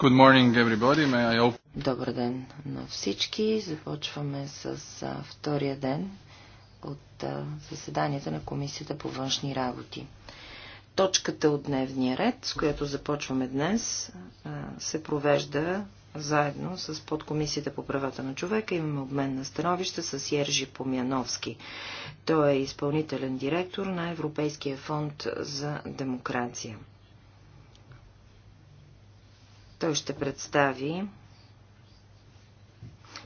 Good morning, everybody. May I open... Добър ден на всички. Започваме с а, втория ден от а, заседанията на Комисията по външни работи. Точката от дневния ред, с която започваме днес, а, се провежда заедно с подкомисията по правата на човека. Имаме обмен на становища с Ержи Помяновски. Той е изпълнителен директор на Европейския фонд за демокрация. Той ще представи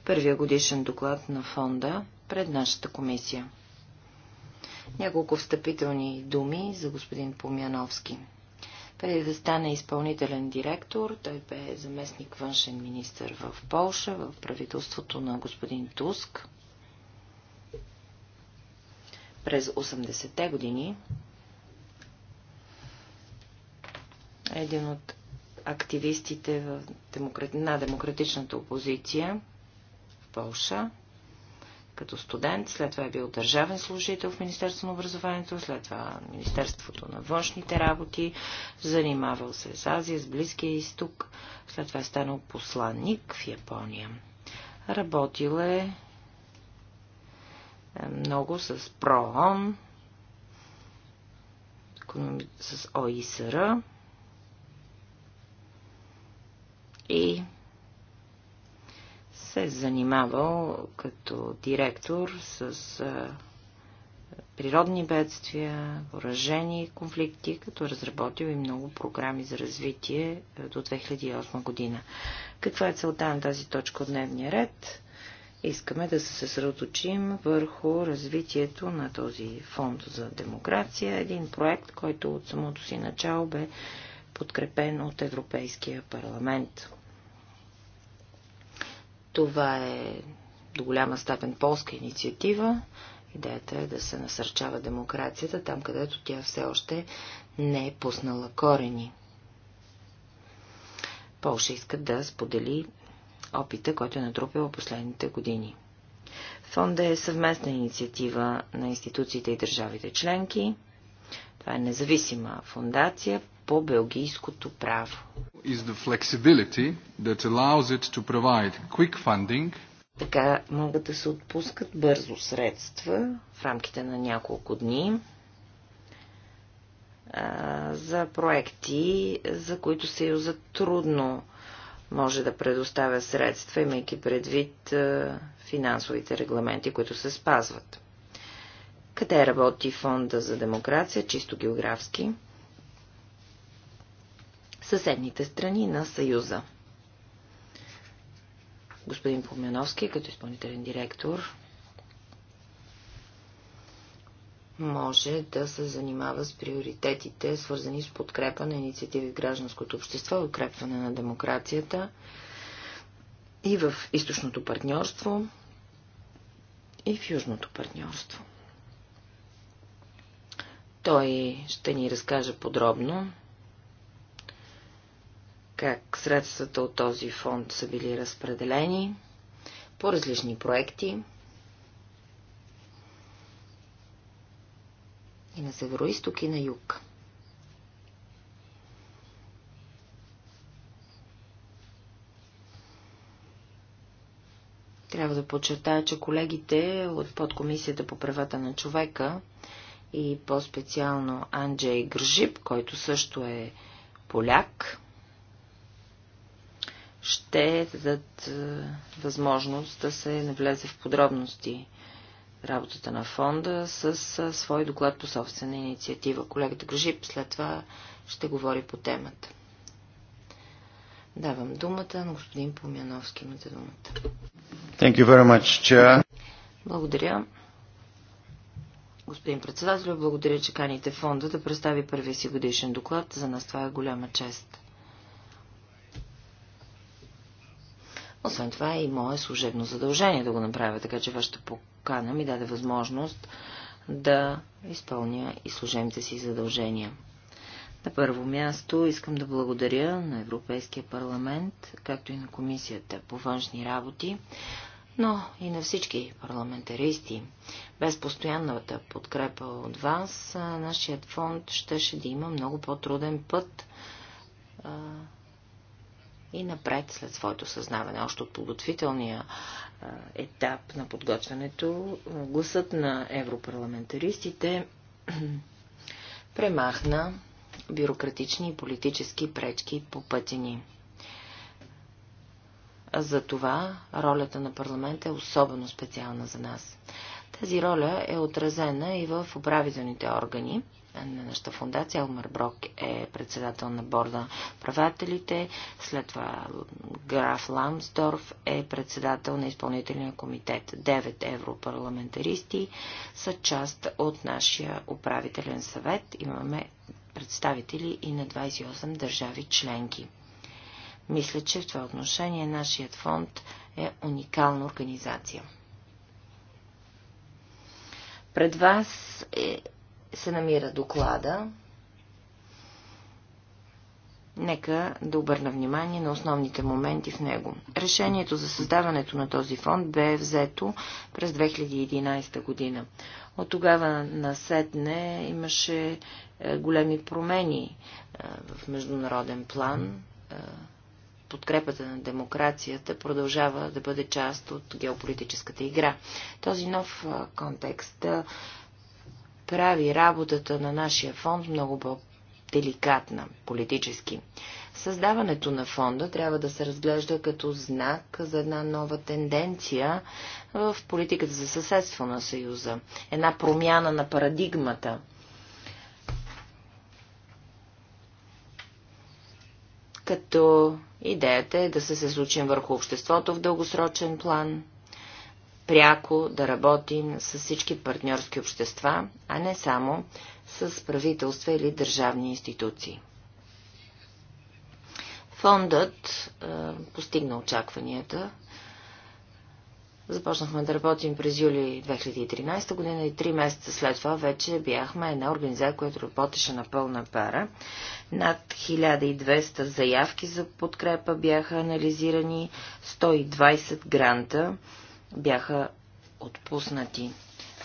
първия годишен доклад на фонда пред нашата комисия. Няколко встъпителни думи за господин Помяновски. Преди да стане изпълнителен директор, той бе заместник външен министр в Полша, в правителството на господин Туск. През 80-те години е един от активистите в демокра... на демократичната опозиция в Полша като студент, след това е бил държавен служител в Министерство на образованието, след това Министерството на външните работи, занимавал се с Азия, с Близкия изток, след това е станал посланник в Япония. Работил е, е много с ПРООН, с ОИСР, и се е занимавал като директор с природни бедствия, въоръжени конфликти, като е разработил и много програми за развитие до 2008 година. Каква е целта на тази точка от дневния ред? Искаме да се съсредоточим върху развитието на този фонд за демокрация, един проект, който от самото си начало бе подкрепен от Европейския парламент. Това е до голяма степен полска инициатива. Идеята е да се насърчава демокрацията там, където тя все още не е пуснала корени. Полша иска да сподели опита, който е натрупила последните години. Фонда е съвместна инициатива на институциите и държавите членки. Това е независима фундация, по белгийското право. Така могат да се отпускат бързо средства в рамките на няколко дни за проекти, за които Съюзът трудно може да предоставя средства, имайки предвид финансовите регламенти, които се спазват. Къде работи фонда за демокрация, чисто географски? съседните страни на Съюза. Господин Помяновски, като изпълнителен директор, може да се занимава с приоритетите, свързани с подкрепа на инициативи в гражданското общество и укрепване на демокрацията и в източното партньорство, и в южното партньорство. Той ще ни разкаже подробно как средствата от този фонд са били разпределени по различни проекти. И на северо и на юг. Трябва да подчертая, че колегите от подкомисията по правата на човека и по-специално Анджей Гржип, който също е поляк, ще дадат е, възможност да се навлезе в подробности работата на фонда с е, свой доклад по собствена инициатива. Колегата Грожип след това ще говори по темата. Давам думата на господин Помяновски. Имате думата. Thank you very much, Chair. Благодаря. Господин председател, благодаря, че каните фонда да представи първия си годишен доклад. За нас това е голяма чест. Освен това е и мое служебно задължение да го направя, така че вашата покана ми даде възможност да изпълня и служебните си задължения. На първо място искам да благодаря на Европейския парламент, както и на Комисията по външни работи, но и на всички парламентаристи. Без постоянната подкрепа от вас, нашият фонд щеше да има много по-труден път и напред след своето съзнаване. Още от подготвителния етап на подготвянето, гласът на европарламентаристите премахна бюрократични и политически пречки по пътя ни. За това ролята на парламента е особено специална за нас. Тази роля е отразена и в управителните органи, на нашата фундация. Елмар Брок е председател на борда правателите. След това граф Ламсдорф е председател на изпълнителния комитет. Девет европарламентаристи са част от нашия управителен съвет. Имаме представители и на 28 държави членки. Мисля, че в това отношение нашият фонд е уникална организация. Пред вас е, се намира доклада, нека да обърна внимание на основните моменти в него. Решението за създаването на този фонд бе взето през 2011 година. От тогава Сетне имаше е, големи промени е, в международен план. Е, подкрепата на демокрацията продължава да бъде част от геополитическата игра. Този нов контекст прави работата на нашия фонд много по-деликатна политически. Създаването на фонда трябва да се разглежда като знак за една нова тенденция в политиката за съседство на Съюза, една промяна на парадигмата. Като идеята е да се случим върху обществото в дългосрочен план – пряко да работим с всички партньорски общества, а не само с правителства или държавни институции. Фондът е, постигна очакванията. Започнахме да работим през юли 2013 година и три месеца след това вече бяхме една организация, която работеше на пълна пара. Над 1200 заявки за подкрепа бяха анализирани, 120 гранта бяха отпуснати.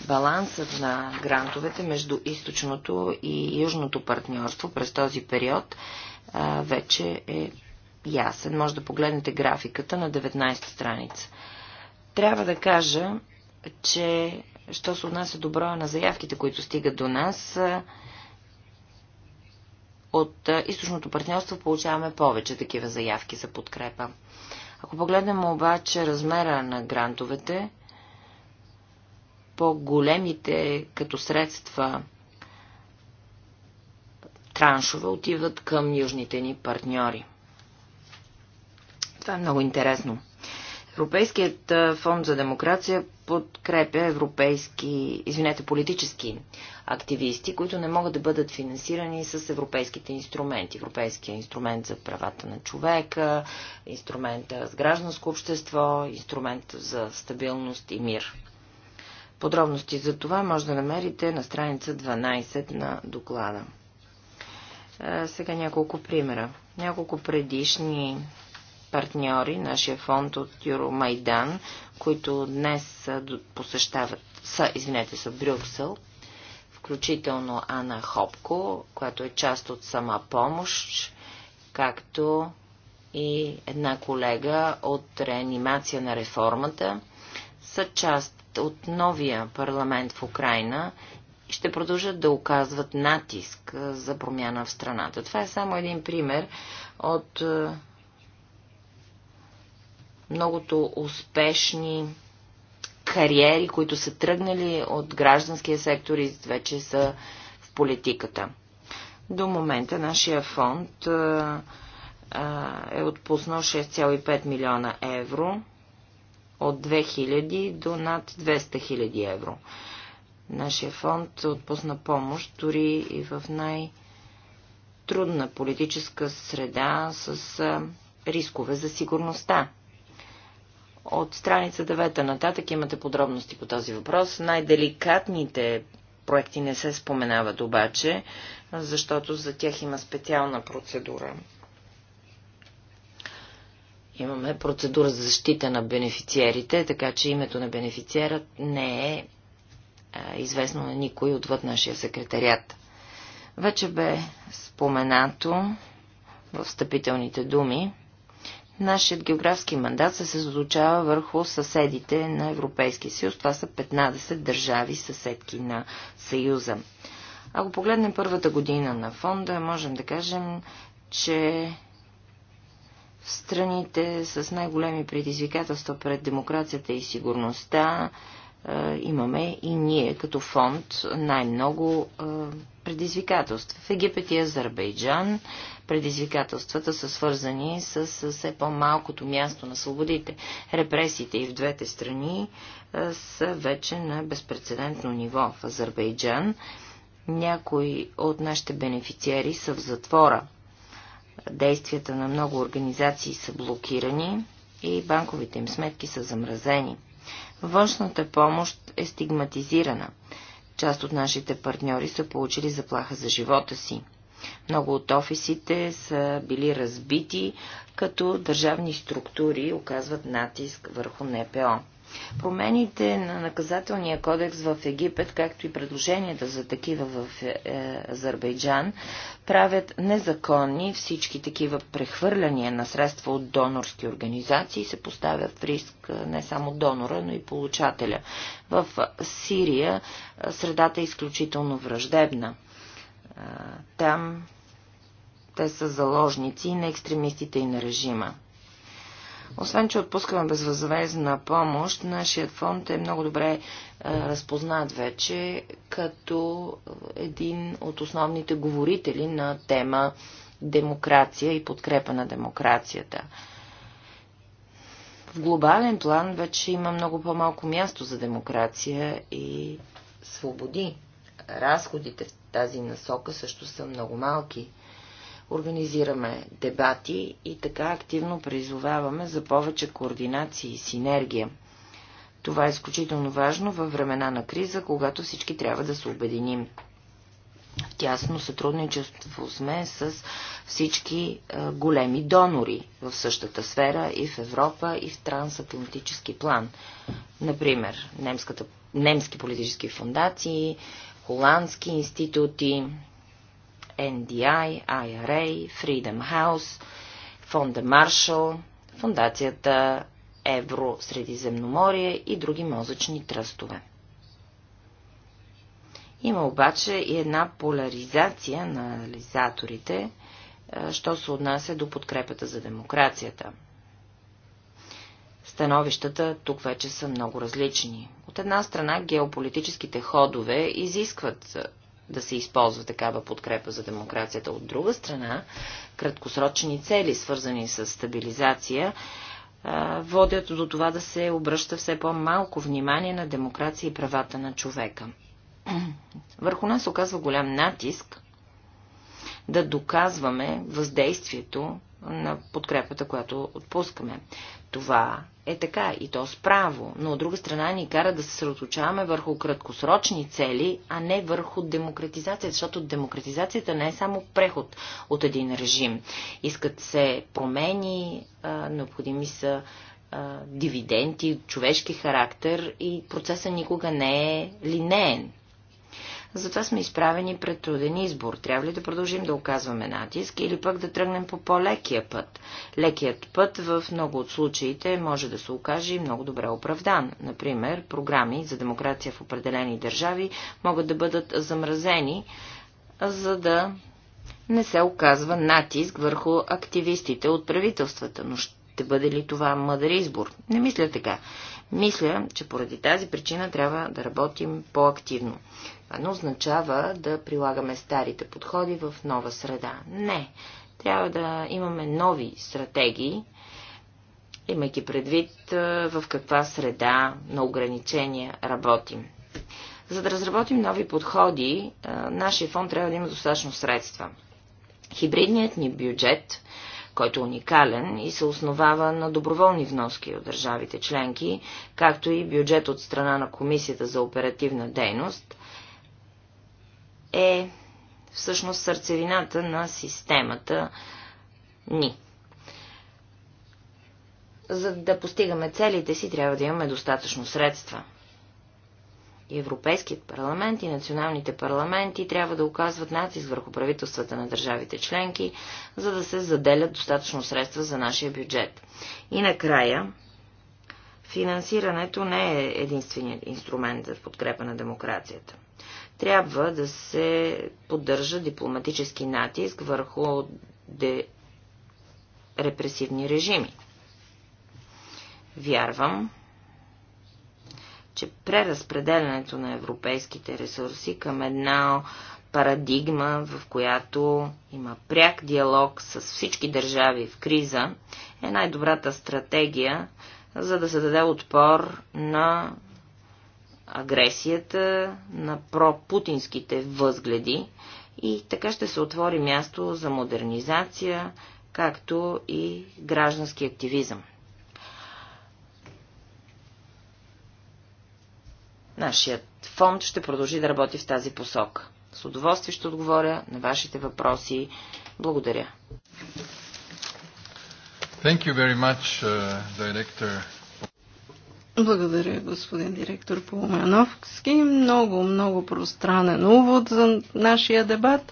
Балансът на грантовете между източното и южното партньорство през този период а, вече е ясен. Може да погледнете графиката на 19 страница. Трябва да кажа, че що се отнася до броя на заявките, които стигат до нас, от източното партньорство получаваме повече такива заявки за подкрепа. Ако погледнем обаче размера на грантовете, по-големите като средства траншове отиват към южните ни партньори. Това е много интересно. Европейският фонд за демокрация подкрепя европейски, извинете, политически активисти, които не могат да бъдат финансирани с европейските инструменти. Европейския инструмент за правата на човека, инструмента с гражданско общество, инструмент за стабилност и мир. Подробности за това може да намерите на страница 12 на доклада. Е, сега няколко примера. Няколко предишни партньори, нашия фонд от Юромайдан, които днес посещават, са, извинете, са Брюксел, включително Ана Хопко, която е част от сама помощ, както и една колега от реанимация на реформата, са част от новия парламент в Украина и ще продължат да оказват натиск за промяна в страната. Това е само един пример от многото успешни кариери, които са тръгнали от гражданския сектор и вече са в политиката. До момента нашия фонд е отпуснал 6,5 милиона евро от 2000 до над 200 хиляди евро. Нашия фонд отпусна помощ дори и в най-трудна политическа среда с рискове за сигурността. От страница 9 нататък имате подробности по този въпрос. Най-деликатните проекти не се споменават обаче, защото за тях има специална процедура. Имаме процедура за защита на бенефициерите, така че името на бенефициерът не е известно на никой отвъд нашия секретарият. Вече бе споменато в встъпителните думи, Нашият географски мандат се съсредоточава върху съседите на Европейския съюз. Това са 15 държави съседки на Съюза. Ако погледнем първата година на фонда, можем да кажем, че страните с най-големи предизвикателства пред демокрацията и сигурността е, имаме и ние като фонд най-много е, предизвикателства. В Египет и Азербайджан Предизвикателствата са свързани с все по-малкото място на свободите. Репресиите и в двете страни е, са вече на безпредседентно ниво в Азербайджан. Някои от нашите бенефициери са в затвора. Действията на много организации са блокирани и банковите им сметки са замразени. Външната помощ е стигматизирана. Част от нашите партньори са получили заплаха за живота си. Много от офисите са били разбити, като държавни структури оказват натиск върху НПО. Промените на наказателния кодекс в Египет, както и предложенията за такива в е, е, Азербайджан, правят незаконни всички такива прехвърляния на средства от донорски организации и се поставят в риск е, не само донора, но и получателя. В Сирия средата е изключително враждебна. Там те са заложници на екстремистите и на режима. Освен, че отпускаме безвъзвезна помощ, нашият фонд е много добре разпознат вече като един от основните говорители на тема демокрация и подкрепа на демокрацията. В глобален план вече има много по-малко място за демокрация и свободи. Разходите в тази насока също са много малки. Организираме дебати и така активно призоваваме за повече координация и синергия. Това е изключително важно във времена на криза, когато всички трябва да се обединим. В тясно сътрудничество сме с всички големи донори в същата сфера и в Европа, и в трансатлантически план. Например, немската, немски политически фундации, холандски институти, NDI, IRA, Freedom House, Фонда Маршал, Фундацията Евро Средиземноморие и други мозъчни тръстове. Има обаче и една поляризация на анализаторите, що се отнася до подкрепата за демокрацията – Становищата тук вече са много различни. От една страна, геополитическите ходове изискват да се използва такава подкрепа за демокрацията. От друга страна, краткосрочни цели, свързани с стабилизация, водят до това да се обръща все по-малко внимание на демокрация и правата на човека. Върху нас оказва голям натиск да доказваме въздействието на подкрепата, която отпускаме. Това е така и то справо, но от друга страна ни кара да се съсредоточаваме върху краткосрочни цели, а не върху демократизация, защото демократизацията не е само преход от един режим. Искат се промени, необходими са дивиденти, човешки характер и процесът никога не е линеен. Затова сме изправени пред труден избор. Трябва ли да продължим да оказваме натиск или пък да тръгнем по по-лекия път? Лекият път в много от случаите може да се окаже и много добре оправдан. Например, програми за демокрация в определени държави могат да бъдат замразени, за да не се оказва натиск върху активистите от правителствата. Но ще бъде ли това мъдър избор? Не мисля така. Мисля, че поради тази причина трябва да работим по-активно. Това не означава да прилагаме старите подходи в нова среда. Не. Трябва да имаме нови стратегии, имайки предвид в каква среда на ограничения работим. За да разработим нови подходи, нашия фонд трябва да има достатъчно средства. Хибридният ни бюджет, който е уникален и се основава на доброволни вноски от държавите членки, както и бюджет от страна на Комисията за оперативна дейност, е всъщност сърцевината на системата ни. За да постигаме целите си, трябва да имаме достатъчно средства. И Европейският парламент и националните парламенти трябва да оказват натиск върху правителствата на държавите членки, за да се заделят достатъчно средства за нашия бюджет. И накрая, финансирането не е единственият инструмент за подкрепа на демокрацията трябва да се поддържа дипломатически натиск върху де... репресивни режими. Вярвам, че преразпределянето на европейските ресурси към една парадигма, в която има пряк диалог с всички държави в криза, е най-добрата стратегия, за да се даде отпор на агресията, на пропутинските възгледи и така ще се отвори място за модернизация, както и граждански активизъм. Нашият фонд ще продължи да работи в тази посока. С удоволствие ще отговоря на вашите въпроси. Благодаря. Thank you very much, uh, Director благодаря, господин директор Полумановски. Много, много пространен увод за нашия дебат.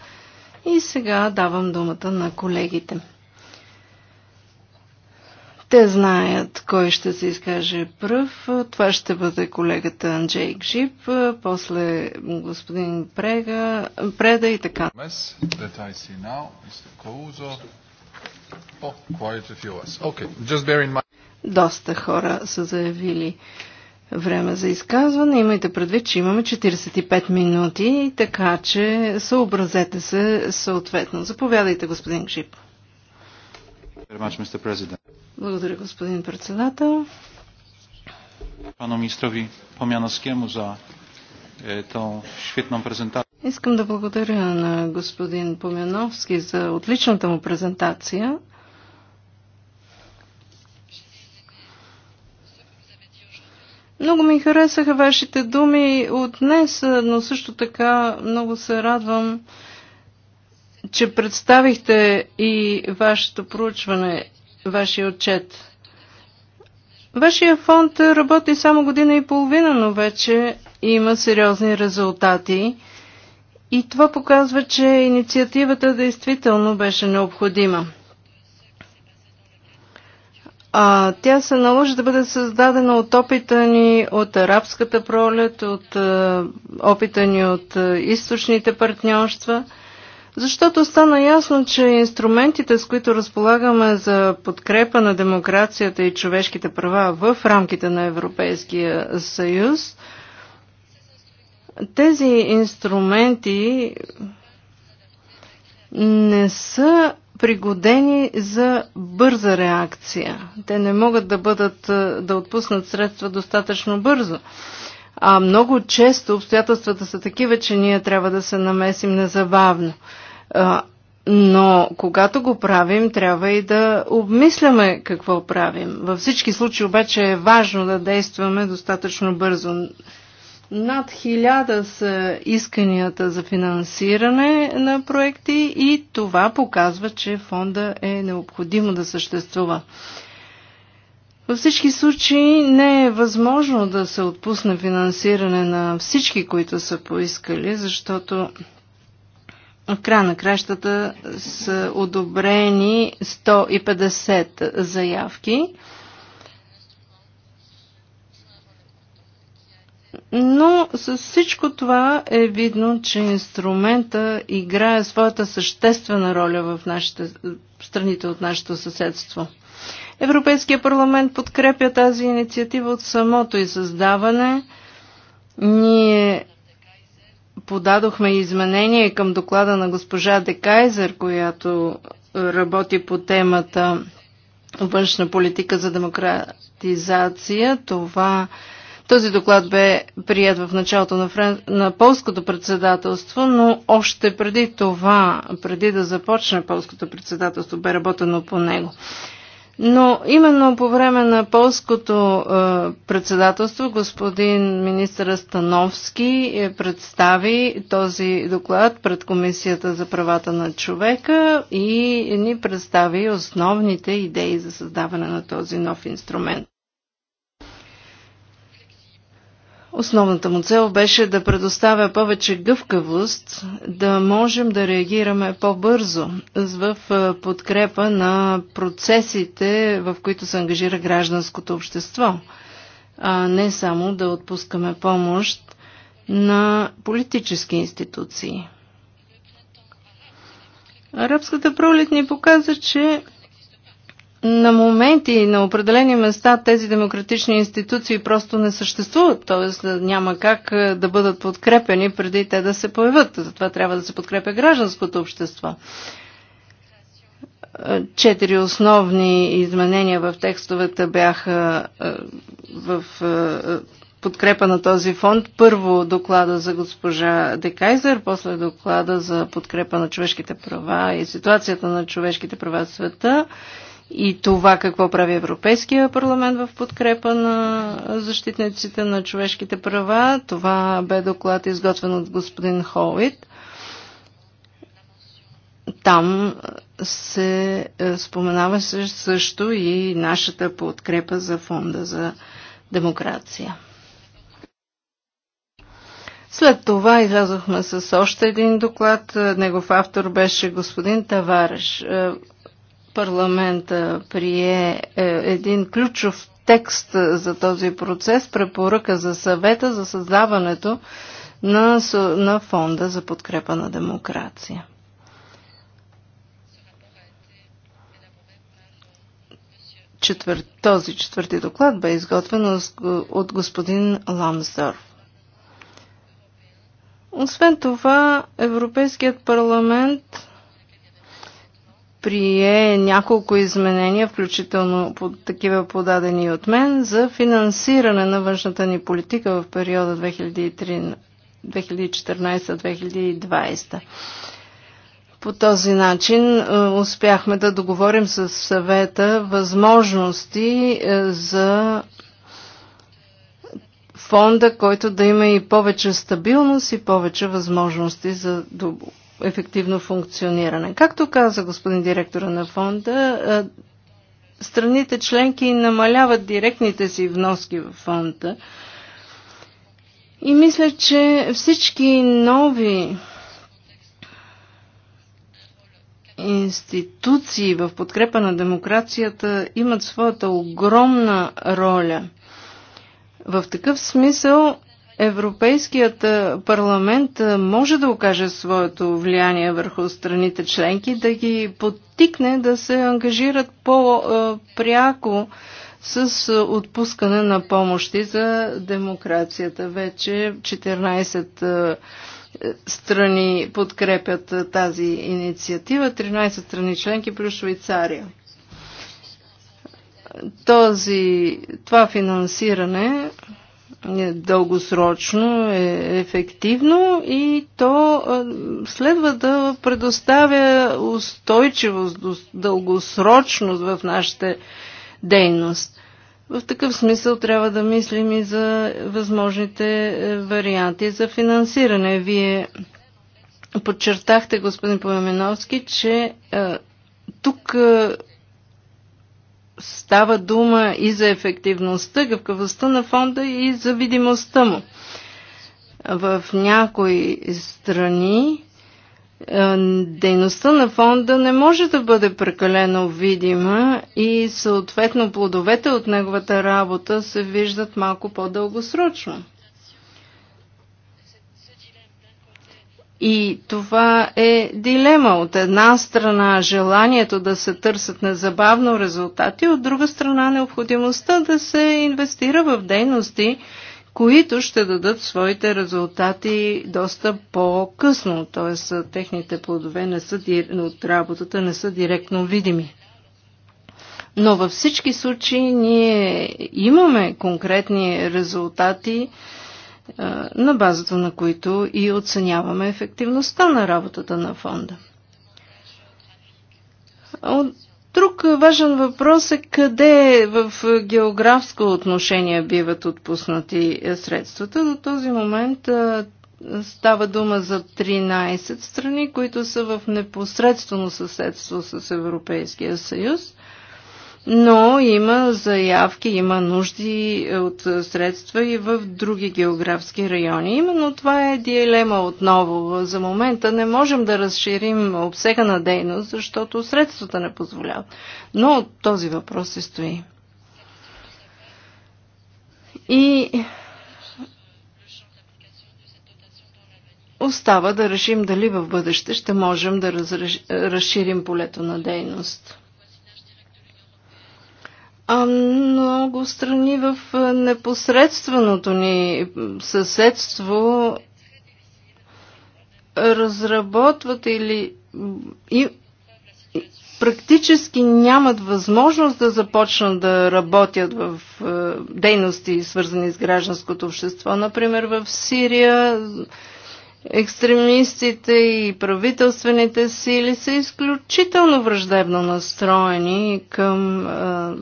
И сега давам думата на колегите. Те знаят кой ще се изкаже пръв. Това ще бъде колегата Анджей Гжип, после господин Прега, Преда и така. Oh, okay, just bear in mind. Доста хора са заявили време за изказване. Имайте предвид, че имаме 45 минути, така че съобразете се съответно. Заповядайте, господин Кшип. Благодаря, господин председател. министрови за е, Искам да благодаря на господин Помяновски за отличната му презентация. Много ми харесаха вашите думи от днес, но също така много се радвам, че представихте и вашето проучване, вашия отчет. Вашия фонд работи само година и половина, но вече има сериозни резултати. И това показва, че инициативата действително беше необходима. А, тя се наложи да бъде създадена от опита ни от арабската пролет, от а, опита ни от а, източните партньорства, защото стана ясно, че инструментите, с които разполагаме за подкрепа на демокрацията и човешките права в рамките на Европейския съюз, тези инструменти не са пригодени за бърза реакция. Те не могат да бъдат, да отпуснат средства достатъчно бързо. А много често обстоятелствата са такива, че ние трябва да се намесим незабавно. Но когато го правим, трябва и да обмисляме какво правим. Във всички случаи обаче е важно да действаме достатъчно бързо. Над хиляда са исканията за финансиране на проекти и това показва, че фонда е необходимо да съществува. Във всички случаи не е възможно да се отпусне финансиране на всички, които са поискали, защото в края на кращата са одобрени 150 заявки. Но с всичко това е видно, че инструмента играе своята съществена роля в нашите, страните от нашето съседство. Европейския парламент подкрепя тази инициатива от самото и създаване. Ние подадохме изменение към доклада на госпожа Декайзер, която работи по темата външна политика за демократизация. Това е този доклад бе прият в началото на, френ... на полското председателство, но още преди това, преди да започне полското председателство, бе работено по него. Но именно по време на полското е, председателство господин министър Становски е, представи този доклад пред Комисията за правата на човека и ни представи основните идеи за създаване на този нов инструмент. Основната му цел беше да предоставя повече гъвкавост, да можем да реагираме по-бързо в е, подкрепа на процесите, в които се ангажира гражданското общество, а не само да отпускаме помощ на политически институции. Арабската пролет ни показа, че на моменти, на определени места тези демократични институции просто не съществуват, т.е. няма как е, да бъдат подкрепени преди те да се появят. Затова трябва да се подкрепя гражданското общество. Е, четири основни изменения в текстовете бяха е, в подкрепа на този фонд. Първо доклада за госпожа Декайзер, после доклада за подкрепа на човешките права и ситуацията на човешките права в света и това какво прави Европейския парламент в подкрепа на защитниците на човешките права. Това бе доклад изготвен от господин Холит. Там се е, споменава също и нашата подкрепа за Фонда за демокрация. След това излязохме с още един доклад. Негов автор беше господин Тавареш. Е, парламента прие е, един ключов текст за този процес, препоръка за съвета за създаването на, на фонда за подкрепа на демокрация. Четвър... Този четвърти доклад бе изготвен от господин Ламсдорф. Освен това, Европейският парламент прие няколко изменения, включително под такива подадени от мен, за финансиране на външната ни политика в периода 2014-2020. По този начин е, успяхме да договорим с съвета възможности е, за фонда, който да има и повече стабилност и повече възможности за ефективно функциониране. Както каза господин директора на фонда, страните членки намаляват директните си вноски в фонда. И мисля, че всички нови институции в подкрепа на демокрацията имат своята огромна роля. В такъв смисъл Европейският парламент може да окаже своето влияние върху страните членки, да ги подтикне да се ангажират по-пряко с отпускане на помощи за демокрацията. Вече 14 страни подкрепят тази инициатива, 13 страни членки плюс Швейцария. Този, това финансиране е, дългосрочно, е ефективно и то е, следва да предоставя устойчивост, дългосрочност в нашата дейност. В такъв смисъл трябва да мислим и за възможните е, варианти за финансиране. Вие подчертахте, господин Поменовски, че тук става дума и за ефективността, гъвкавостта на фонда и за видимостта му. В някои страни е, дейността на фонда не може да бъде прекалено видима и съответно плодовете от неговата работа се виждат малко по-дългосрочно. И това е дилема. От една страна желанието да се търсят незабавно резултати, от друга страна необходимостта да се инвестира в дейности, които ще дадат своите резултати доста по-късно, т.е. техните плодове не са, от работата не са директно видими. Но във всички случаи ние имаме конкретни резултати, на базата на които и оценяваме ефективността на работата на фонда. друг важен въпрос е къде в географско отношение биват отпуснати средствата. До този момент става дума за 13 страни, които са в непосредствено съседство с Европейския съюз – но има заявки, има нужди от средства и в други географски райони. Именно това е дилема отново. За момента не можем да разширим обсега на дейност, защото средствата не позволяват. Но този въпрос се стои. И остава да решим дали в бъдеще ще можем да разширим полето на дейност. А много страни в непосредственото ни съседство разработват или и, практически нямат възможност да започнат да работят в дейности, свързани с гражданското общество. Например, в Сирия Екстремистите и правителствените сили са изключително враждебно настроени към а,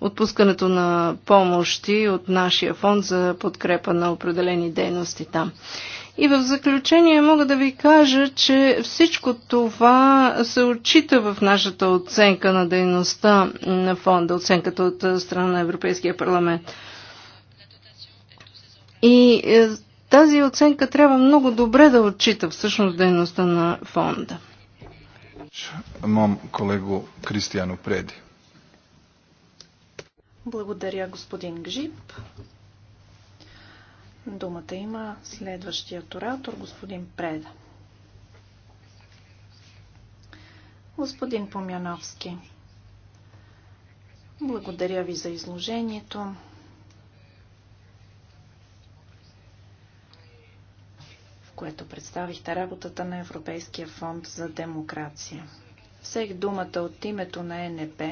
отпускането на помощи от нашия фонд за подкрепа на определени дейности там. И в заключение мога да ви кажа, че всичко това се отчита в нашата оценка на дейността на фонда, оценката от страна на Европейския парламент. И е, тази оценка трябва много добре да отчита всъщност дейността на фонда. Мом колегу Кристияно Преди. Благодаря, господин Гжип. Думата има следващият оратор, господин Преда. Господин Помяновски, благодаря ви за изложението. което представихте работата на Европейския фонд за демокрация. Всех думата от името на ЕНП,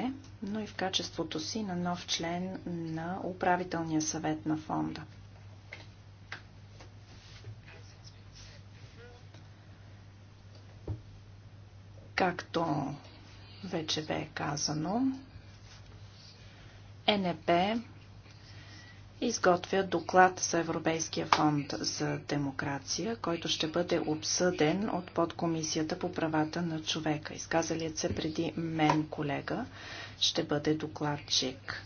но и в качеството си на нов член на управителния съвет на фонда. Както вече бе казано, ЕНП изготвя доклад за Европейския фонд за демокрация, който ще бъде обсъден от подкомисията по правата на човека. Изказалият се преди мен колега ще бъде докладчик.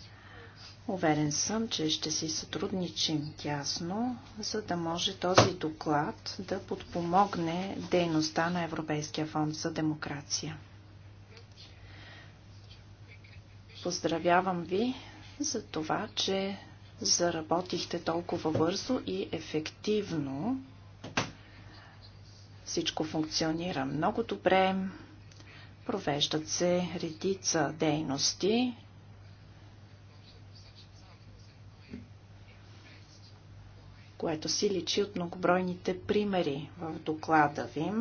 Уверен съм, че ще си сътрудничим тясно, за да може този доклад да подпомогне дейността на Европейския фонд за демокрация. Поздравявам ви за това, че заработихте толкова бързо и ефективно. Всичко функционира много добре. Провеждат се редица дейности. което си личи от многобройните примери в доклада ви.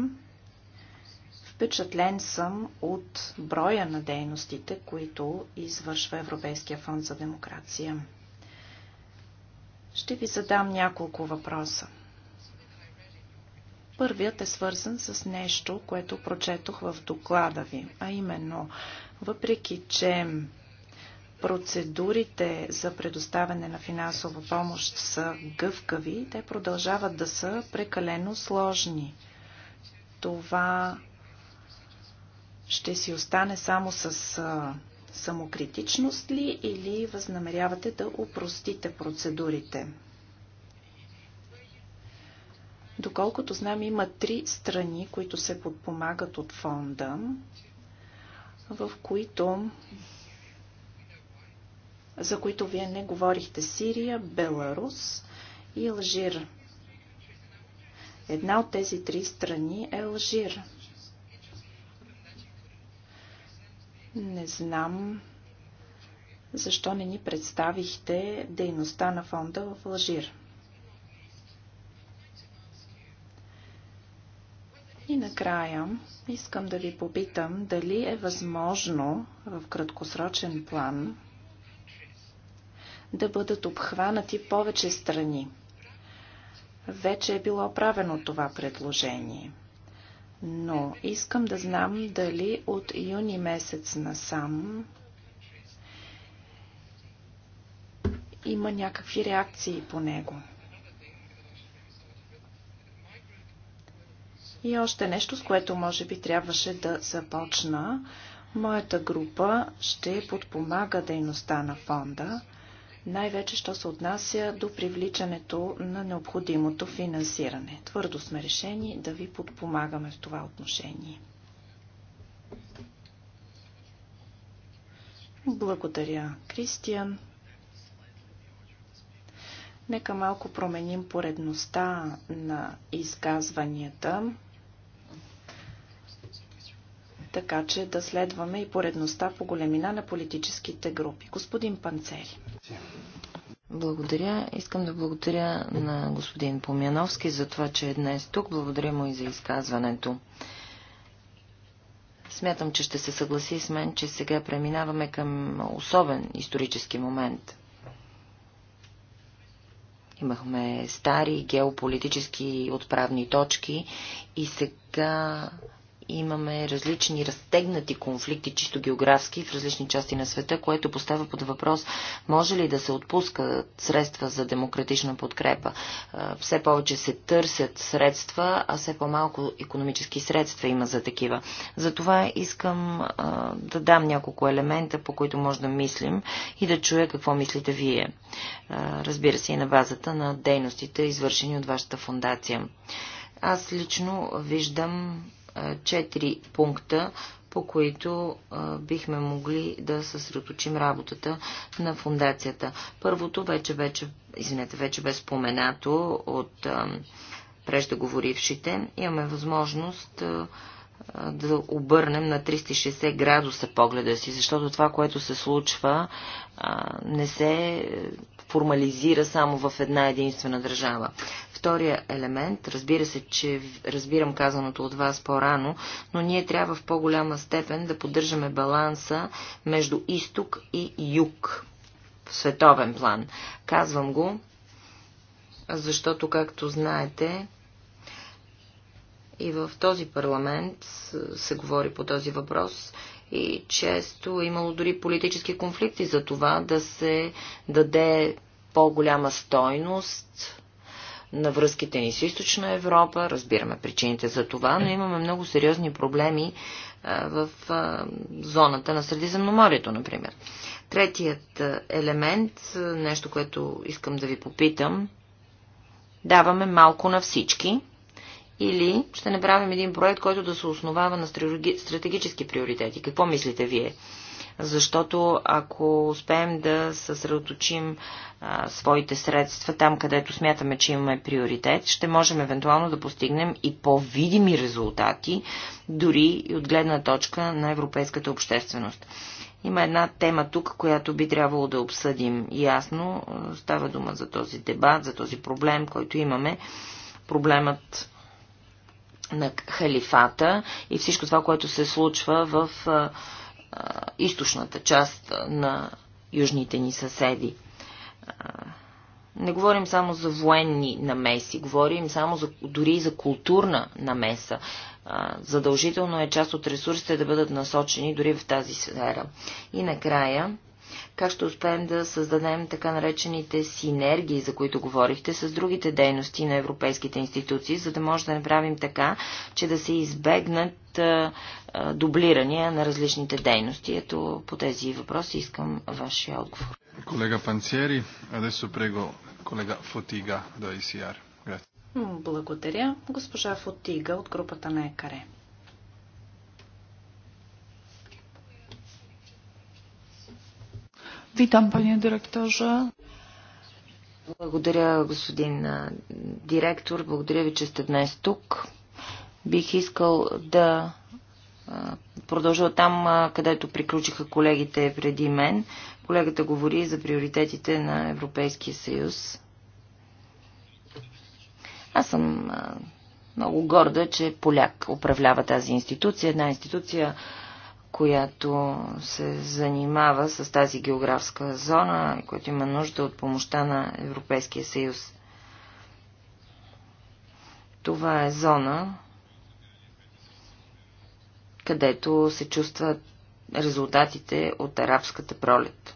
Впечатлен съм от броя на дейностите, които извършва Европейския фонд за демокрация. Ще ви задам няколко въпроса. Първият е свързан с нещо, което прочетох в доклада ви, а именно, въпреки че процедурите за предоставяне на финансова помощ са гъвкави, те продължават да са прекалено сложни. Това ще си остане само с Самокритичност ли или възнамерявате да упростите процедурите? Доколкото знам, има три страни, които се подпомагат от фонда, в които за които вие не говорихте Сирия, Беларус и Алжир. Една от тези три страни е Алжир. Не знам защо не ни представихте дейността на фонда в Алжир. И накрая искам да ви попитам дали е възможно в краткосрочен план да бъдат обхванати повече страни. Вече е било правено това предложение – но искам да знам дали от юни месец насам има някакви реакции по него. И още нещо, с което може би трябваше да започна. Моята група ще подпомага дейността на фонда най-вече, що се отнася до привличането на необходимото финансиране. Твърдо сме решени да ви подпомагаме в това отношение. Благодаря, Кристиан. Нека малко променим поредността на изказванията така че да следваме и поредността по големина на политическите групи. Господин Панцери. Благодаря. Искам да благодаря на господин Помяновски за това, че е днес тук. Благодаря му и за изказването. Смятам, че ще се съгласи с мен, че сега преминаваме към особен исторически момент. Имахме стари геополитически отправни точки и сега имаме различни разтегнати конфликти, чисто географски, в различни части на света, което поставя под въпрос, може ли да се отпускат средства за демократична подкрепа. Все повече се търсят средства, а все по-малко економически средства има за такива. Затова искам да дам няколко елемента, по които може да мислим и да чуя какво мислите вие. Разбира се и на базата на дейностите, извършени от вашата фундация. Аз лично виждам четири пункта, по които а, бихме могли да съсредоточим работата на фундацията. Първото вече, вече, извинете, вече бе споменато от а, преждеговорившите. Имаме възможност а, да обърнем на 360 градуса погледа си, защото това, което се случва, не се формализира само в една единствена държава. Втория елемент, разбира се, че разбирам казаното от вас по-рано, но ние трябва в по-голяма степен да поддържаме баланса между изток и юг в световен план. Казвам го, защото, както знаете, и в този парламент се говори по този въпрос и често е имало дори политически конфликти за това да се даде по-голяма стойност на връзките ни с източна Европа. Разбираме причините за това, но имаме много сериозни проблеми в зоната на Средиземноморието, например. Третият елемент, нещо, което искам да ви попитам, даваме малко на всички или ще направим един проект, който да се основава на стратегически приоритети. Какво мислите вие? защото ако успеем да съсредоточим своите средства там, където смятаме, че имаме приоритет, ще можем евентуално да постигнем и по-видими резултати, дори и от гледна точка на европейската общественост. Има една тема тук, която би трябвало да обсъдим ясно. Става дума за този дебат, за този проблем, който имаме. Проблемът на халифата и всичко това, което се случва в източната част на южните ни съседи. Не говорим само за военни намеси, говорим само за, дори и за културна намеса. Задължително е част от ресурсите да бъдат насочени дори в тази сфера. И накрая, как ще успеем да създадем така наречените синергии, за които говорихте, с другите дейности на европейските институции, за да може да направим така, че да се избегнат дублирания на различните дейности. Ето по тези въпроси искам вашия отговор. Колега Панциери, адесо прего колега Фотига до ICR. Благодаря. Госпожа Фотига от групата на ЕКАРЕ. Witam, panie dyrektorze. Благодаря, господин директор. Благодаря ви, че сте днес тук. Бих искал да продължа там, където приключиха колегите преди мен. Колегата говори за приоритетите на Европейския съюз. Аз съм много горда, че поляк управлява тази институция. Една институция, която се занимава с тази географска зона, която има нужда от помощта на Европейския съюз. Това е зона, където се чувстват резултатите от арабската пролет.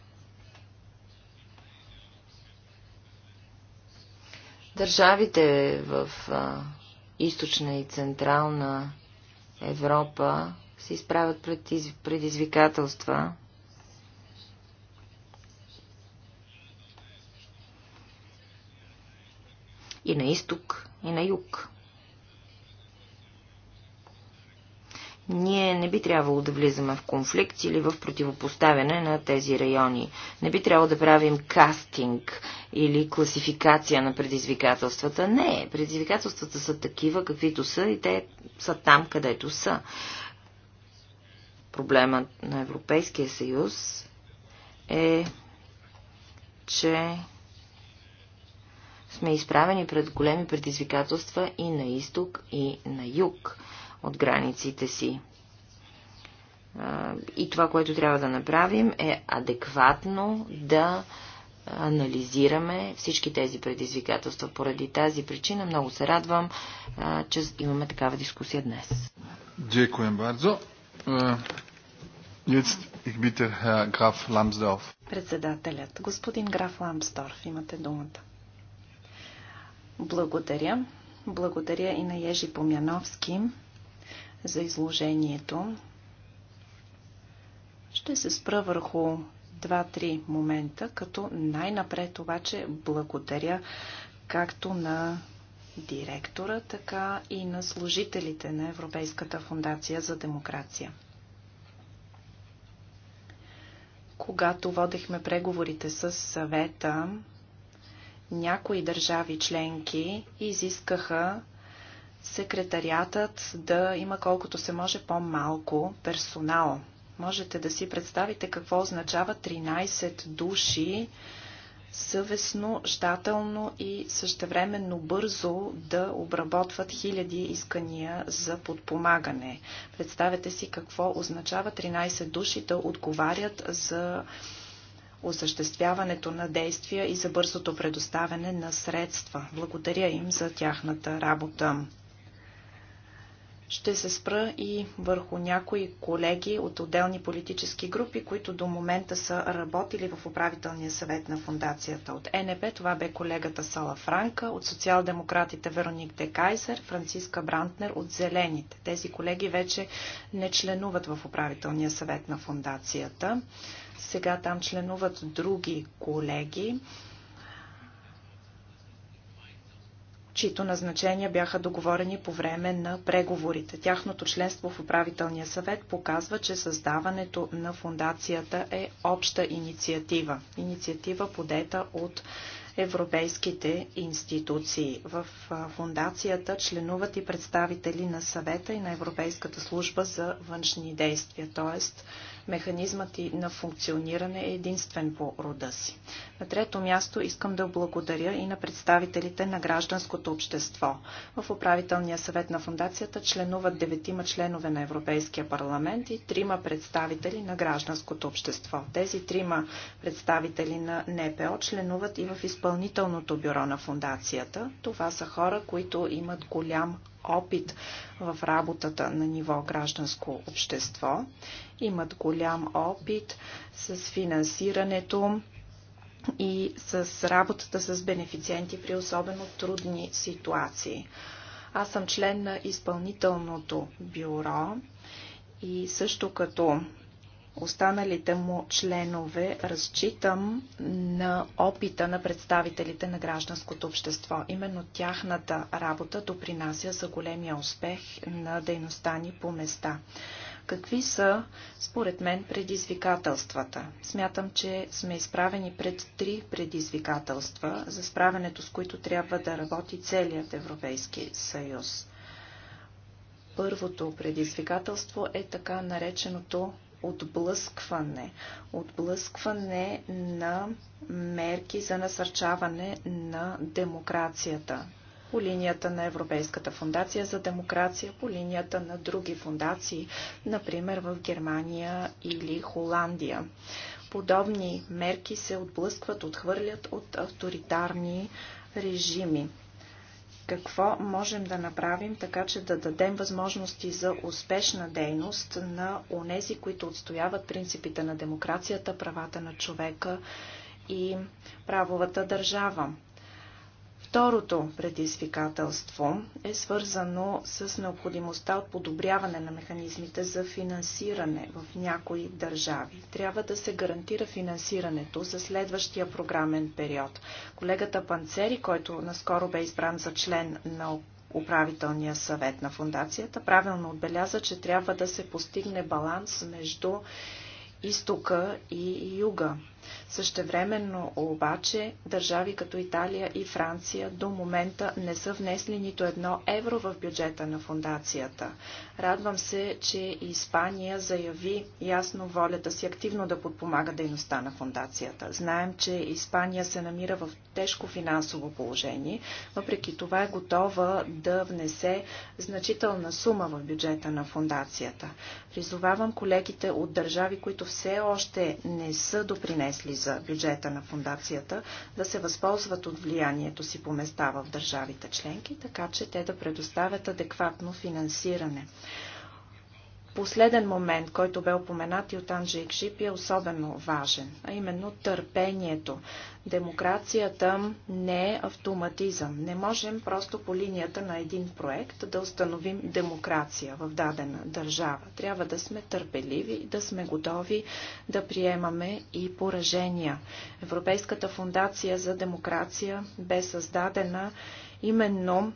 Държавите в източна и централна Европа се изправят пред предизвикателства. И на изток, и на юг. Ние не би трябвало да влизаме в конфликт или в противопоставяне на тези райони. Не би трябвало да правим кастинг или класификация на предизвикателствата. Не, предизвикателствата са такива, каквито са и те са там, където са проблема на Европейския съюз е, че сме изправени пред големи предизвикателства и на изток, и на юг от границите си. И това, което трябва да направим е адекватно да анализираме всички тези предизвикателства. Поради тази причина много се радвам, че имаме такава дискусия днес. Дякуем Äh, jetzt, ich bitte Herr Graf Lambsdorff. Председателят, господин Граф Ламсдорф, имате думата. Благодаря. Благодаря и на Ежи Помяновски за изложението. Ще се спра върху два-три момента, като най-напред обаче благодаря както на директора, така и на служителите на Европейската фундация за демокрация. Когато водехме преговорите с съвета, някои държави членки изискаха секретариатът да има колкото се може по-малко персонал. Можете да си представите какво означава 13 души съвестно, щателно и същевременно бързо да обработват хиляди искания за подпомагане. Представете си какво означава 13 души да отговарят за осъществяването на действия и за бързото предоставяне на средства. Благодаря им за тяхната работа. Ще се спра и върху някои колеги от отделни политически групи, които до момента са работили в управителния съвет на фундацията. От НП това бе колегата Сала Франка, от социал-демократите Вероник Де Кайзер, Франциска Брантнер от Зелените. Тези колеги вече не членуват в управителния съвет на фундацията. Сега там членуват други колеги чието назначения бяха договорени по време на преговорите. Тяхното членство в управителния съвет показва, че създаването на фундацията е обща инициатива. Инициатива подета от европейските институции. В фундацията членуват и представители на съвета и на Европейската служба за външни действия, т.е. Механизмът и на функциониране е единствен по рода си. На трето място искам да благодаря и на представителите на гражданското общество. В управителния съвет на фундацията членуват деветима членове на Европейския парламент и трима представители на гражданското общество. Тези трима представители на НПО членуват и в изпълнителното бюро на фундацията. Това са хора, които имат голям опит в работата на ниво гражданско общество имат голям опит с финансирането и с работата с бенефициенти при особено трудни ситуации. Аз съм член на изпълнителното бюро и също като останалите му членове разчитам на опита на представителите на гражданското общество. Именно тяхната работа допринася за големия успех на дейността ни по места. Какви са, според мен, предизвикателствата? Смятам, че сме изправени пред три предизвикателства, за справянето с които трябва да работи целият Европейски съюз. Първото предизвикателство е така нареченото отблъскване. Отблъскване на мерки за насърчаване на демокрацията по линията на Европейската фундация за демокрация, по линията на други фундации, например в Германия или Холандия. Подобни мерки се отблъскват, отхвърлят от авторитарни режими какво можем да направим, така че да дадем възможности за успешна дейност на онези, които отстояват принципите на демокрацията, правата на човека и правовата държава. Второто предизвикателство е свързано с необходимостта от подобряване на механизмите за финансиране в някои държави. Трябва да се гарантира финансирането за следващия програмен период. Колегата Панцери, който наскоро бе избран за член на управителния съвет на фундацията, правилно отбеляза, че трябва да се постигне баланс между изтока и юга. Същевременно обаче държави като Италия и Франция до момента не са внесли нито едно евро в бюджета на фундацията. Радвам се, че Испания заяви ясно волята си активно да подпомага дейността на фундацията. Знаем, че Испания се намира в тежко финансово положение, въпреки това е готова да внесе значителна сума в бюджета на фундацията. Призовавам колегите от държави, които все още не са допринесли за бюджета на фундацията да се възползват от влиянието си по места в държавите членки, така че те да предоставят адекватно финансиране. Последен момент, който бе упоменат и от Анджей Кшип е особено важен, а именно търпението. Демокрацията не е автоматизъм. Не можем просто по линията на един проект да установим демокрация в дадена държава. Трябва да сме търпеливи, да сме готови да приемаме и поражения. Европейската фундация за демокрация бе създадена именно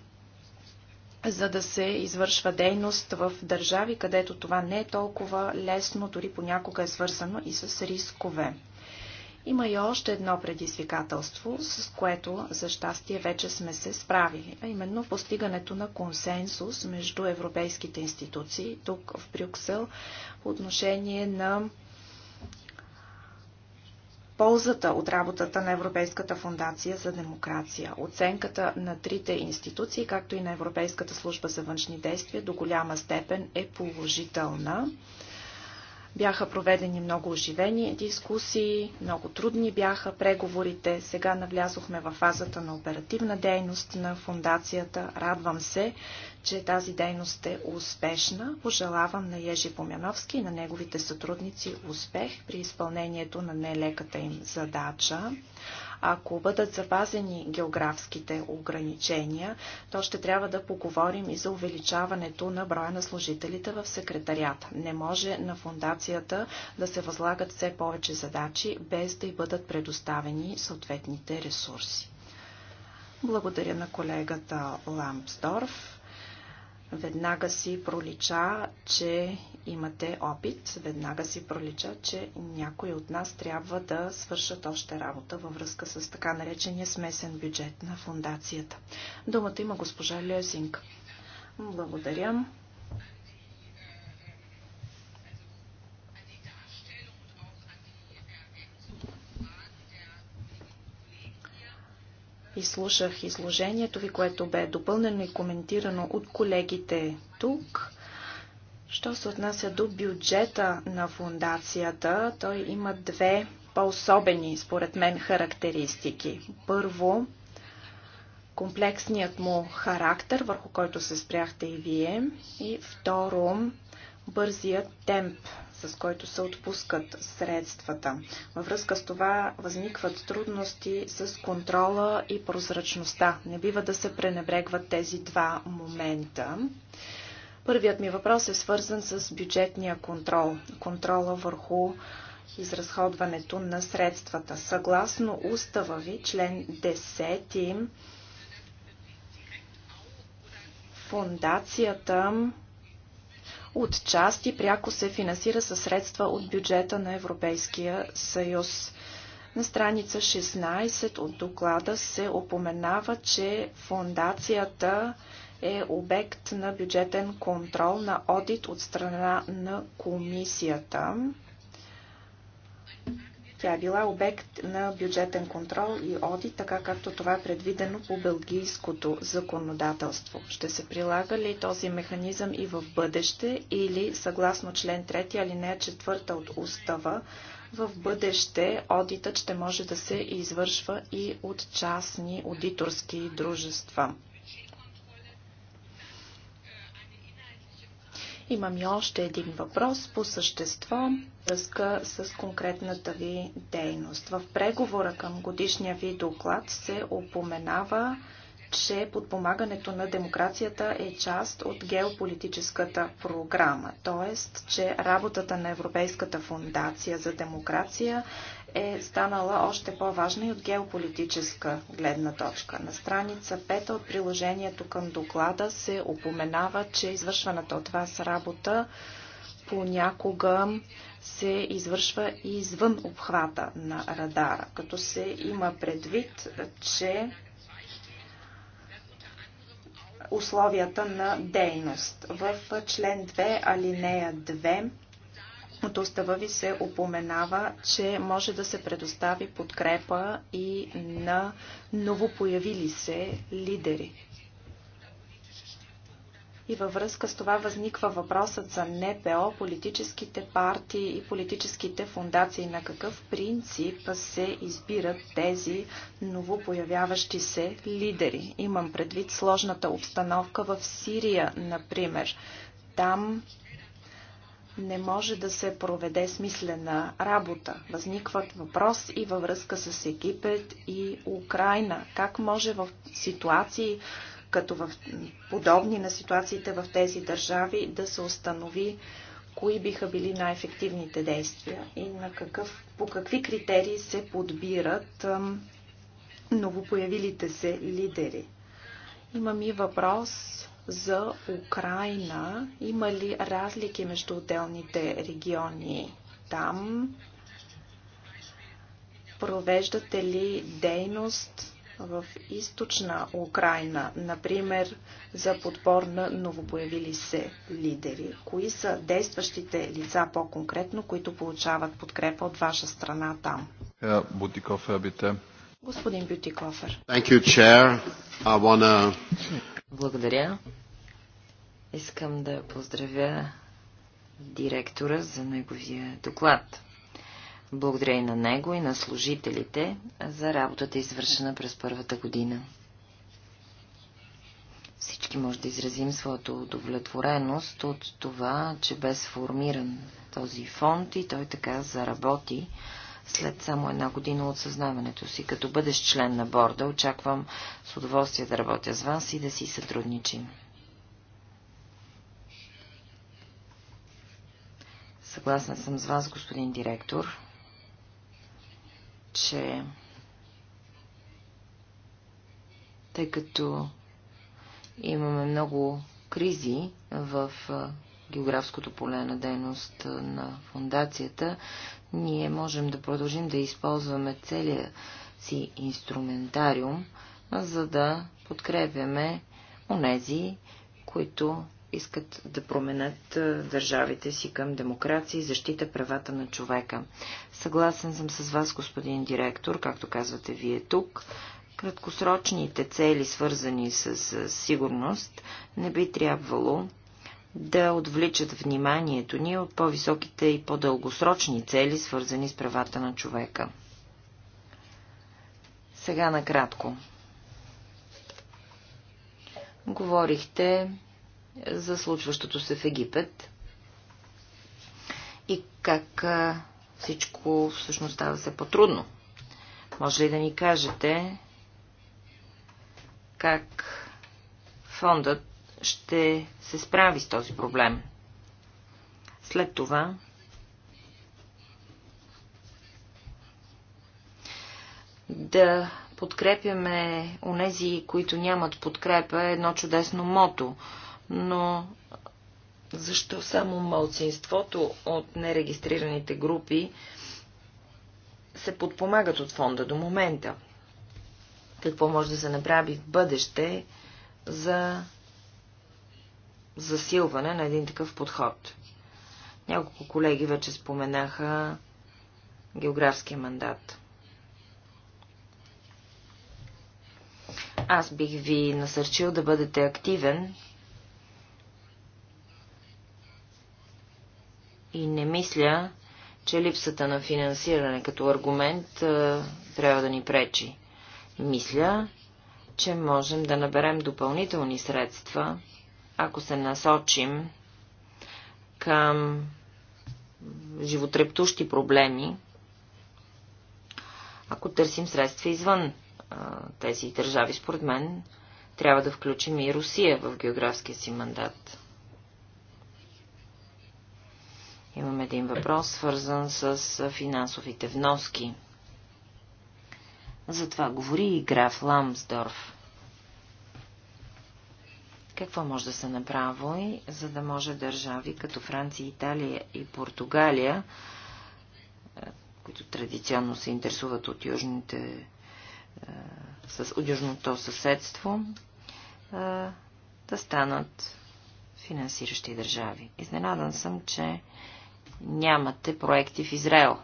за да се извършва дейност в държави, където това не е толкова лесно, дори понякога е свързано и с рискове. Има и още едно предизвикателство, с което за щастие вече сме се справили, а именно постигането на консенсус между европейските институции тук в Брюксел по отношение на ползата от работата на Европейската фундация за демокрация. Оценката на трите институции, както и на Европейската служба за външни действия, до голяма степен е положителна. Бяха проведени много оживени дискусии, много трудни бяха преговорите. Сега навлязохме в фазата на оперативна дейност на фундацията. Радвам се, че тази дейност е успешна. Пожелавам на Ежи Помяновски и на неговите сътрудници успех при изпълнението на нелеката им задача. Ако бъдат запазени географските ограничения, то ще трябва да поговорим и за увеличаването на броя на служителите в секретарията. Не може на фундацията да се възлагат все повече задачи, без да й бъдат предоставени съответните ресурси. Благодаря на колегата Ламсдорф. Веднага си пролича, че имате опит, веднага си пролича, че някои от нас трябва да свършат още работа във връзка с така наречения смесен бюджет на фундацията. Думата има госпожа Лезинг. Благодаря. изслушах изложението ви, което бе допълнено и коментирано от колегите тук. Що се отнася до бюджета на фундацията, той има две по-особени, според мен, характеристики. Първо, комплексният му характер, върху който се спряхте и вие. И второ, бързият темп, с който се отпускат средствата. Във връзка с това възникват трудности с контрола и прозрачността. Не бива да се пренебрегват тези два момента. Първият ми въпрос е свързан с бюджетния контрол, контрола върху изразходването на средствата. Съгласно устава ви, член 10, фундацията от части пряко се финансира със средства от бюджета на Европейския съюз. На страница 16 от доклада се опоменава, че фундацията е обект на бюджетен контрол на одит от страна на комисията. Тя е била обект на бюджетен контрол и одит, така както това е предвидено по бългийското законодателство. Ще се прилага ли този механизъм и в бъдеще или съгласно член 3 алинея 4 от устава в бъдеще одитът ще може да се извършва и от частни аудиторски дружества. Имам и още един въпрос по същество, връзка с конкретната ви дейност. В преговора към годишния ви доклад се опоменава, че подпомагането на демокрацията е част от геополитическата програма, т.е. че работата на Европейската фундация за демокрация е станала още по-важна и от геополитическа гледна точка. На страница 5 от приложението към доклада се упоменава, че извършваната от вас работа понякога се извършва и извън обхвата на радара, като се има предвид, че условията на дейност. В член 2, алинея 2 от устава ви се упоменава, че може да се предостави подкрепа и на новопоявили се лидери. И във връзка с това възниква въпросът за НПО, политическите партии и политическите фундации. На какъв принцип се избират тези новопоявяващи се лидери? Имам предвид сложната обстановка в Сирия, например. Там не може да се проведе смислена работа. Възникват въпроси и във връзка с Египет и Украина. Как може в ситуации, като в подобни на ситуациите в тези държави, да се установи кои биха били най-ефективните действия и на какъв, по какви критерии се подбират новопоявилите се лидери. Имам и въпрос за Украина. Има ли разлики между отделните региони там? Провеждате ли дейност в източна Украина, например за подбор на новопоявили се лидери? Кои са действащите лица по-конкретно, които получават подкрепа от ваша страна там? Господин Бютикофер. Thank you, Chair. I wanna благодаря. Искам да поздравя директора за неговия доклад. Благодаря и на него и на служителите за работата, извършена през първата година. Всички може да изразим своята удовлетвореност от това, че бе сформиран този фонд и той така заработи след само една година от съзнаването си. Като бъдеш член на борда, очаквам с удоволствие да работя с вас и да си сътрудничим. Съгласна съм с вас, господин директор, че тъй като имаме много кризи в географското поле на дейност на фундацията, ние можем да продължим да използваме целия си инструментариум, за да подкрепяме онези, които искат да променят държавите си към демокрация и защита правата на човека. Съгласен съм с вас, господин директор, както казвате вие тук. Краткосрочните цели, свързани с сигурност, не би трябвало да отвличат вниманието ни от по-високите и по-дългосрочни цели, свързани с правата на човека. Сега накратко. Говорихте за случващото се в Египет и как всичко всъщност става все по-трудно. Може ли да ни кажете как фондът ще се справи с този проблем. След това да подкрепяме онези, които нямат подкрепа, е едно чудесно мото. Но защо само малцинството от нерегистрираните групи се подпомагат от фонда до момента? Какво може да се направи в бъдеще за засилване на един такъв подход. Няколко колеги вече споменаха географския мандат. Аз бих ви насърчил да бъдете активен и не мисля, че липсата на финансиране като аргумент трябва да ни пречи. Мисля, че можем да наберем допълнителни средства ако се насочим към животрептущи проблеми, ако търсим средства извън тези държави, според мен, трябва да включим и Русия в географския си мандат. Имам един въпрос, свързан с финансовите вноски. За това говори и граф Ламсдорф. Какво може да се направи, за да може държави като Франция, Италия и Португалия, е, които традиционно се интересуват от, южните, е, от южното съседство, е, да станат финансиращи държави. Изненадан съм, че нямате проекти в Израел.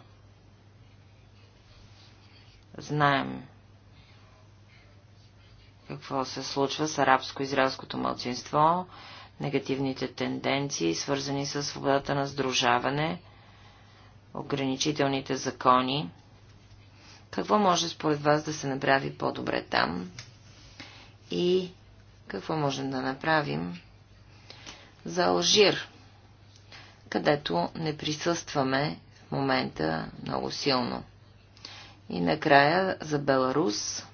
Знаем, какво се случва с арабско-израелското мълцинство, негативните тенденции, свързани с свободата на сдружаване, ограничителните закони. Какво може според вас да се направи по-добре там? И какво можем да направим за Алжир, където не присъстваме в момента много силно? И накрая за Беларус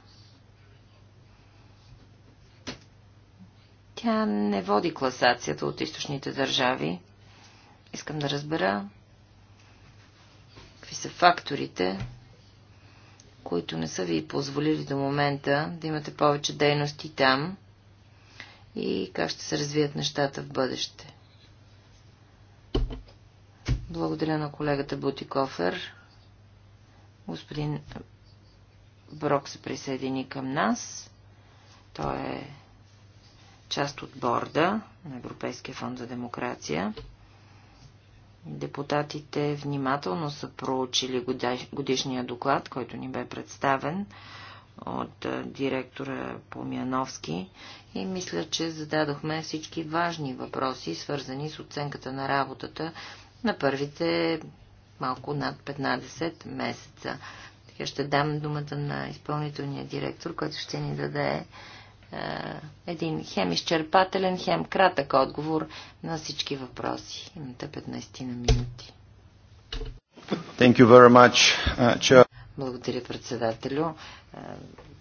Тя не води класацията от източните държави. Искам да разбера какви са факторите, които не са ви позволили до момента да имате повече дейности там и как ще се развият нещата в бъдеще. Благодаря на колегата Бутикофер. Господин Брок се присъедини към нас. Той е част от борда на Европейския фонд за демокрация. Депутатите внимателно са проучили годишния доклад, който ни бе представен от директора Помяновски и мисля, че зададохме всички важни въпроси, свързани с оценката на работата на първите малко над 15 месеца. Така ще дам думата на изпълнителния директор, който ще ни даде е, един хем изчерпателен, хем кратък отговор на всички въпроси. Имате 15 на минути. Thank you very much, uh, Благодаря, председателю, е,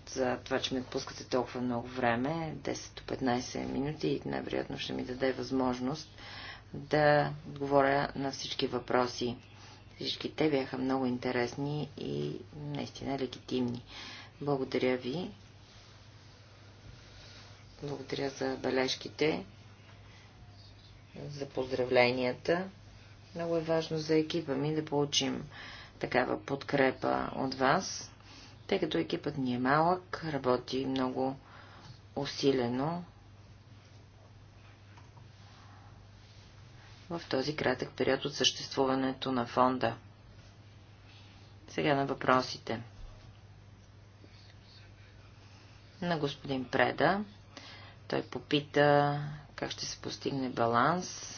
за това, че ми отпускате толкова много време, 10-15 минути и най-вероятно ще ми даде възможност да отговоря на всички въпроси. Всички те бяха много интересни и наистина легитимни. Благодаря ви благодаря за бележките, за поздравленията. Много е важно за екипа ми да получим такава подкрепа от вас, тъй като екипът ни е малък, работи много усилено в този кратък период от съществуването на фонда. Сега на въпросите. На господин Преда той попита как ще се постигне баланс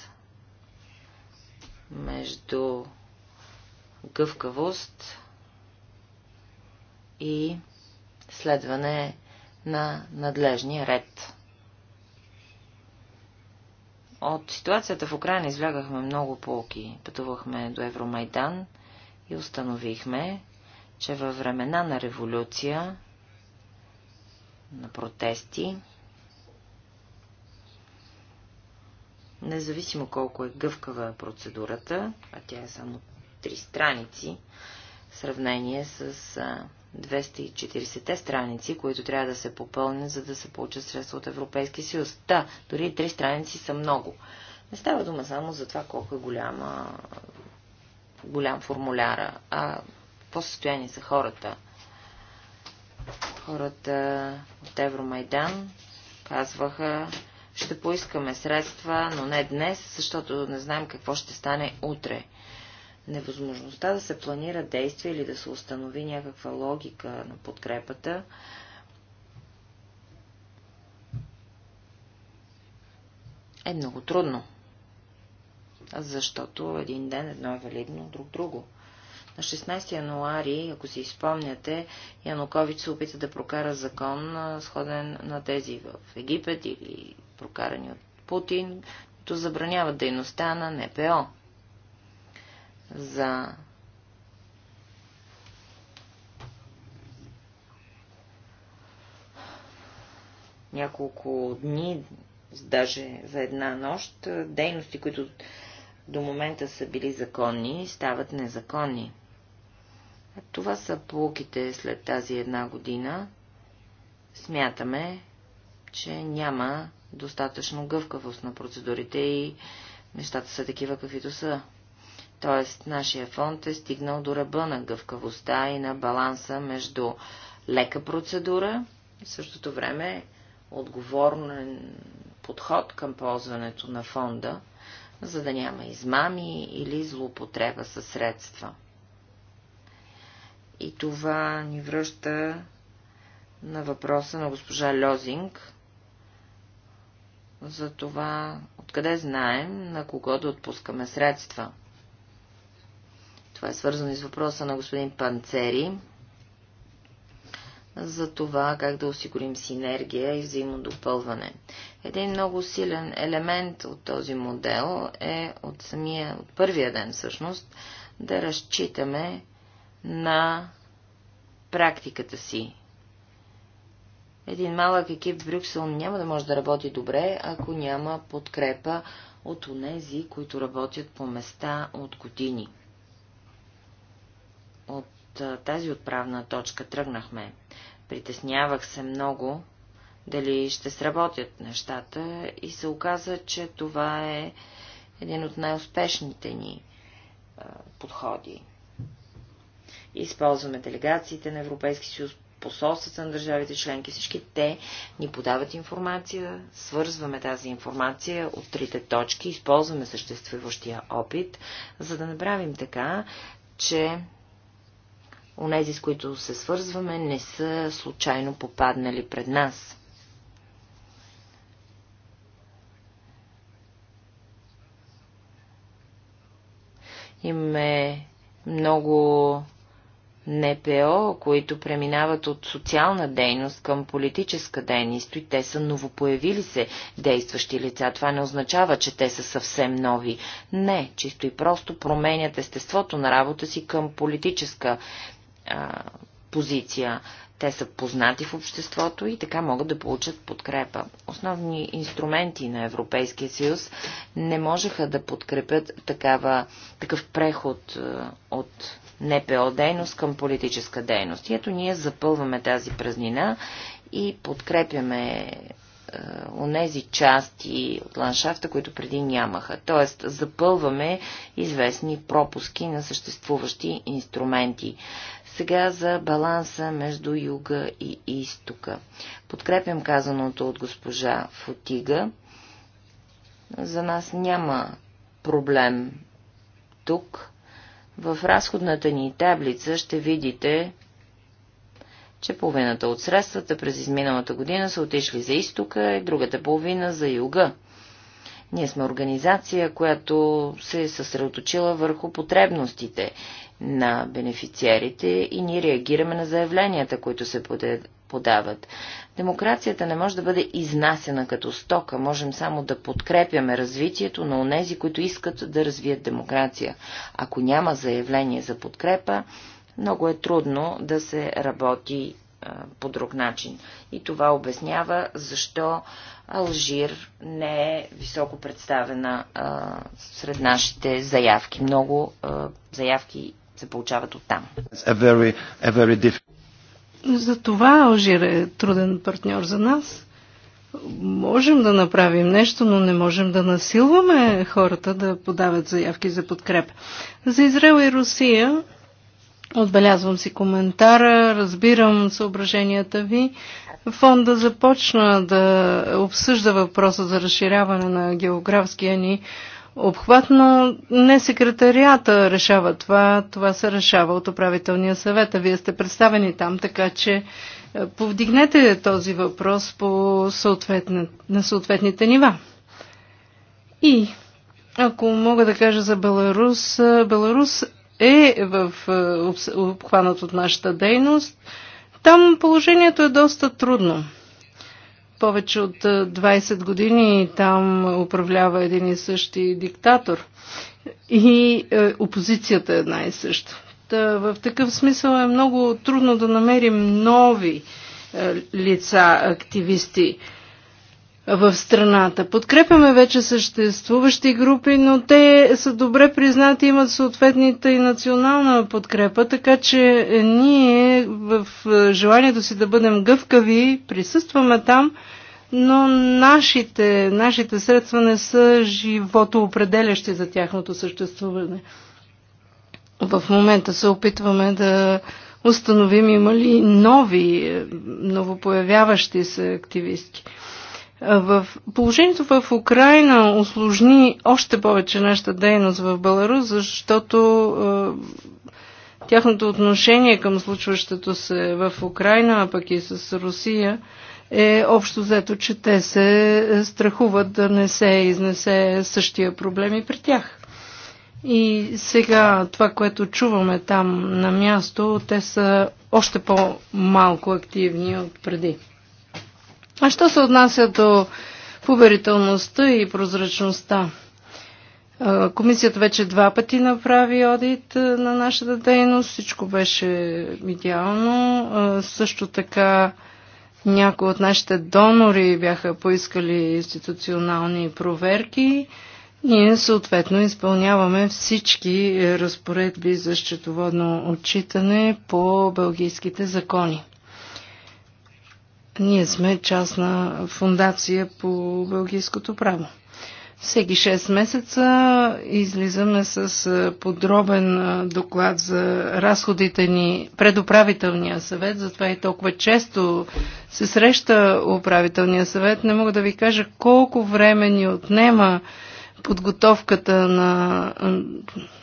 между гъвкавост и следване на надлежния ред. От ситуацията в Украина извлягахме много полки. Пътувахме до Евромайдан и установихме, че във времена на революция, на протести, Независимо колко е гъвкава процедурата, а тя е само три страници, в сравнение с 240-те страници, които трябва да се попълнят, за да се получат средства от Европейския съюз. Да, дори три страници са много. Не става дума само за това колко е голяма, голям формуляра, а какво състояние са хората. Хората от Евромайдан казваха, ще поискаме средства, но не днес, защото не знаем какво ще стане утре. Невъзможността да се планира действие или да се установи някаква логика на подкрепата е много трудно. Защото един ден едно е валидно, друг друго. На 16 януари, ако си изпомняте, Янукович се опита да прокара закон, сходен на тези в Египет или прокарани от Путин, то забраняват дейността на НПО за няколко дни, даже за една нощ, дейности, които до момента са били законни, стават незаконни. А това са полуките след тази една година. Смятаме, че няма достатъчно гъвкавост на процедурите и нещата са такива, каквито са. Тоест, нашия фонд е стигнал до ръба на гъвкавостта и на баланса между лека процедура и в същото време отговорен подход към ползването на фонда, за да няма измами или злоупотреба със средства. И това ни връща на въпроса на госпожа Льозинг за това откъде знаем на кого да отпускаме средства. Това е свързано и с въпроса на господин Панцери за това как да осигурим синергия и взаимодопълване. Един много силен елемент от този модел е от самия, от първия ден всъщност, да разчитаме на практиката си, един малък екип в Брюксел няма да може да работи добре, ако няма подкрепа от онези, които работят по места от години. От тази отправна точка тръгнахме. Притеснявах се много, дали ще сработят нещата и се оказа, че това е един от най-успешните ни подходи. Използваме делегациите на Европейски съюз посолствата на държавите членки, всички те ни подават информация, свързваме тази информация от трите точки, използваме съществуващия опит, за да направим така, че онези, с които се свързваме, не са случайно попаднали пред нас. Имаме много НПО, които преминават от социална дейност към политическа дейност и те са новопоявили се действащи лица. Това не означава, че те са съвсем нови. Не, чисто и просто променят естеството на работа си към политическа а, позиция. Те са познати в обществото и така могат да получат подкрепа. Основни инструменти на Европейския съюз не можеха да подкрепят такава, такъв преход от НПО дейност към политическа дейност. И ето ние запълваме тази празнина и подкрепяме е, онези части от ландшафта, които преди нямаха. Тоест, запълваме известни пропуски на съществуващи инструменти. Сега за баланса между юга и изтока. Подкрепям казаното от госпожа Фотига. За нас няма проблем тук в разходната ни таблица ще видите, че половината от средствата през изминалата година са отишли за изтока и другата половина за юга. Ние сме организация, която се е съсредоточила върху потребностите на бенефициерите и ние реагираме на заявленията, които се подават. Демокрацията не може да бъде изнасена като стока, можем само да подкрепяме развитието на онези, които искат да развият демокрация. Ако няма заявление за подкрепа, много е трудно да се работи а, по друг начин. И това обяснява защо Алжир не е високо представена а, сред нашите заявки. Много а, заявки се получават оттам. За това Алжир е труден партньор за нас. Можем да направим нещо, но не можем да насилваме хората да подават заявки за подкреп. За Израел и Русия отбелязвам си коментара, разбирам съображенията ви. Фонда започна да обсъжда въпроса за разширяване на географския ни обхватно. Не секретарията решава това, това се решава от управителния съвет, а вие сте представени там, така че е, повдигнете този въпрос по съответна, на съответните нива. И ако мога да кажа за Беларус, е, Беларус е в, е, обхванат от нашата дейност. Там положението е доста трудно повече от 20 години там управлява един и същи диктатор. И е, опозицията е една и съща. Та, в такъв смисъл е много трудно да намерим нови е, лица, активисти в страната. Подкрепяме вече съществуващи групи, но те са добре признати, имат съответната и национална подкрепа, така че ние в е, желанието си да бъдем гъвкави присъстваме там, но нашите, нашите средства не са животоопределящи за тяхното съществуване. В момента се опитваме да установим има ли нови, е, новопоявяващи се активистки. В положението в Украина осложни още повече нашата дейност в Беларус, защото е, тяхното отношение към случващото се в Украина, а пък и с Русия, е общо взето, че те се страхуват да не се изнесе същия проблем и при тях. И сега това, което чуваме там на място, те са още по-малко активни от преди. А що се отнася до поверителността и прозрачността? Комисията вече два пъти направи одит на нашата дейност. Всичко беше идеално. Също така някои от нашите донори бяха поискали институционални проверки. Ние съответно изпълняваме всички е, разпоредби за счетоводно отчитане по бългийските закони. Ние сме частна фундация по бългийското право. Всеки 6 месеца излизаме с подробен доклад за разходите ни пред управителния съвет, затова и толкова често се среща управителния съвет. Не мога да ви кажа колко време ни отнема подготовката на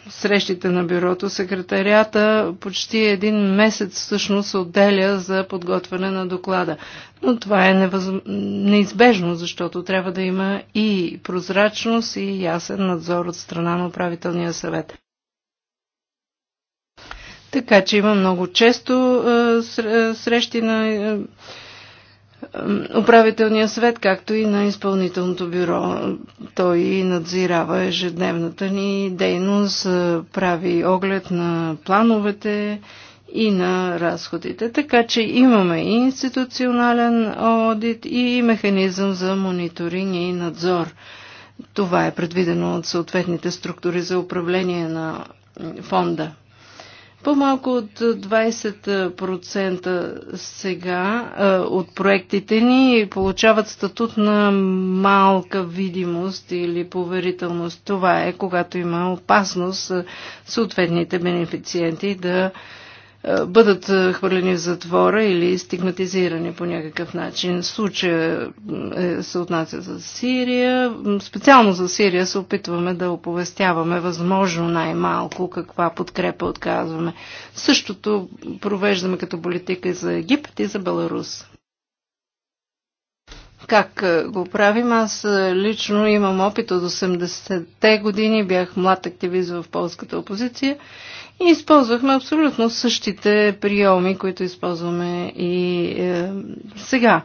срещите на бюрото. Секретарията почти един месец всъщност отделя за подготвяне на доклада. Но това е невъз... неизбежно, защото трябва да има и прозрачност, и ясен надзор от страна на управителния съвет. Така че има много често е, срещи на е, управителния съвет, както и на изпълнителното бюро. Той надзирава ежедневната ни дейност, прави оглед на плановете и на разходите. Така че имаме и институционален одит и механизъм за мониторинг и надзор. Това е предвидено от съответните структури за управление на фонда. По-малко от 20% сега а, от проектите ни получават статут на малка видимост или поверителност. Това е когато има опасност съответните бенефициенти да а, е, бъдат е, хвърлени в затвора или стигматизирани по някакъв начин. Случая е, се отнася за Сирия. Специално за Сирия се опитваме да оповестяваме възможно най-малко каква подкрепа отказваме. Същото провеждаме като политика и за Египет и за Беларус. Как го правим? Аз лично имам опит от 80-те години, бях млад активист в полската опозиция и използвахме абсолютно същите приеми, които използваме и е, сега.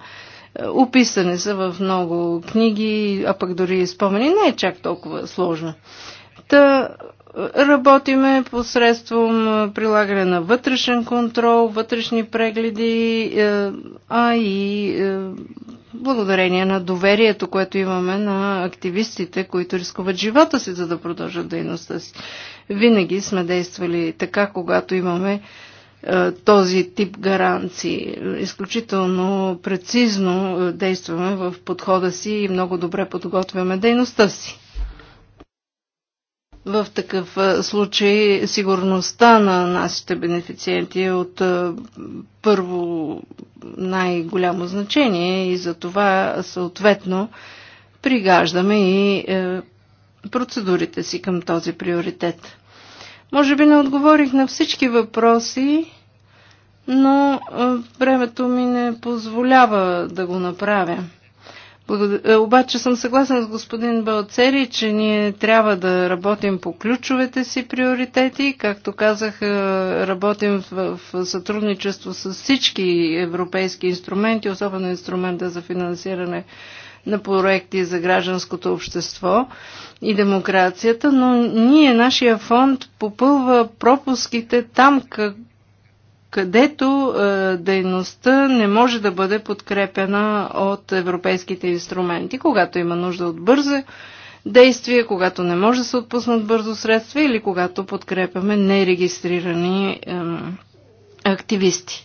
Описани са в много книги, а пък дори и спомени. Не е чак толкова сложно. Та работиме посредством прилагане на вътрешен контрол, вътрешни прегледи, е, а и е, благодарение на доверието, което имаме на активистите, които рискуват живота си, за да продължат дейността си. Винаги сме действали така, когато имаме е, този тип гаранции. Изключително прецизно е, действаме в подхода си и много добре подготвяме дейността си. В такъв случай сигурността на нашите бенефициенти е от първо най-голямо значение и за това съответно пригаждаме и е, процедурите си към този приоритет. Може би не отговорих на всички въпроси, но времето ми не позволява да го направя. Е, обаче съм съгласен с господин Балцери, че ние трябва да работим по ключовете си приоритети. Както казах, е, работим в сътрудничество с всички европейски инструменти, особено инструмента за финансиране на проекти за гражданското общество и демокрацията, но ние, нашия фонд, попълва пропуските там, където е, дейността не може да бъде подкрепена от европейските инструменти, когато има нужда от бързе действие, когато не може да се отпуснат бързо средства или когато подкрепяме нерегистрирани е, активисти.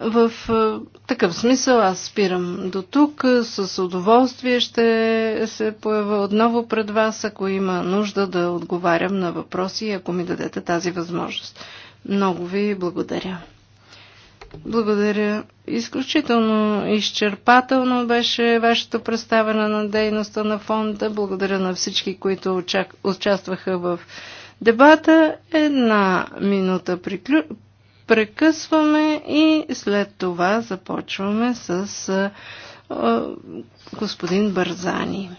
В е, такъв смисъл аз спирам до тук. С удоволствие ще се появя отново пред вас, ако има нужда да отговарям на въпроси, ако ми дадете тази възможност. Много ви благодаря. Благодаря. Изключително изчерпателно беше вашето представяне на дейността на фонда. Благодаря на всички, които участваха в дебата. Една минута приклю... прекъсваме и след това започваме с господин Барзани.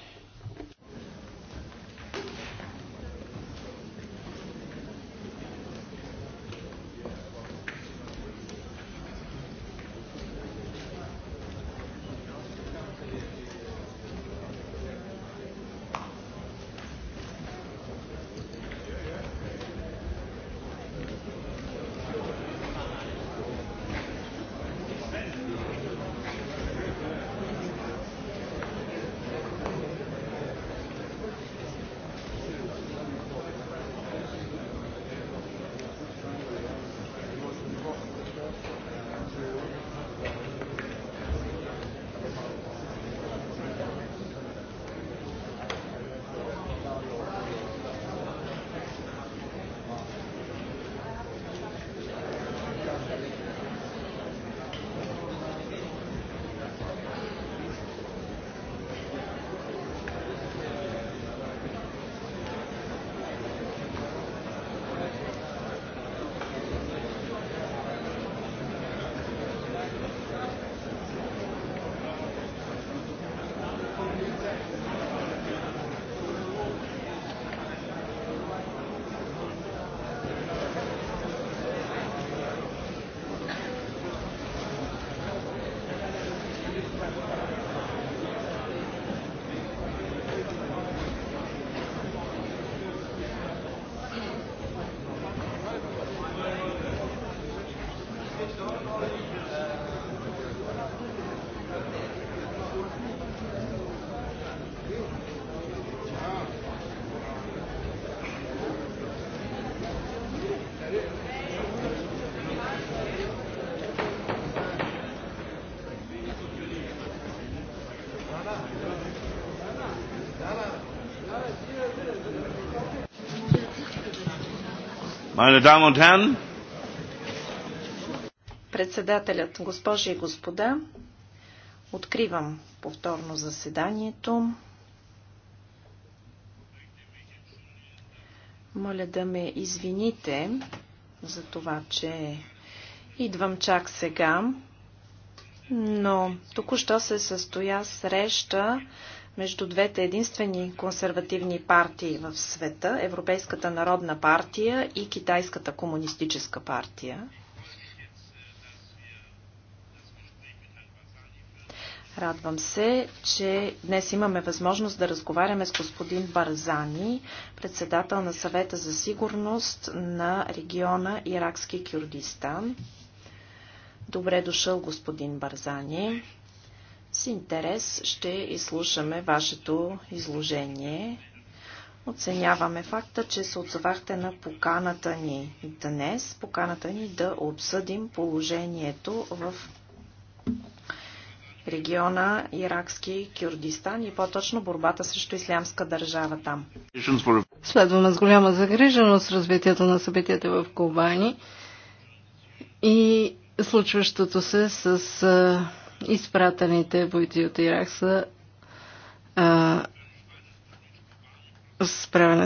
Meine Damen und Herren, Председателят, госпожи и господа, откривам повторно заседанието. Моля да ме извините за това, че идвам чак сега, но току-що се състоя среща между двете единствени консервативни партии в света Европейската народна партия и Китайската комунистическа партия. Радвам се, че днес имаме възможност да разговаряме с господин Барзани, председател на съвета за сигурност на региона Иракски Кюрдистан. Добре дошъл, господин Барзани. С интерес ще изслушаме вашето изложение. Оценяваме факта, че се отзовахте на поканата ни днес, поканата ни да обсъдим положението в региона Иракски Кюрдистан и по-точно борбата срещу ислямска държава там. Следваме с голяма загриженост развитието на събитията в Кубани и случващото се с изпратените бойци от Ирак са а,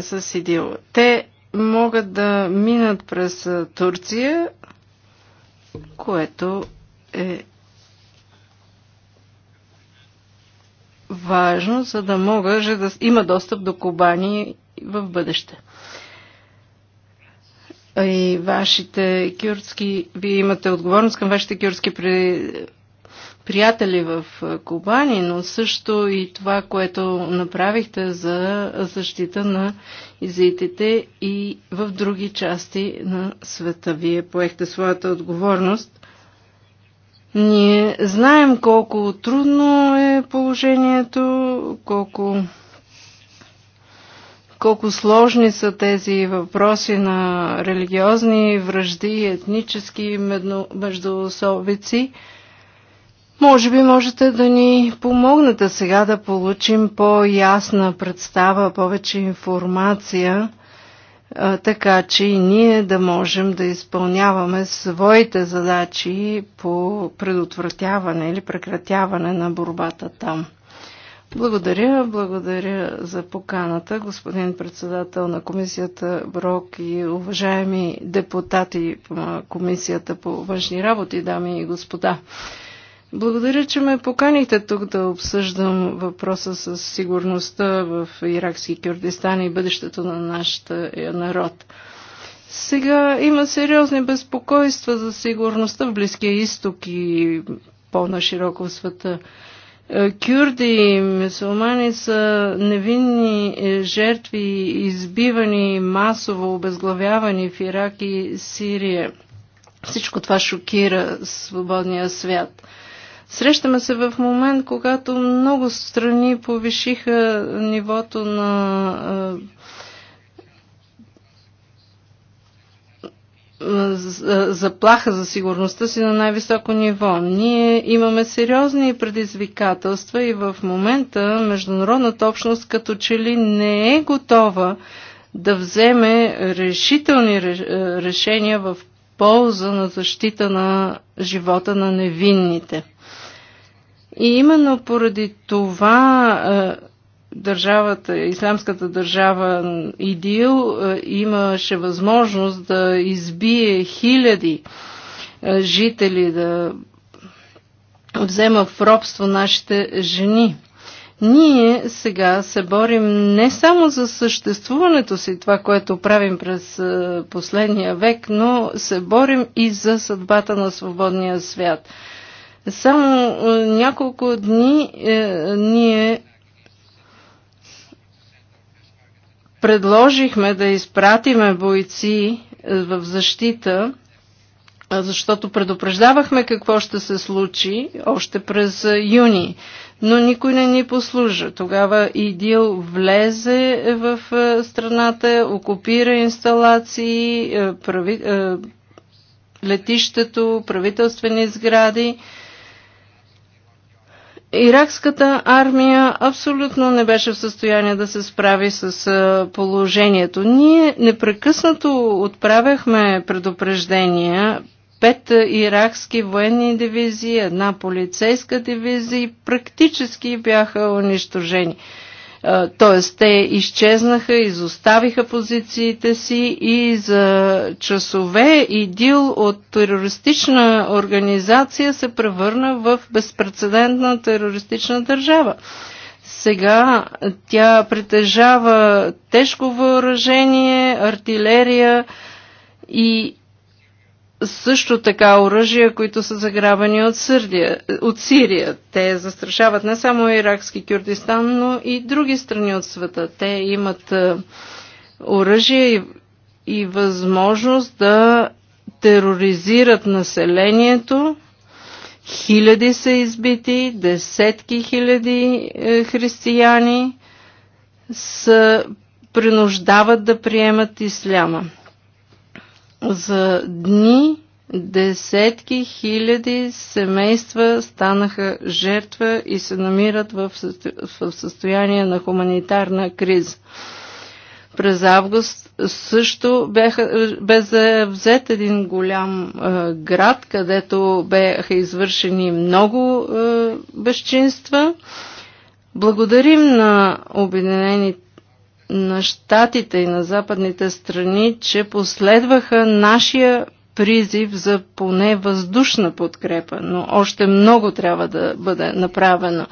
с ИДИЛ. Те могат да минат през Турция, което е важно, за да могат да има достъп до Кобани в бъдеще. И вашите кюрдски, вие имате отговорност към вашите кюрдски при приятели в Кубани, но също и това, което направихте за защита на езитите и в други части на света. Вие поехте своята отговорност. Ние знаем колко трудно е положението, колко колко сложни са тези въпроси на религиозни връжди, етнически междуособици. Между може би можете да ни помогнете сега да получим по-ясна представа, повече информация, така че и ние да можем да изпълняваме своите задачи по предотвратяване или прекратяване на борбата там. Благодаря, благодаря за поканата, господин председател на комисията Брок и уважаеми депутати на комисията по външни работи, дами и господа. Благодаря, че ме поканихте тук да обсъждам въпроса с сигурността в Иракски Кюрдистан и бъдещето на нашата е, народ. Сега има сериозни безпокойства за сигурността в Близкия изток и по-нашироко в света. Е, кюрди и мусулмани са невинни е, жертви, избивани масово, обезглавявани в Ирак и Сирия. Всичко това шокира свободния свят. Срещаме се в момент, когато много страни повишиха нивото на е, е, заплаха за сигурността си на най-високо ниво. Ние имаме сериозни предизвикателства и в момента международната общност като че ли не е готова да вземе решителни е, решения в полза на защита на живота на невинните. И именно поради това е, държавата, исламската държава ИДИЛ е, имаше възможност да избие хиляди е, жители, да взема в робство нашите жени. Ние сега се борим не само за съществуването си, това, което правим през последния век, но се борим и за съдбата на свободния свят. Само е, няколко дни е, ние предложихме да изпратиме бойци е, в защита, е, защото предупреждавахме какво ще се случи още през юни, но никой не ни послужа. Тогава ИДИЛ влезе в страната, окупира инсталации, прави... летището, правителствени сгради. Иракската армия абсолютно не беше в състояние да се справи с положението. Ние непрекъснато отправяхме предупреждения. Пет иракски военни дивизии, една полицейска дивизия практически бяха унищожени. Т.е. те изчезнаха, изоставиха позициите си и за часове и дил от терористична организация се превърна в безпредседентна терористична държава. Сега тя притежава тежко въоръжение, артилерия и също така оръжия, които са заграбени от, Сърдия, от Сирия. Те застрашават не само иракски Кюрдистан, но и други страни от света. Те имат е, оръжие и, и възможност да тероризират населението. Хиляди са избити, десетки хиляди е, християни са принуждават да приемат исляма. За дни десетки хиляди семейства станаха жертва и се намират в състояние на хуманитарна криза. През август също бяха, бе взет един голям е, град, където бяха извършени много е, безчинства. Благодарим на Обединените на щатите и на западните страни, че последваха нашия призив за поне въздушна подкрепа, но още много трябва да бъде направено.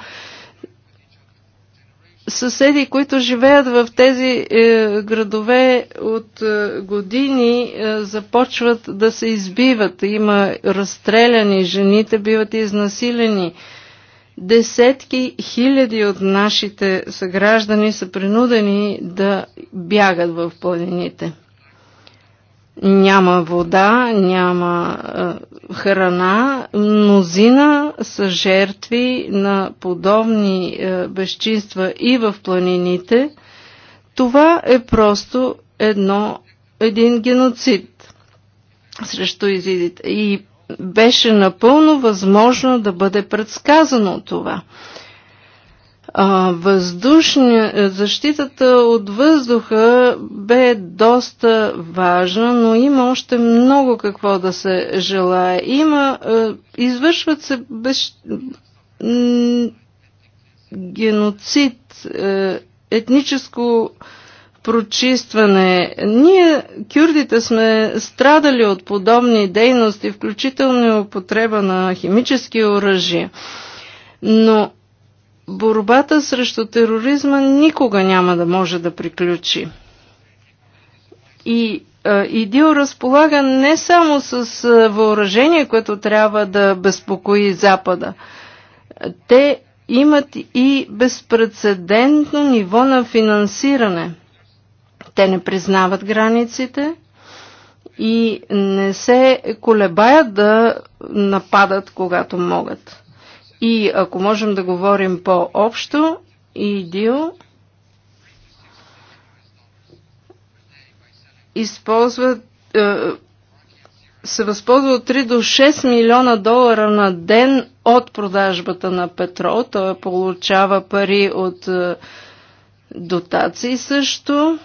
Съседи, които живеят в тези е, градове от е, години, е, започват да се избиват. Има разстреляни, жените биват изнасилени. Е, Десетки хиляди от нашите съграждани са принудени да бягат в планините. Няма вода, няма е, храна. Мнозина са жертви на подобни е, безчинства и в планините. Това е просто едно, един геноцид срещу изидите. И беше напълно възможно да бъде предсказано това. А, въздушния, е, защитата от въздуха бе доста важна, но има още много какво да се желая. Има, а, е, извършват се без, геноцид, е, етническо а, прочистване. Ние, кюрдите, сме страдали от подобни дейности, включително употреба на химически оръжия. Но борбата срещу тероризма никога няма да може да приключи. И ИДИЛ разполага не само с въоръжение, което трябва да безпокои Запада. Те имат и безпредседентно ниво на финансиране. Те не признават границите и не се колебаят да нападат, когато могат. И ако можем да говорим по-общо, идио използва е, се възползва от 3 до 6 милиона долара на ден от продажбата на петрол. Той получава пари от е, дотации също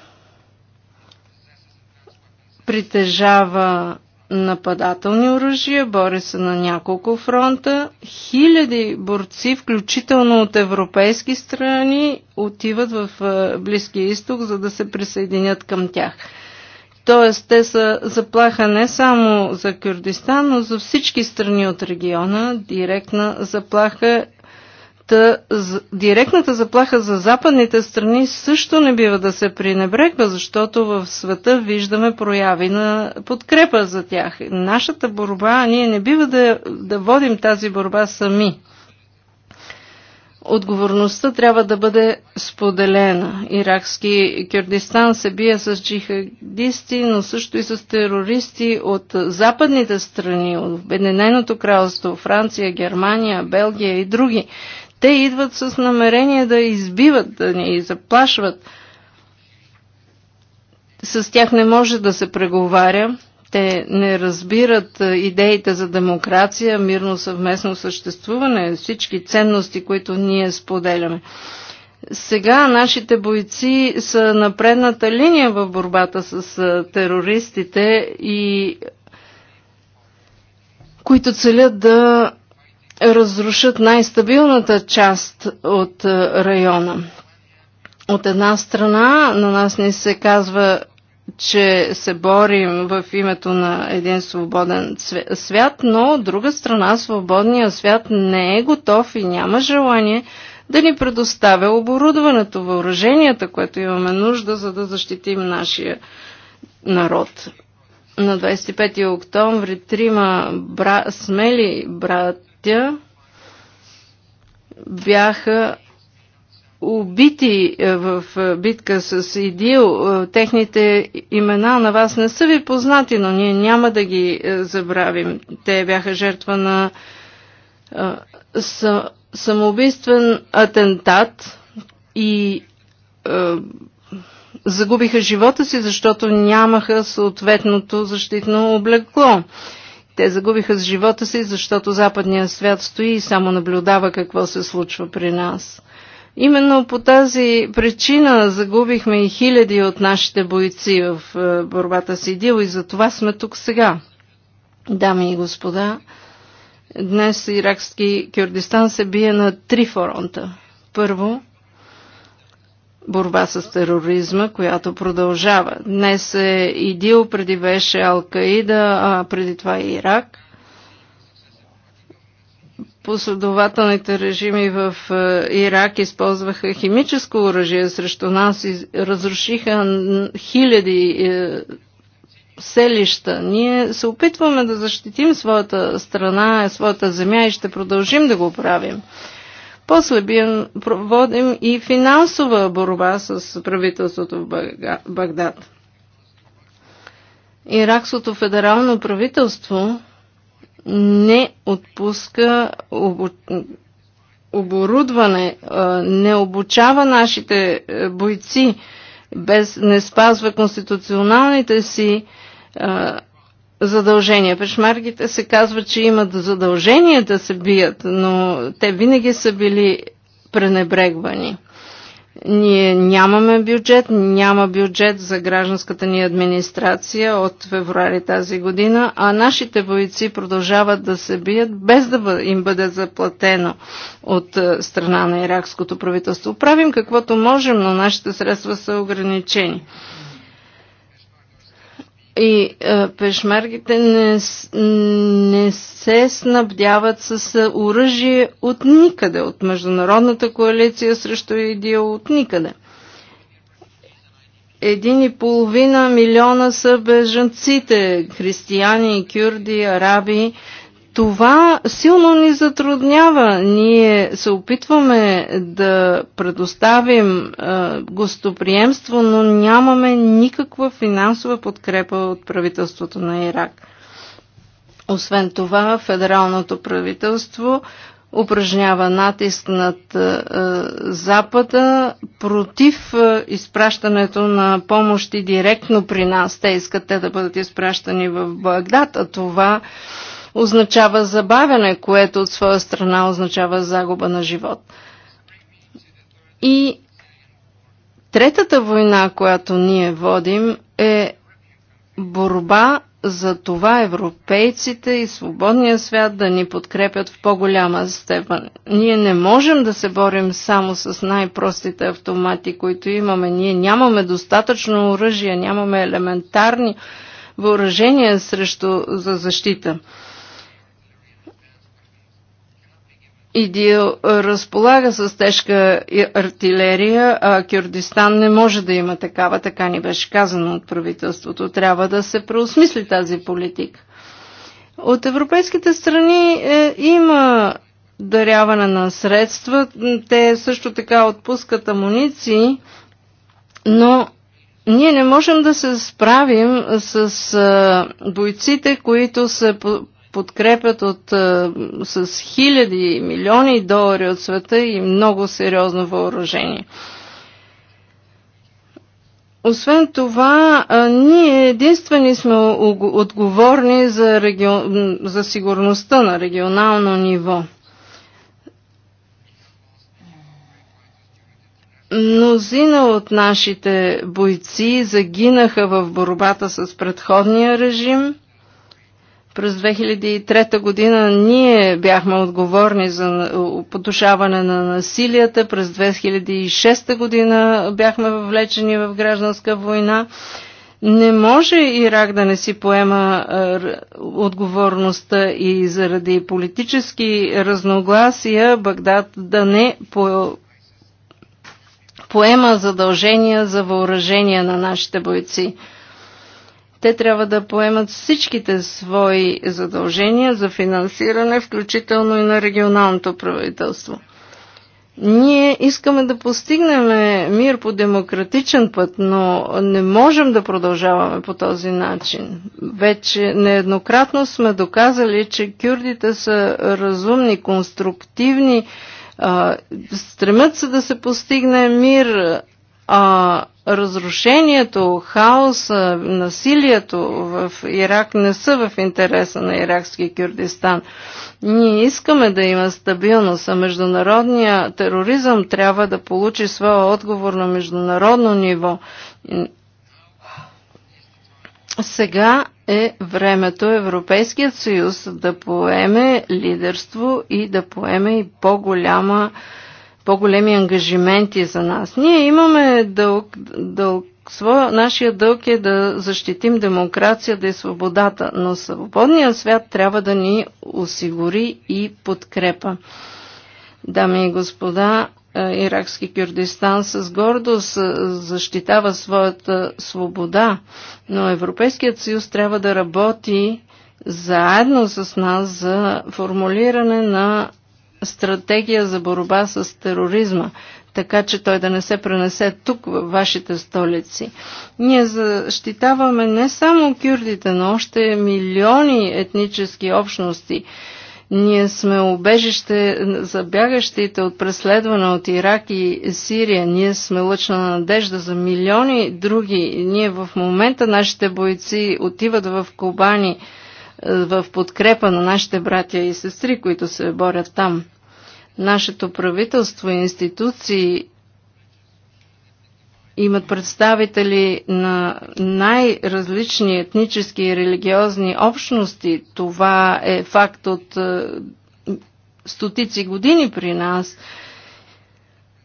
притежава нападателни оръжия, бори се на няколко фронта. Хиляди борци, включително от европейски страни, отиват в е, Близкия изток, за да се присъединят към тях. Тоест, те са заплаха не само за Кюрдистан, но за всички страни от региона, директна заплаха Та директната заплаха за западните страни също не бива да се пренебрегва, защото в света виждаме прояви на подкрепа за тях. Нашата борба, ние не бива да, да водим тази борба сами. Отговорността трябва да бъде споделена. Иракски Кюрдистан се бие с джихадисти, но също и с терористи от западните страни, от Обединеното кралство, Франция, Германия, Белгия и други. Те идват с намерение да избиват, да ни заплашват. С тях не може да се преговаря. Те не разбират идеите за демокрация, мирно съвместно съществуване, всички ценности, които ние споделяме. Сега нашите бойци са на предната линия в борбата с терористите и които целят да разрушат най-стабилната част от е, района. От една страна на нас ни се казва, че се борим в името на един свободен свят, но от друга страна свободният свят не е готов и няма желание да ни предоставя оборудването, въоръженията, което имаме нужда, за да защитим нашия народ. На 25 октомври трима бра... смели брат пътя бяха убити е, в е, битка с Идил. Е, техните имена на вас не са ви познати, но ние няма да ги забравим. Те бяха жертва на самоубийствен атентат и загубиха живота си, защото нямаха съответното защитно облекло. Те загубиха с живота си, защото западният свят стои и само наблюдава какво се случва при нас. Именно по тази причина загубихме и хиляди от нашите бойци в е, борбата с ИДИЛ и затова сме тук сега. Дами и господа, днес иракски Кюрдистан се бие на три фронта. Първо, борба с тероризма, която продължава. Днес е ИДИЛ, преди беше Ал-Каида, а преди това е Ирак. Последователните режими в е, Ирак използваха химическо оръжие срещу нас и разрушиха хиляди е, селища. Ние се опитваме да защитим своята страна, своята земя и ще продължим да го правим. После бием, водим и финансова борба с правителството в Багдад. Иракското федерално правителство не отпуска оборудване, не обучава нашите е, бойци, без, не спазва конституционалните си задължения. Пешмаргите се казва, че имат задължение да се бият, но те винаги са били пренебрегвани. Ние нямаме бюджет, няма бюджет за гражданската ни администрация от февруари тази година, а нашите бойци продължават да се бият без да им бъде заплатено от е, страна на иракското правителство. Правим каквото можем, но нашите средства са ограничени и а, е, пешмергите не, не се снабдяват с е, оръжие от никъде, от Международната коалиция срещу ИДИО от никъде. Един и половина милиона са бежанците, християни, кюрди, араби, това силно ни затруднява. Ние се опитваме да предоставим а, е, гостоприемство, но нямаме никаква финансова подкрепа от правителството на Ирак. Освен това, федералното правителство упражнява натиск над а, е, Запада против а, е, изпращането на помощи директно при нас. Те искат те да бъдат изпращани в Багдад, а това а, означава забавяне, което от своя страна означава загуба на живот. И третата война, която ние водим, е борба за това европейците и свободния свят да ни подкрепят в по-голяма степен. Ние не можем да се борим само с най-простите автомати, които имаме. Ние нямаме достатъчно оръжие, нямаме елементарни въоръжения срещу за защита. Иди разполага с тежка артилерия, а Кюрдистан не може да има такава, така ни беше казано от правителството. Трябва да се преосмисли тази политика. От европейските страни е, има даряване на средства, те също така отпускат амуниции, но ние не можем да се справим с е, бойците, които се подкрепят от, е, с хиляди, милиони долари от света и много сериозно въоръжение. Освен това, е, ние единствени сме отговорни за, регион, за сигурността на регионално ниво. Мнозина от нашите бойци загинаха в борбата с предходния режим – през 2003 година ние бяхме отговорни за потушаване на насилията. През 2006 година бяхме въвлечени в гражданска война. Не може Ирак да не си поема е, отговорността и заради политически разногласия Багдад да не по поема задължения за въоръжение на нашите бойци. Те трябва да поемат всичките свои задължения за финансиране, включително и на регионалното правителство. Ние искаме да постигнем мир по демократичен път, но не можем да продължаваме по този начин. Вече нееднократно сме доказали, че кюрдите са разумни, конструктивни, стремят се да се постигне мир, а разрушението, хаоса, насилието в Ирак не са в интереса на иракски Кюрдистан. Ние искаме да има стабилност, а международния тероризъм трябва да получи своя отговор на международно ниво. Сега е времето Европейският съюз да поеме лидерство и да поеме и по-голяма по-големи ангажименти за нас. Ние имаме дълг, дълг своя, нашия дълг е да защитим демокрацията и свободата, но свободният свят трябва да ни осигури и подкрепа. Дами и господа, е, Иракски Кюрдистан с гордост е, защитава своята свобода, но Европейският съюз трябва да работи заедно с нас за формулиране на стратегия за борба с тероризма, така че той да не се пренесе тук, в вашите столици. Ние защитаваме не само кюрдите, но още милиони етнически общности. Ние сме убежище за бягащите от преследване от Ирак и Сирия. Ние сме лъчна надежда за милиони други. Ние в момента нашите бойци отиват в Кубани е, в подкрепа на нашите братя и сестри, които се борят там нашето правителство и институции имат представители на най-различни етнически и религиозни общности. Това е факт от е, стотици години при нас.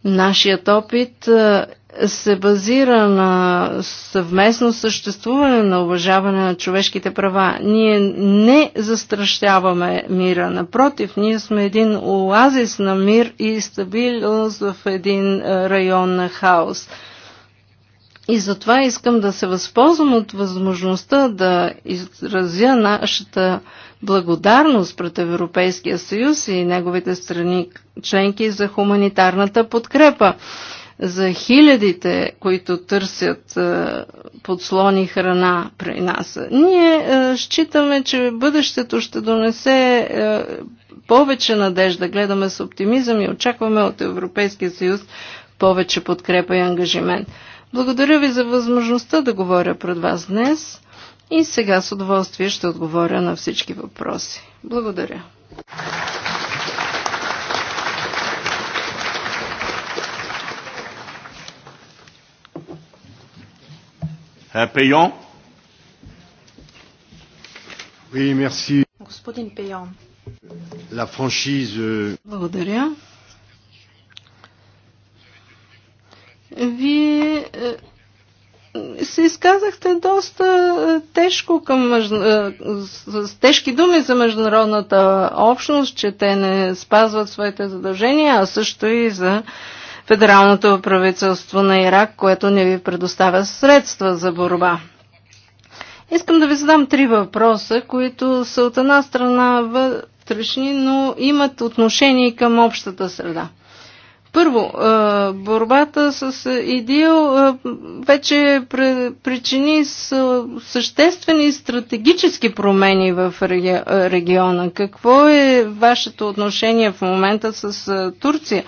Нашият опит е, се базира на съвместно съществуване на уважаване на човешките права. Ние не застращаваме мира. Напротив, ние сме един оазис на мир и стабилност в един е, район на хаос. И затова искам да се възползвам от възможността да изразя нашата благодарност пред Европейския съюз и неговите страни членки за хуманитарната подкрепа за хилядите, които търсят е, подслони храна при нас. Ние е, считаме, че бъдещето ще донесе е, повече надежда, гледаме с оптимизъм и очакваме от Европейския съюз повече подкрепа и ангажимент. Благодаря ви за възможността да говоря пред вас днес и сега с удоволствие ще отговоря на всички въпроси. Благодаря. Пейон. Oui, merci. Господин Пейон. La franchise... Euh, Благодаря. Вие е, се изказахте доста е, тежко към мъжна... Е, с тежки думи за международната общност, че те не спазват своите задължения, а също и за федералното правителство на Ирак, което не ви предоставя средства за борба. Искам да ви задам три въпроса, които са от една страна вътрешни, но имат отношение към общата среда. Първо, е, борбата с ИДИЛ е, вече причини е, съществени стратегически промени в региона. Какво е вашето отношение в момента с Турция?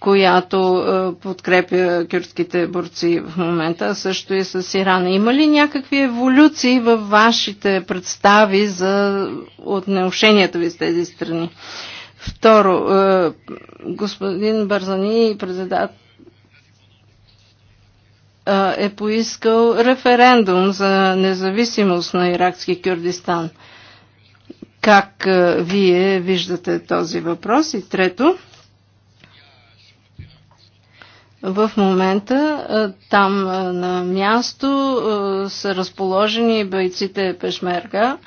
която е, подкрепя кюрдските борци в момента, също и с Иран. Има ли някакви еволюции във вашите представи за отношенията ви с тези страни? Второ, е, господин Барзани, председател е, е поискал референдум за независимост на иракски Кюрдистан. Как вие виждате този въпрос? И трето, в момента там на място са разположени бойците Пешмерга.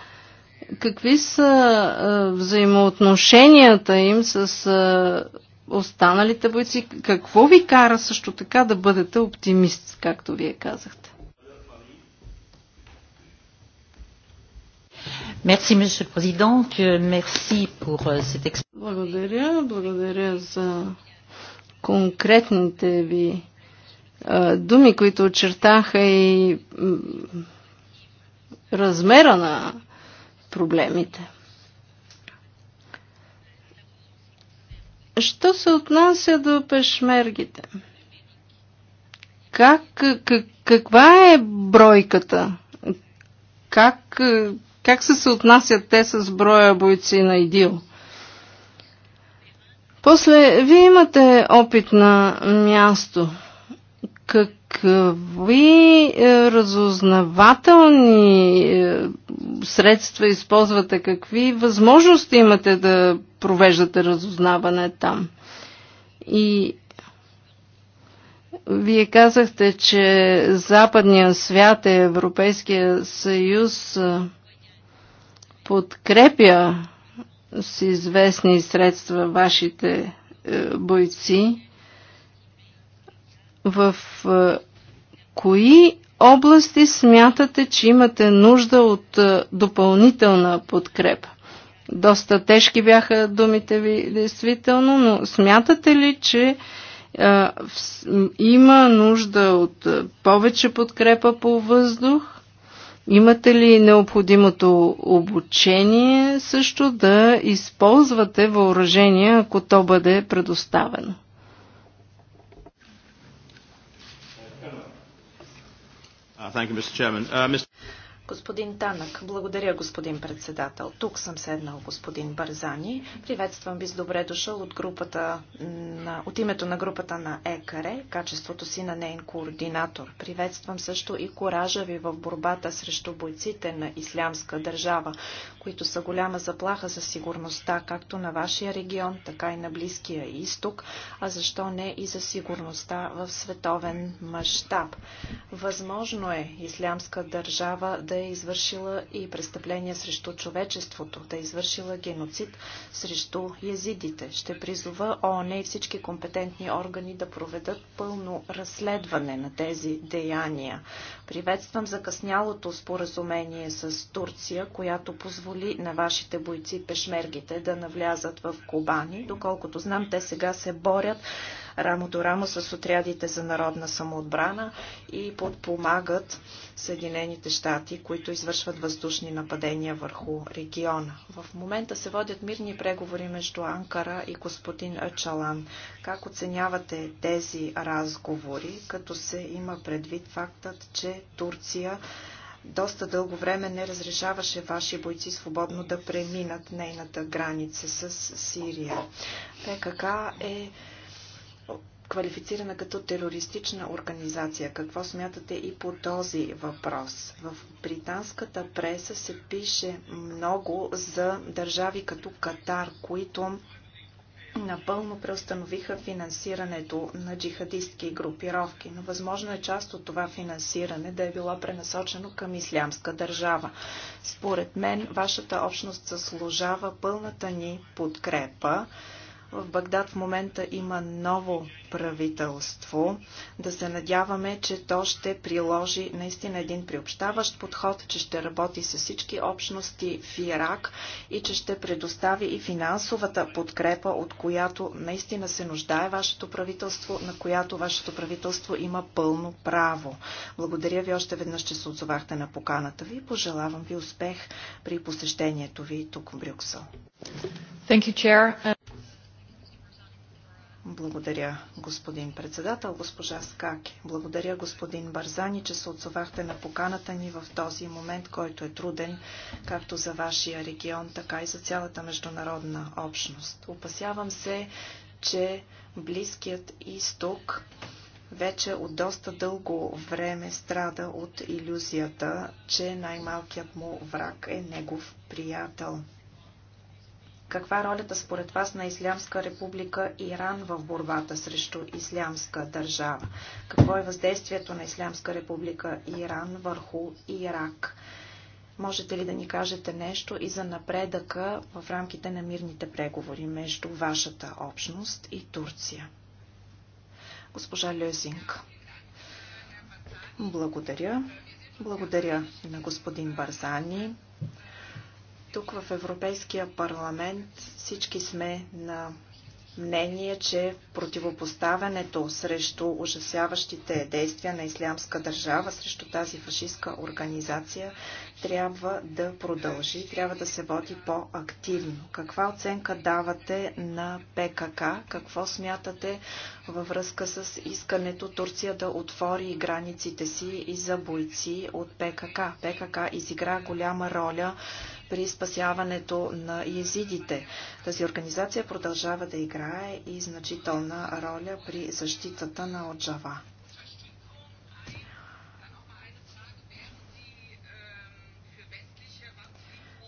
Какви са взаимоотношенията им с останалите бойци? Какво ви кара също така да бъдете оптимист, както вие казахте? Merci, Monsieur le Président. Merci pour euh, cette Благодаря, благодаря за конкретните ви думи, които очертаха и размера на проблемите. Що се отнася до пешмергите? Как, как, каква е бройката? Как, как се съотнасят те с броя бойци на ИДИЛ? После, вие имате опит на място. Какви е, разузнавателни е, средства използвате? Какви възможности имате да провеждате разузнаване там? И вие казахте, че западния свят и е Европейския съюз подкрепя с известни средства вашите е, бойци, в е, кои области смятате, че имате нужда от е, допълнителна подкрепа? Доста тежки бяха думите ви, действително, но смятате ли, че има нужда от повече подкрепа по въздух Имате ли необходимото обучение също да използвате въоръжение, ако то бъде предоставено? Uh, uh, Господин Танък, благодаря господин председател. Тук съм седнал господин Барзани. Приветствам ви с добре дошъл от, групата на, от името на групата на ЕКАРЕ, качеството си на нейн координатор. Приветствам също и коража ви в борбата срещу бойците на Ислямска държава, които са голяма заплаха за сигурността както на вашия регион, така и на Близкия изток, а защо не и за сигурността в световен мащаб. Възможно е Ислямска държава да е извършила и престъпления срещу човечеството, да е извършила геноцид срещу езидите. Ще призова ООН и всички компетентни органи да проведат пълно разследване на тези деяния. Приветствам закъснялото споразумение с Турция, която позволи на вашите бойци пешмергите да навлязат в Кубани, Доколкото знам, те сега се борят рамо до рамо с отрядите за народна самоотбрана и подпомагат Съединените щати, които извършват въздушни нападения върху региона. В момента се водят мирни преговори между Анкара и господин Ачалан. Как оценявате тези разговори, като се има предвид фактът, че Турция доста дълго време не разрешаваше ваши бойци свободно да преминат нейната граница с Сирия. ПКК е квалифицирана като терористична организация. Какво смятате и по този въпрос? В британската преса се пише много за държави като Катар, които напълно преустановиха финансирането на джихадистки групировки, но възможно е част от това финансиране да е било пренасочено към ислямска държава. Според мен, вашата общност заслужава пълната ни подкрепа в Багдад в момента има ново правителство. Да се надяваме, че то ще приложи наистина един приобщаващ подход, че ще работи с всички общности в Ирак и че ще предостави и финансовата подкрепа, от която наистина се нуждае вашето правителство, на която вашето правителство има пълно право. Благодаря ви още веднъж, че се отзовахте на поканата ви. Пожелавам ви успех при посещението ви тук в Брюксел. Thank you, Chair. Благодаря, господин председател, госпожа Скаки. Благодаря, господин Барзани, че се отзовахте на поканата ни в този момент, който е труден, както за вашия регион, така и за цялата международна общност. Опасявам се, че Близкият изток вече от доста дълго време страда от иллюзията, че най-малкият му враг е негов приятел. Каква е ролята според вас на Ислямска република Иран в борбата срещу Ислямска държава? Какво е въздействието на Ислямска република Иран върху Ирак? Можете ли да ни кажете нещо и за напредъка в рамките на мирните преговори между вашата общност и Турция? Госпожа Лезинг. Благодаря. Благодаря на господин Барзани. Тук в Европейския парламент всички сме на мнение, че противопоставянето срещу ужасяващите действия на Ислямска държава, срещу тази фашистска организация, трябва да продължи, трябва да се води по-активно. Каква оценка давате на ПКК? Какво смятате във връзка с искането Турция да отвори границите си и за бойци от ПКК? ПКК изигра голяма роля при спасяването на езидите. Тази организация продължава да играе и значителна роля при защитата на Оджава.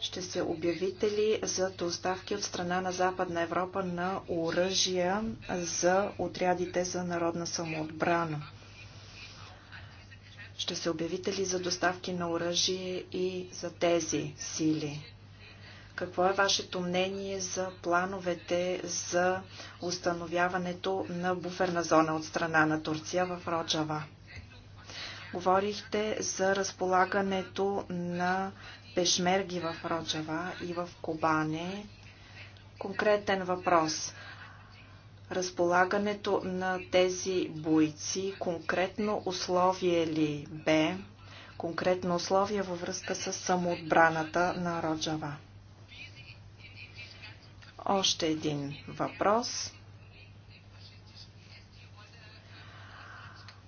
ще се обявите ли за доставки от страна на Западна Европа на оръжия за отрядите за народна самоотбрана? Ще се обявите ли за доставки на оръжие и за тези сили? Какво е вашето мнение за плановете за установяването на буферна зона от страна на Турция в Роджава? Говорихте за разполагането на пешмерги в Роджава и в Кобане. Конкретен въпрос разполагането на тези бойци конкретно условие ли бе, конкретно условие във връзка с самоотбраната на Роджава? Още един въпрос.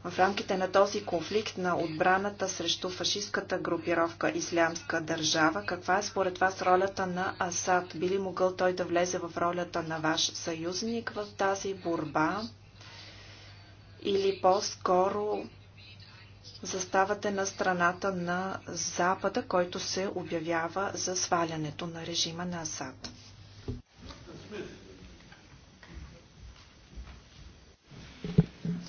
В рамките на този конфликт на отбраната срещу фашистската групировка Ислямска държава, каква е според вас ролята на Асад? Би ли могъл той да влезе в ролята на ваш съюзник в тази борба? Или по-скоро заставате на страната на Запада, който се обявява за свалянето на режима на Асад?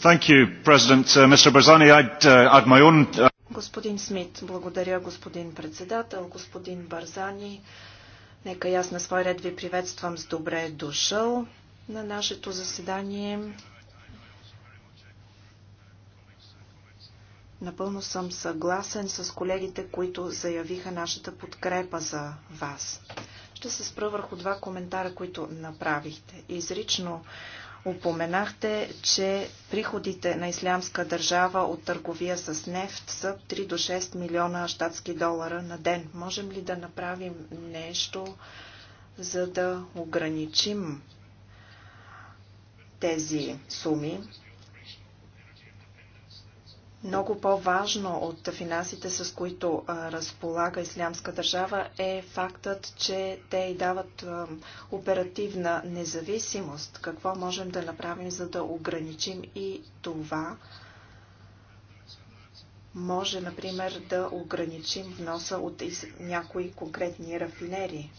Uh, uh, uh, господин Смит, благодаря господин председател, господин Барзани. Нека и аз на свой ред ви приветствам с добре дошъл на нашето заседание. Напълно съм съгласен с колегите, които заявиха нашата подкрепа за вас. Ще се спра върху два коментара, които направихте. Изрично Упоменахте, че приходите на Ислямска държава от търговия с нефт са 3 до 6 милиона щатски долара на ден. Можем ли да направим нещо, за да ограничим тези суми? Много по-важно от финансите, с които разполага Ислямска държава, е фактът, че те й дават оперативна независимост. Какво можем да направим, за да ограничим и това? Може, например, да ограничим вноса от някои конкретни рафинери.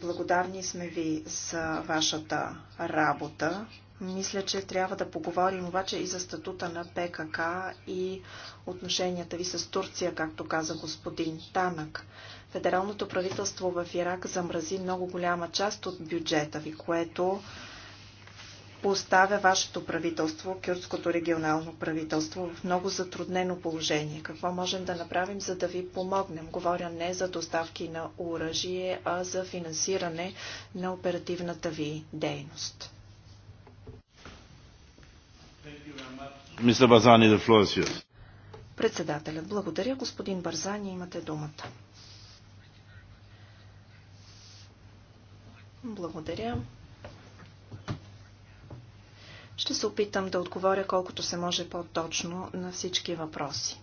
Благодарни сме ви за вашата работа. Мисля, че трябва да поговорим обаче и за статута на ПКК и отношенията ви с Турция, както каза господин Танък. Федералното правителство в Ирак замрази много голяма част от бюджета ви, което поставя вашето правителство, кюртското регионално правителство, в много затруднено положение. Какво можем да направим, за да ви помогнем? Говоря не за доставки на оръжие, а за финансиране на оперативната ви дейност. Мистер the floor is yours. Председателя, благодаря. Господин Барзани, имате думата. Благодаря. Ще се опитам да отговоря колкото се може по-точно на всички въпроси.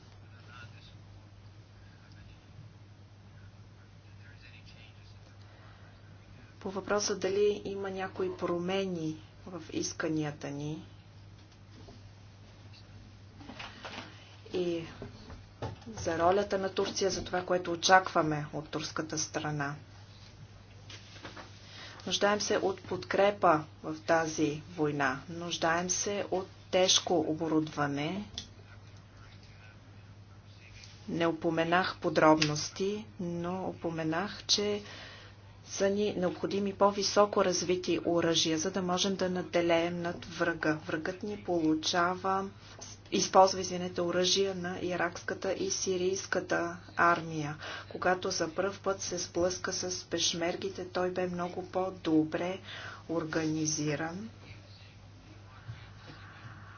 По въпроса дали има някои промени в исканията ни и за ролята на Турция, за това, което очакваме от турската страна. Нуждаем се от подкрепа в тази война. Нуждаем се от тежко оборудване. Не упоменах подробности, но упоменах, че са ни необходими по-високо развити оръжия, за да можем да наделеем над врага. Врагът ни получава използва извинете, оръжия на иракската и сирийската армия. Когато за първ път се сблъска с пешмергите, той бе много по-добре организиран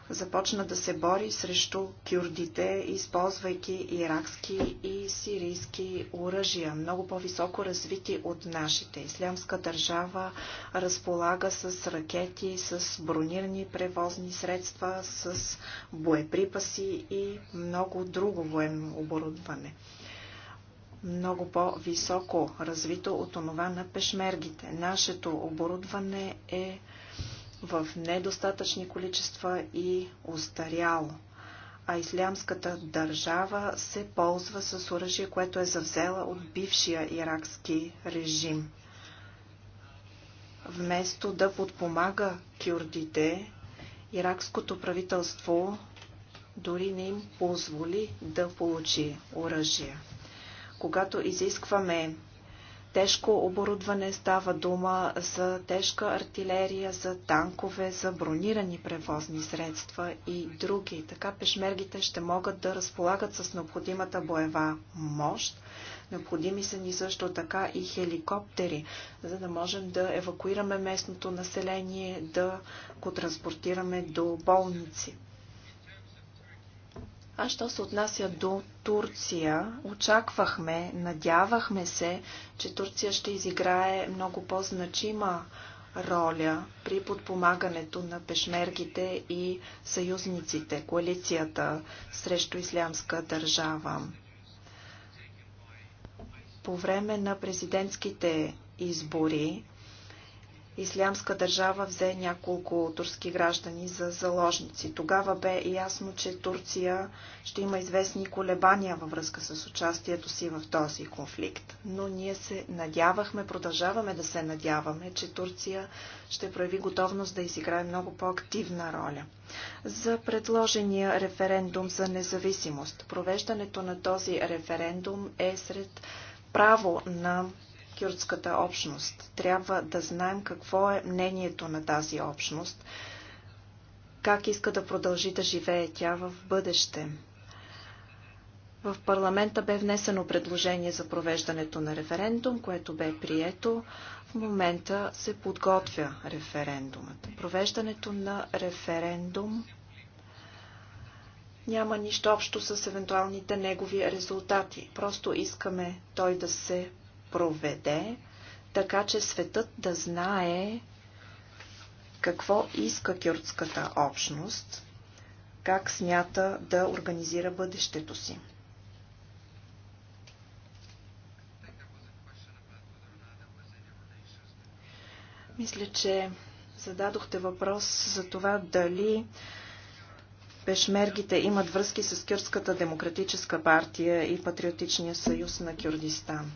започна да се бори срещу кюрдите, използвайки иракски и сирийски оръжия, много по-високо развити от нашите. Ислямска държава разполага с ракети, с бронирани превозни средства, с боеприпаси и много друго военно оборудване много по-високо развито от онова на пешмергите. Нашето оборудване е в недостатъчни количества и устаряло. А ислямската държава се ползва с оръжие, което е завзела от бившия иракски режим. Вместо да подпомага кюрдите, иракското правителство дори не им позволи да получи оръжие. Когато изискваме тежко оборудване, става дума за тежка артилерия, за танкове, за бронирани превозни средства и други. Така пешмергите ще могат да разполагат с необходимата боева мощ. Необходими са ни също така и хеликоптери, за да можем да евакуираме местното население, да го транспортираме до болници. А що се отнася до Турция, очаквахме, надявахме се, че Турция ще изиграе много по-значима роля при подпомагането на пешмергите и съюзниците, коалицията срещу ислямска държава. По време на президентските избори Ислямска държава взе няколко турски граждани за заложници. Тогава бе ясно, че Турция ще има известни колебания във връзка с участието си в този конфликт. Но ние се надявахме, продължаваме да се надяваме, че Турция ще прояви готовност да изиграе много по-активна роля. За предложения референдум за независимост. Провеждането на този референдум е сред право на кюрдската общност. Трябва да знаем какво е мнението на тази общност, как иска да продължи да живее тя в бъдеще. В парламента бе внесено предложение за провеждането на референдум, което бе прието. В момента се подготвя референдумът. Провеждането на референдум няма нищо общо с евентуалните негови резултати. Просто искаме той да се проведе, така че светът да знае какво иска кюртската общност, как смята да организира бъдещето си. Мисля, че зададохте въпрос за това дали пешмергите имат връзки с Кюрдската демократическа партия и Патриотичния съюз на Кюрдистан.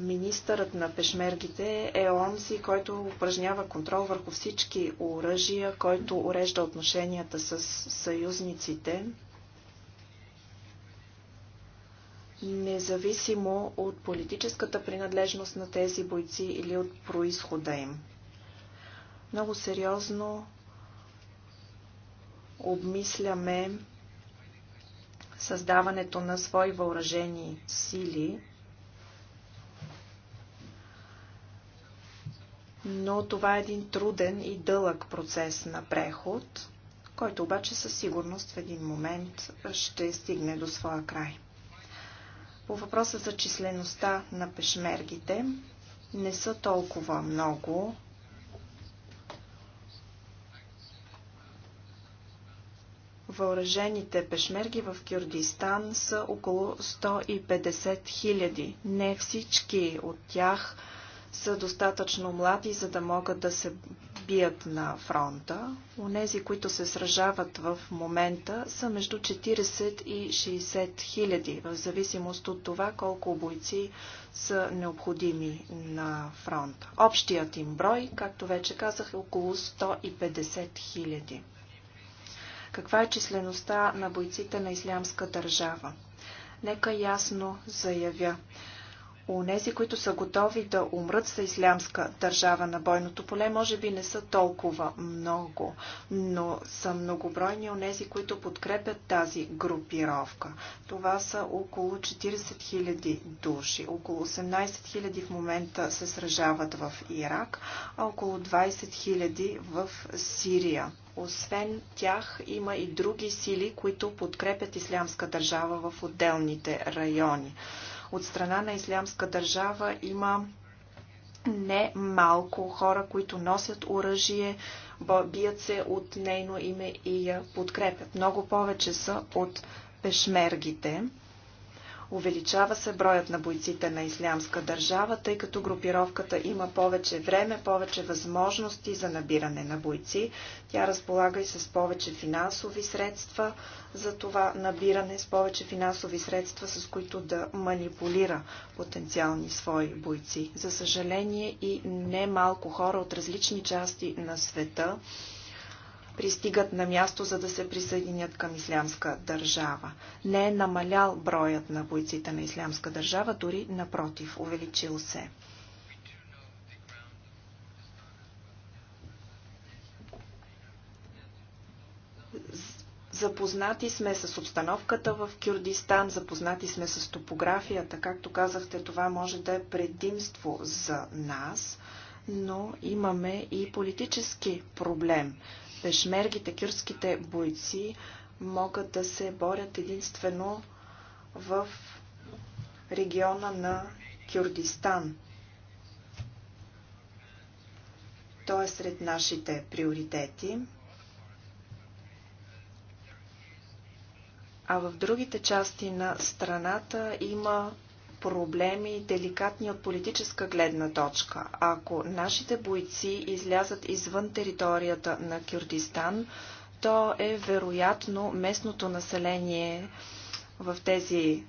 Министърът на пешмергите е онзи, който упражнява контрол върху всички оръжия, който урежда отношенията с съюзниците, независимо от политическата принадлежност на тези бойци или от происхода им. Много сериозно обмисляме създаването на свои въоръжени сили – но това е един труден и дълъг процес на преход, който обаче със сигурност в един момент ще стигне до своя край. По въпроса за числеността на пешмергите, не са толкова много. Въоръжените пешмерги в Кюрдистан са около 150 000. Не всички от тях са достатъчно млади, за да могат да се бият на фронта. Онези, които се сражават в момента, са между 40 и 60 хиляди, в зависимост от това колко бойци са необходими на фронта. Общият им брой, както вече казах, е около 150 хиляди. Каква е числеността на бойците на Ислямска държава? Нека ясно заявя. Унези, които са готови да умрат за ислямска държава на бойното поле, може би не са толкова много, но са многобройни унези, които подкрепят тази групировка. Това са около 40 000 души. Около 18 000 в момента се сражават в Ирак, а около 20 000 в Сирия. Освен тях има и други сили, които подкрепят ислямска държава в отделните райони от страна на Ислямска държава има не малко хора, които носят оръжие, бият се от нейно име и я подкрепят. Много повече са от пешмергите. Увеличава се броят на бойците на Ислямска държава, тъй като групировката има повече време, повече възможности за набиране на бойци. Тя разполага и с повече финансови средства за това набиране, с повече финансови средства, с които да манипулира потенциални свои бойци. За съжаление и немалко хора от различни части на света пристигат на място, за да се присъединят към Ислямска държава. Не е намалял броят на бойците на Ислямска държава, дори напротив, увеличил се. Запознати сме с обстановката в Кюрдистан, запознати сме с топографията. Както казахте, това може да е предимство за нас, но имаме и политически проблем пешмергите, кюрските бойци могат да се борят единствено в региона на Кюрдистан. То е сред нашите приоритети. А в другите части на страната има проблеми деликатни от политическа гледна точка. Ако нашите бойци излязат извън територията на Кюрдистан, то е вероятно местното население в тези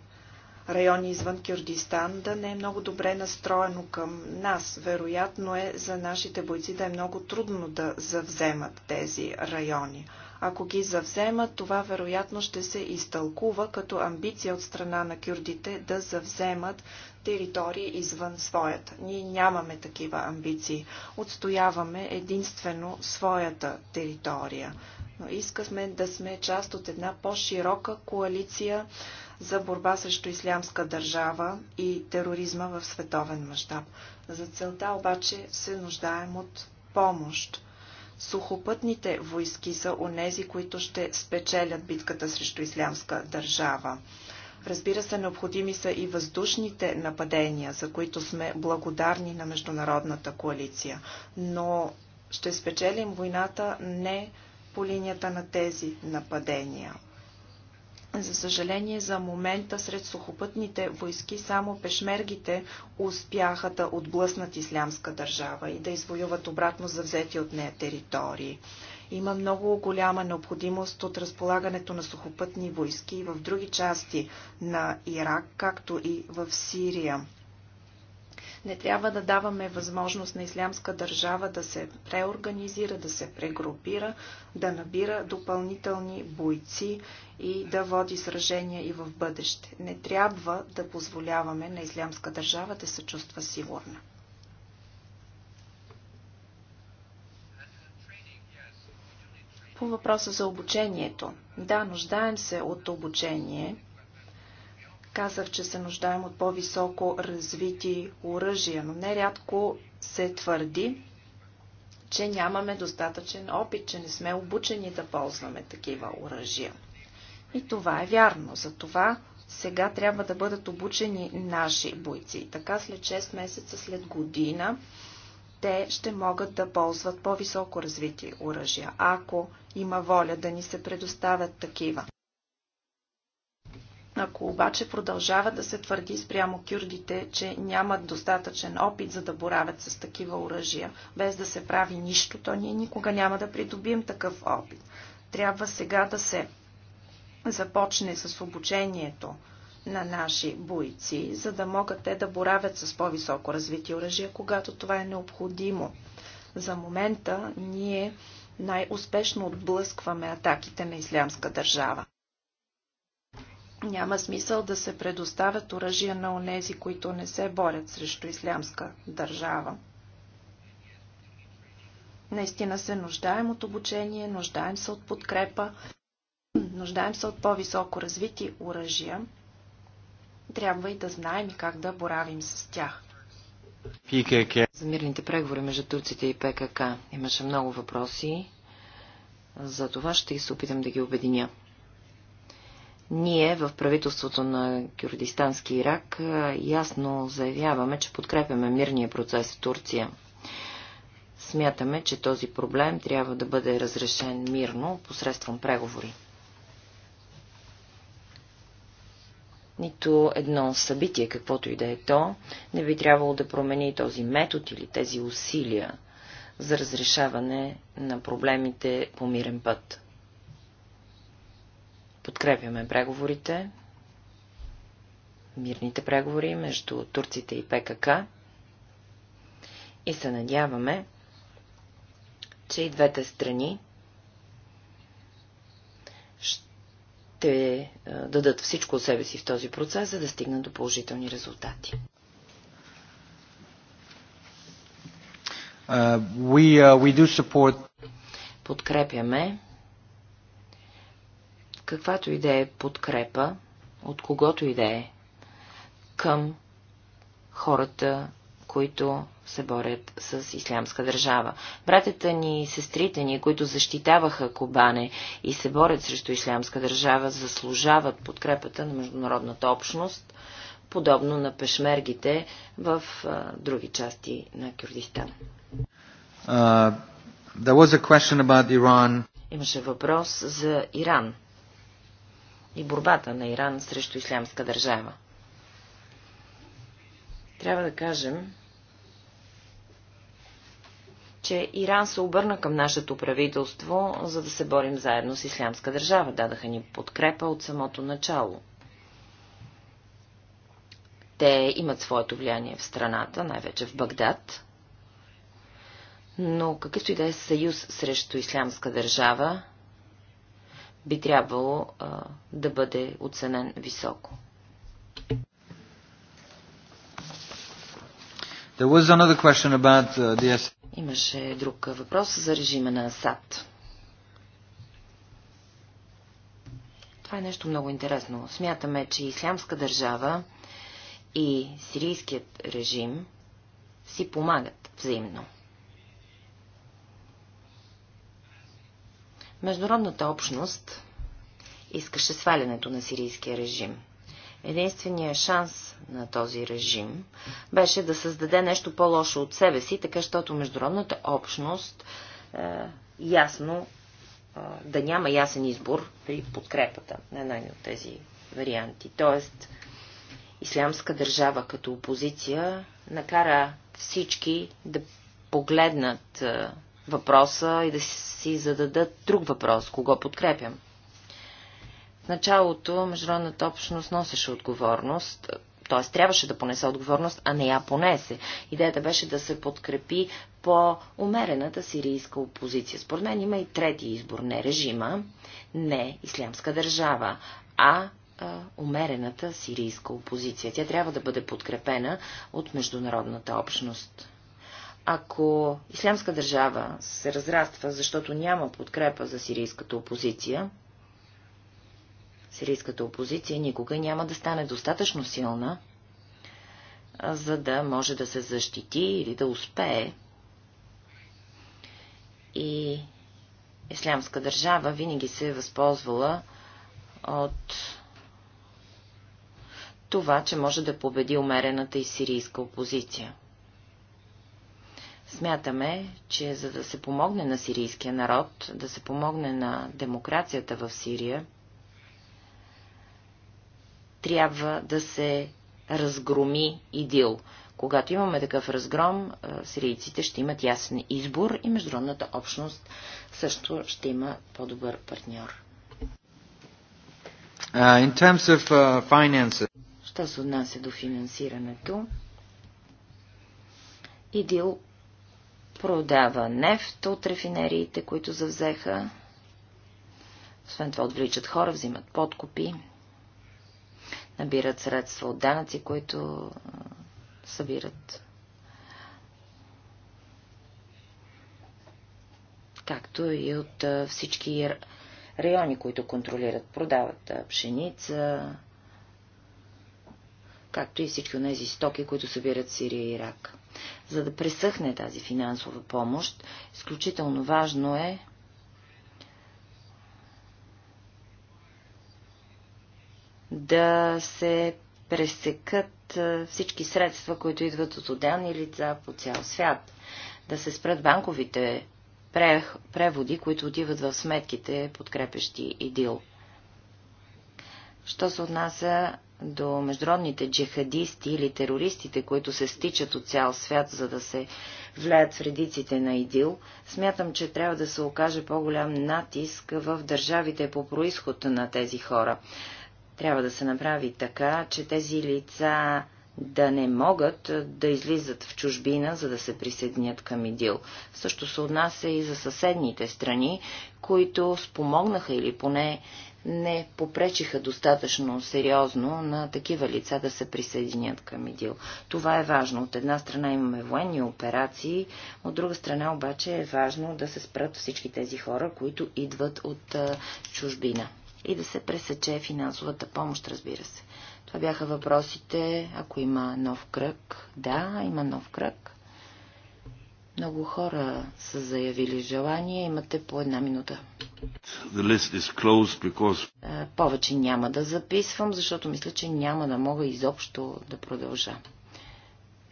райони извън Кюрдистан да не е много добре настроено към нас. Вероятно е за нашите бойци да е много трудно да завземат тези райони. Ако ги завземат, това вероятно ще се изтълкува като амбиция от страна на кюрдите да завземат територии извън своята. Ние нямаме такива амбиции. Отстояваме единствено своята територия. Но искаме да сме част от една по-широка коалиция за борба срещу ислямска държава и тероризма в световен мащаб. За целта обаче се нуждаем от помощ. Сухопътните войски са онези, които ще спечелят битката срещу ислямска държава. Разбира се, необходими са и въздушните нападения, за които сме благодарни на международната коалиция. Но ще спечелим войната не по линията на тези нападения. За съжаление, за момента сред сухопътните войски само пешмергите успяха да отблъснат ислямска държава и да извоюват обратно за взети от нея територии. Има много голяма необходимост от разполагането на сухопътни войски в други части на Ирак, както и в Сирия. Не трябва да даваме възможност на ислямска държава да се преорганизира, да се прегрупира, да набира допълнителни бойци и да води сражения и в бъдеще. Не трябва да позволяваме на ислямска държава да се чувства сигурна. По въпроса за обучението. Да, нуждаем се от обучение – Казах, че се нуждаем от по-високо развити оръжия, но нерядко се твърди, че нямаме достатъчен опит, че не сме обучени да ползваме такива оръжия. И това е вярно. Затова сега трябва да бъдат обучени наши бойци. Така след 6 месеца, след година, те ще могат да ползват по-високо развити оръжия, ако има воля да ни се предоставят такива. Ако обаче продължава да се твърди спрямо кюрдите, че нямат достатъчен опит за да боравят с такива оръжия, без да се прави нищо, то ние никога няма да придобием такъв опит. Трябва сега да се започне с обучението на наши бойци, за да могат те да боравят с по-високо развити оръжия, когато това е необходимо. За момента ние най-успешно отблъскваме атаките на Ислямска държава. Няма смисъл да се предоставят оръжия на онези, които не се борят срещу ислямска държава. Наистина се нуждаем от обучение, нуждаем се от подкрепа, нуждаем се от по-високо развити оръжия. Трябва и да знаем и как да боравим с тях. ПКК. За мирните преговори между турците и ПКК имаше много въпроси. За това ще се опитам да ги обединя. Ние в правителството на Кюрдистански Ирак ясно заявяваме, че подкрепяме мирния процес в Турция. Смятаме, че този проблем трябва да бъде разрешен мирно посредством преговори. нито едно събитие, каквото и да е то, не би трябвало да промени този метод или тези усилия за разрешаване на проблемите по мирен път. Подкрепяме преговорите, мирните преговори между турците и ПКК и се надяваме, че и двете страни ще дадат всичко от себе си в този процес, за да стигнат до положителни резултати. Uh, we, uh, we Подкрепяме каквато и да е подкрепа, от когото и да е, към хората, които се борят с ислямска държава. Братята ни и сестрите ни, които защитаваха Кобане и се борят срещу ислямска държава, заслужават подкрепата на международната общност, подобно на пешмергите в а, други части на Кюрдистан. Uh, Имаше въпрос за Иран и борбата на Иран срещу ислямска държава. Трябва да кажем, че Иран се обърна към нашето правителство, за да се борим заедно с Ислямска държава. Дадаха ни подкрепа от самото начало. Те имат своето влияние в страната, най-вече в Багдад. Но какъвто и да е съюз срещу Ислямска държава, би трябвало а, да бъде оценен високо. There was another question about uh, the... Имаше друг въпрос за режима на Асад. Това е нещо много интересно. Смятаме, че Ислямска държава и сирийският режим си помагат взаимно. Международната общност искаше свалянето на сирийския режим. Единственият шанс на този режим беше да създаде нещо по-лошо от себе си, така щото международната общност е, ясно е, да няма ясен избор при подкрепата на една от тези варианти. Тоест, Ислямска държава като опозиция накара всички да погледнат е, въпроса и да си зададат друг въпрос, кого подкрепям. В началото международната общност носеше отговорност, т.е. трябваше да понесе отговорност, а не я понесе. Идеята беше да се подкрепи по умерената сирийска опозиция. Според мен има и трети избор. Не режима, не ислямска държава, а умерената сирийска опозиция. Тя трябва да бъде подкрепена от международната общност. Ако Ислямска държава се разраства, защото няма подкрепа за сирийската опозиция, сирийската опозиция никога няма да стане достатъчно силна, за да може да се защити или да успее. И Ислямска държава винаги се е възползвала от това, че може да победи умерената и сирийска опозиция. Смятаме, че за да се помогне на сирийския народ, да се помогне на демокрацията в Сирия, трябва да се разгроми идил. Когато имаме такъв разгром, сирийците ще имат ясен избор и международната общност също ще има по-добър партньор. Uh, in terms of, uh, Що се отнася до финансирането? Идил продава нефт от рефинериите, които завзеха. Освен това отвличат хора, взимат подкупи, набират средства от данъци, които събират. Както и от всички райони, които контролират. Продават пшеница, както и всички от тези стоки, които събират Сирия и Ирак. За да пресъхне тази финансова помощ, изключително важно е да се пресекат всички средства, които идват от отделни лица по цял свят, да се спрат банковите преводи, които отиват в сметките, подкрепещи ИДИЛ. Що се отнася до международните джихадисти или терористите, които се стичат от цял свят, за да се влеят в редиците на ИДИЛ, смятам, че трябва да се окаже по-голям натиск в държавите по происход на тези хора. Трябва да се направи така, че тези лица да не могат да излизат в чужбина, за да се присъединят към ИДИЛ. Също се отнася и за съседните страни, които спомогнаха или поне не попречиха достатъчно сериозно на такива лица да се присъединят към ИДИЛ. Това е важно. От една страна имаме военни операции, от друга страна обаче е важно да се спрат всички тези хора, които идват от чужбина. И да се пресече финансовата помощ, разбира се. Това бяха въпросите. Ако има нов кръг, да, има нов кръг. Много хора са заявили желание. Имате по една минута. Because... Повече няма да записвам, защото мисля, че няма да мога изобщо да продължа.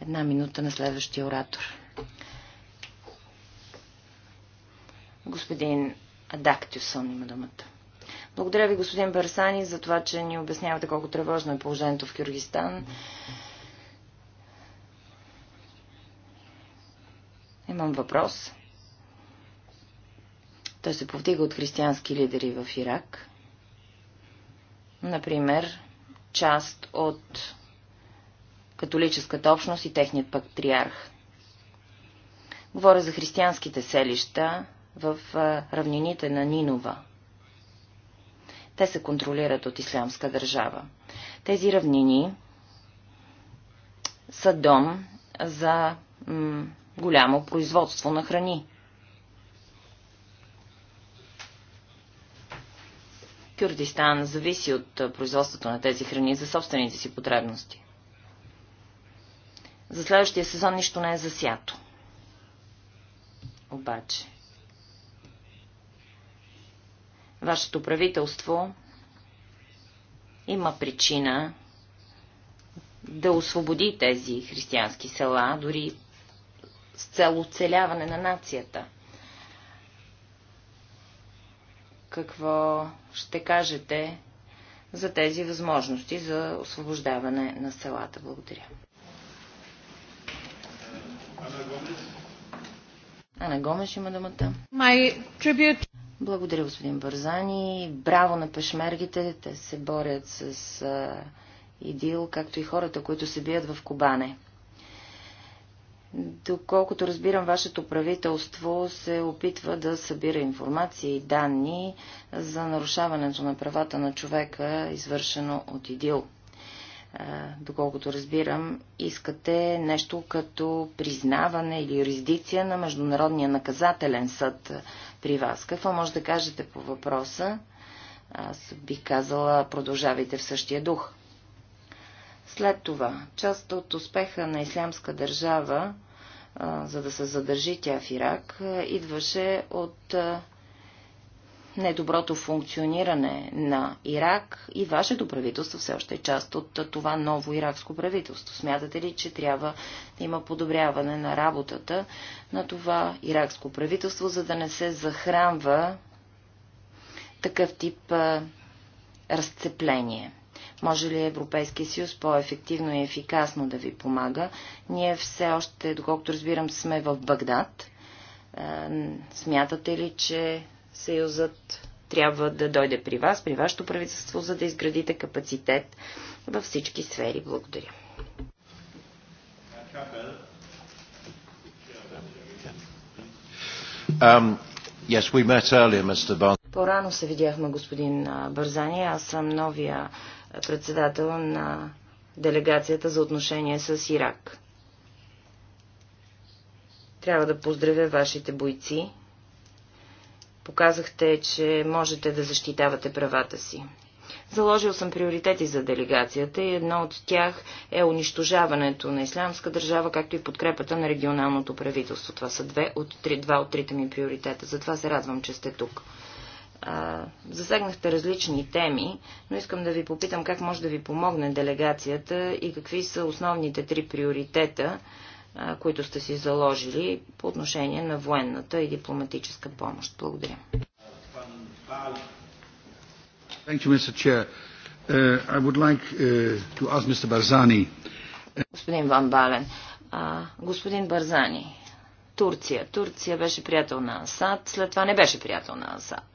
Една минута на следващия оратор. Господин Адактюсон има думата. Благодаря ви, господин Берсани, за това, че ни обяснявате колко тревожно е положението в Киргизстан. Mm-hmm имам въпрос. Той се повдига от християнски лидери в Ирак. Например, част от католическата общност и техният патриарх. Говоря за християнските селища в равнините на Нинова. Те се контролират от ислямска държава. Тези равнини са дом за голямо производство на храни. Кюрдистан зависи от производството на тези храни за собствените си потребности. За следващия сезон нищо не е засято. Обаче. Вашето правителство има причина да освободи тези християнски села, дори с цел оцеляване на нацията. Какво ще кажете за тези възможности за освобождаване на селата? Благодаря. Ана Гомеш има думата. My tribute. Благодаря, господин Бързани. Браво на пешмергите. Те се борят с а, ИДИЛ, както и хората, които се бият в Кобане. Доколкото разбирам, вашето правителство се опитва да събира информация и данни за нарушаването на правата на човека, извършено от ИДИЛ. Доколкото разбирам, искате нещо като признаване или юрисдикция на Международния наказателен съд при вас. Какво може да кажете по въпроса? Аз бих казала, продължавайте в същия дух. След това, част от успеха на Ислямска държава, за да се задържи тя в Ирак, идваше от недоброто функциониране на Ирак и вашето правителство все още е част от това ново иракско правителство. Смятате ли, че трябва да има подобряване на работата на това иракско правителство, за да не се захранва такъв тип разцепление? Може ли Европейския съюз по-ефективно и ефикасно да ви помага? Ние все още, доколкото разбирам, сме в Багдад. Е, смятате ли, че съюзът трябва да дойде при вас, при вашето правителство, за да изградите капацитет във всички сфери? Благодаря. Um, yes, earlier, По-рано се видяхме, господин Бързани. Аз съм новия председател на делегацията за отношение с Ирак. Трябва да поздравя вашите бойци. Показахте, че можете да защитавате правата си. Заложил съм приоритети за делегацията и едно от тях е унищожаването на ислямска държава, както и подкрепата на регионалното правителство. Това са две от три, два от трите ми приоритета. Затова се радвам, че сте тук. А, засегнахте различни теми, но искам да ви попитам как може да ви помогне делегацията и какви са основните три приоритета, а, които сте си заложили по отношение на военната и дипломатическа помощ. Благодаря. Thank you, Mr. Chair. Uh, I would like uh, to ask Mr. Barzani. Господин Ван Бален, а, господин Барзани, Турция. Турция беше приятел на Асад, след това не беше приятел на Асад.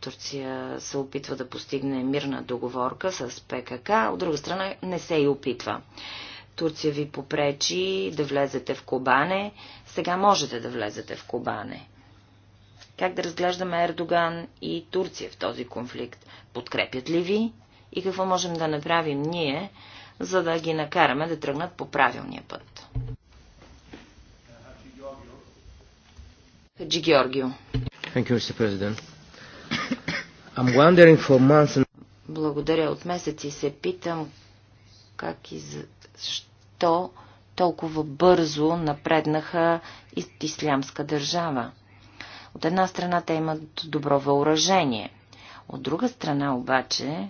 Турция се опитва да постигне мирна договорка с ПКК, от друга страна не се и опитва. Турция ви попречи да влезете в Кобане, сега можете да влезете в Кобане. Как да разглеждаме Ердоган и Турция в този конфликт? Подкрепят ли ви? И какво можем да направим ние, за да ги накараме да тръгнат по правилния път? Хаджи Георгио. Thank you, Mr. President. Благодаря. От месеци се питам как и защо толкова бързо напреднаха ислямска държава. От една страна те имат добро въоръжение, от друга страна обаче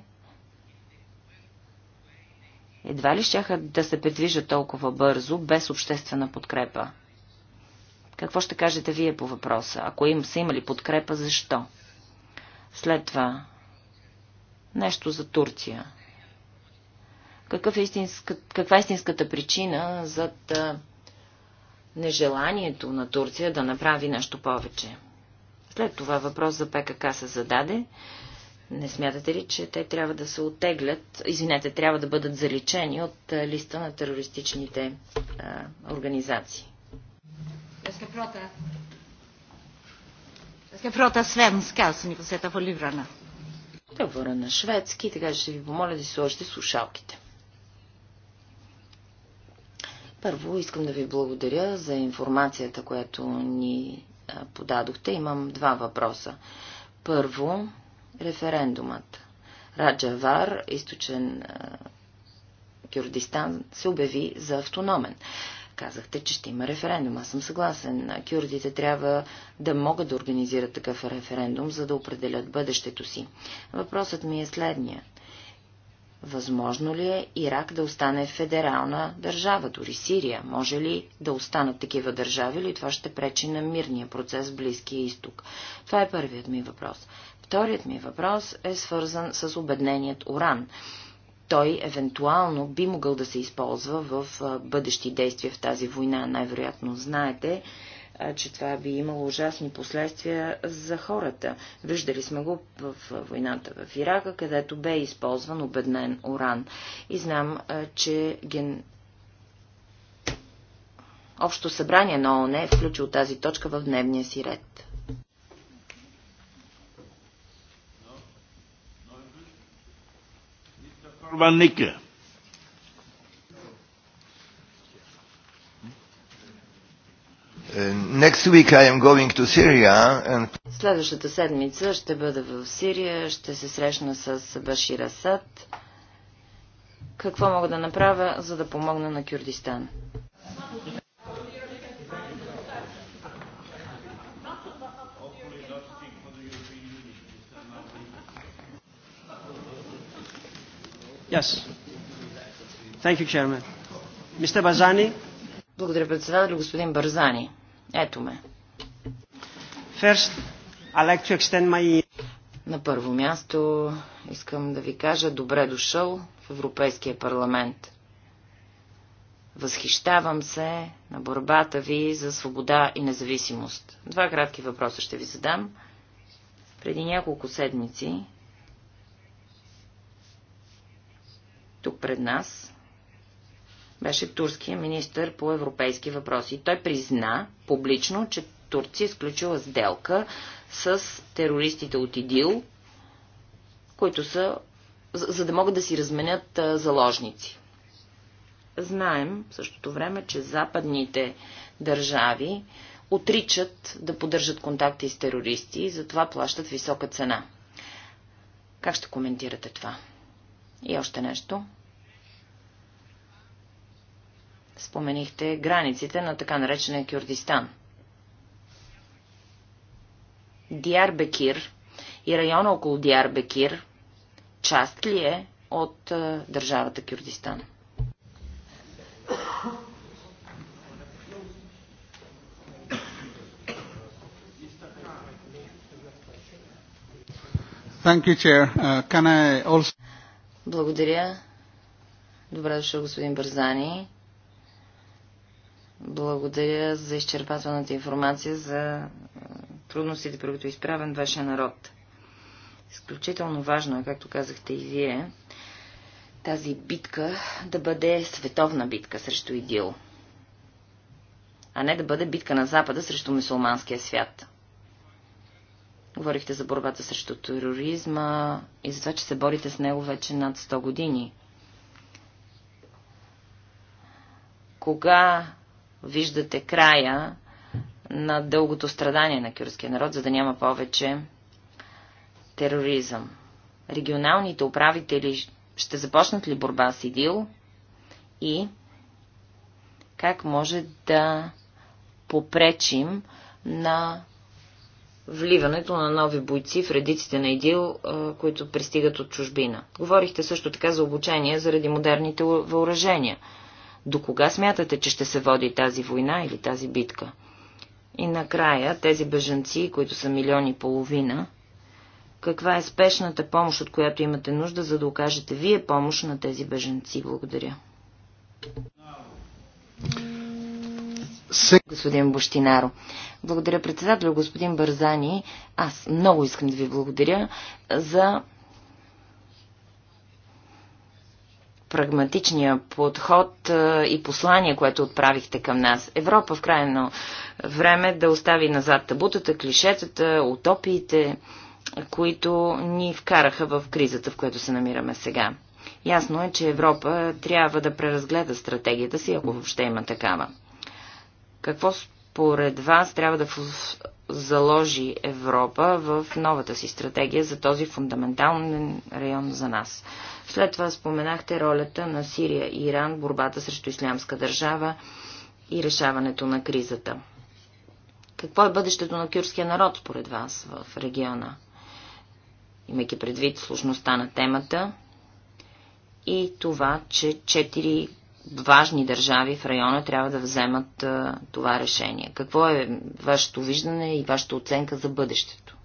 едва ли щяха да се предвижат толкова бързо, без обществена подкрепа. Какво ще кажете вие по въпроса? Ако им са имали подкрепа, защо? След това нещо за Турция. Какъв е истинска, каква е истинската причина за нежеланието на Турция да направи нещо повече? След това въпрос за ПКК се зададе. Не смятате ли, че те трябва да се отеглят, извинете, трябва да бъдат заличени от листа на терористичните а, организации? Jag ska prata svenska så ni får sätta på lurarna. Да говоря на шведски, така ще ви помоля да си сложите слушалките. Първо искам да ви благодаря за информацията, която ни подадохте. Имам два въпроса. Първо, референдумът. Раджавар, източен Кюрдистан, се обяви за автономен. Казахте, че ще има референдум. Аз съм съгласен. Кюрдите трябва да могат да организират такъв референдум, за да определят бъдещето си. Въпросът ми е следния. Възможно ли е Ирак да остане федерална държава, дори Сирия? Може ли да останат такива държави или това ще пречи на мирния процес в Близкия изток? Това е първият ми въпрос. Вторият ми въпрос е свързан с обедненият уран той евентуално би могъл да се използва в бъдещи действия в тази война. Най-вероятно знаете, че това би имало ужасни последствия за хората. Виждали сме го в войната в Ирака, където бе използван обеднен уран. И знам, че ген... Общо събрание на ООН е включил тази точка в дневния си ред. Van Nicke. Uh, next week I am going to Syria and... Следващата седмица ще бъда в Сирия, ще се срещна с Башир Асад. Какво мога да направя, за да помогна на Кюрдистан? Yes. Thank you, Chairman. Mr. Barzani. Благодаря, председател, господин Барзани. Ето ме. First, I like to extend my... На първо място искам да ви кажа добре дошъл в Европейския парламент. Възхищавам се на борбата ви за свобода и независимост. Два кратки въпроса ще ви задам. Преди няколко седмици тук пред нас беше турския министр по европейски въпроси. Той призна публично, че Турция е сключила сделка с терористите от ИДИЛ, които са, за, за да могат да си разменят а, заложници. Знаем в същото време, че западните държави отричат да поддържат контакти с терористи и затова плащат висока цена. Как ще коментирате това? И още нещо. Споменихте границите на така наречения Кюрдистан. Диарбекир и района около Диарбекир част ли е от е, държавата Кюрдистан? You, uh, also... Благодаря. Добре дошъл, господин Бързани. Благодаря за изчерпателната информация за трудностите, при които е изправен вашия народ. Изключително важно е, както казахте и вие, тази битка да бъде световна битка срещу ИДИЛ, а не да бъде битка на Запада срещу мусулманския свят. Говорихте за борбата срещу тероризма и за това, че се борите с него вече над 100 години. Кога виждате края на дългото страдание на кюрския народ, за да няма повече тероризъм? Регионалните управители ще започнат ли борба с ИДИЛ и как може да попречим на вливането на нови бойци в редиците на ИДИЛ, които пристигат от чужбина. Говорихте също така за обучение заради модерните въоръжения. До кога смятате, че ще се води тази война или тази битка? И накрая, тези бежанци, които са милиони и половина, каква е спешната помощ, от която имате нужда, за да окажете вие помощ на тези бежанци? Благодаря. Господин Бощинаро. Благодаря председател, господин Бързани. Аз много искам да ви благодаря за прагматичния подход е, и послание, което отправихте към нас. Европа в крайно време да остави назад табутата, клишетата, утопиите, които ни вкараха в кризата, в която се намираме сега. Ясно е, че Европа трябва да преразгледа стратегията си, ако въобще има такава. Какво според вас трябва да заложи Европа в новата си стратегия за този фундаментален район за нас? След това споменахте ролята на Сирия и Иран, борбата срещу ислямска държава и решаването на кризата. Какво е бъдещето на кюрския народ, според вас, в региона? Имайки предвид сложността на темата и това, че 4 важни държави в района трябва да вземат а, това решение. Какво е вашето виждане и вашата оценка за бъдещето?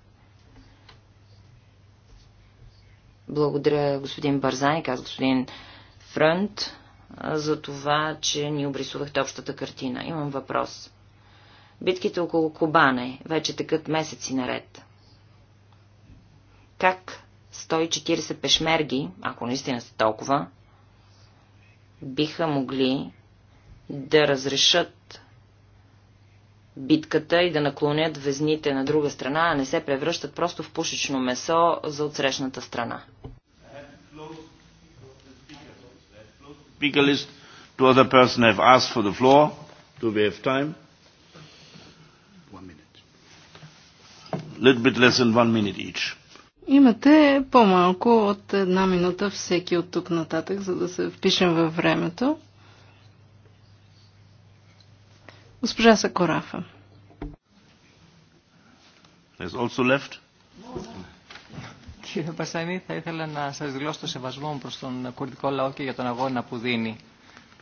Благодаря господин Барзаник, аз господин Фрънт, за това, че ни обрисувахте общата картина. Имам въпрос. Битките около Кобане вече текат месеци наред. Как 140 пешмерги, ако наистина са толкова, биха могли да разрешат битката и да наклонят везните на друга страна, а не се превръщат просто в пушечно месо за отсрещната страна. little bit less than one minute each. Имате по-малко от една минута всеки от тук нататък, за да се впишем във времето. Госпожа Сакорафа. There's also left. Κύριε Πασανή, θα ήθελα να σας δηλώσω το σεβασμό μου προς τον κουρδικό λαό και για τον αγώνα που δίνει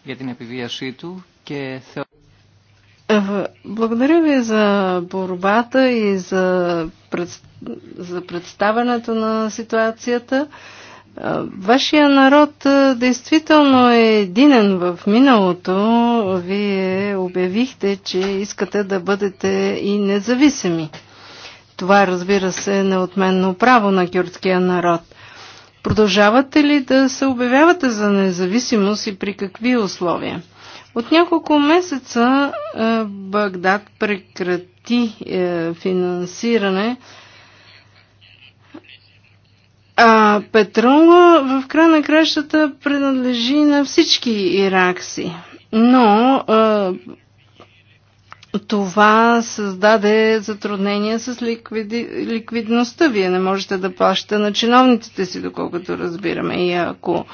για την επιβίωσή του και θεω... Благодаря ви за борбата и за, пред... за представянето на ситуацията. Вашия народ действително е единен в миналото. Вие обявихте, че искате да бъдете и независими. Това, разбира се, е неотменно право на кюртския народ. Продължавате ли да се обявявате за независимост и при какви условия? От няколко месеца е, Багдад прекрати е, финансиране а петрола в края на кращата принадлежи на всички иракси. Но а, е, това създаде затруднения с ликвиди... ликвидността. Вие не можете да плащате на чиновниците си, доколкото разбираме. И ако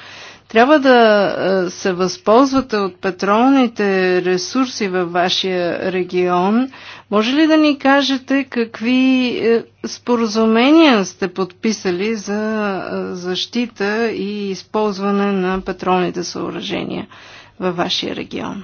трябва да е, се възползвате от петролните ресурси във вашия регион. Може ли да ни кажете какви е, споразумения сте подписали за е, защита и използване на петролните съоръжения във вашия регион?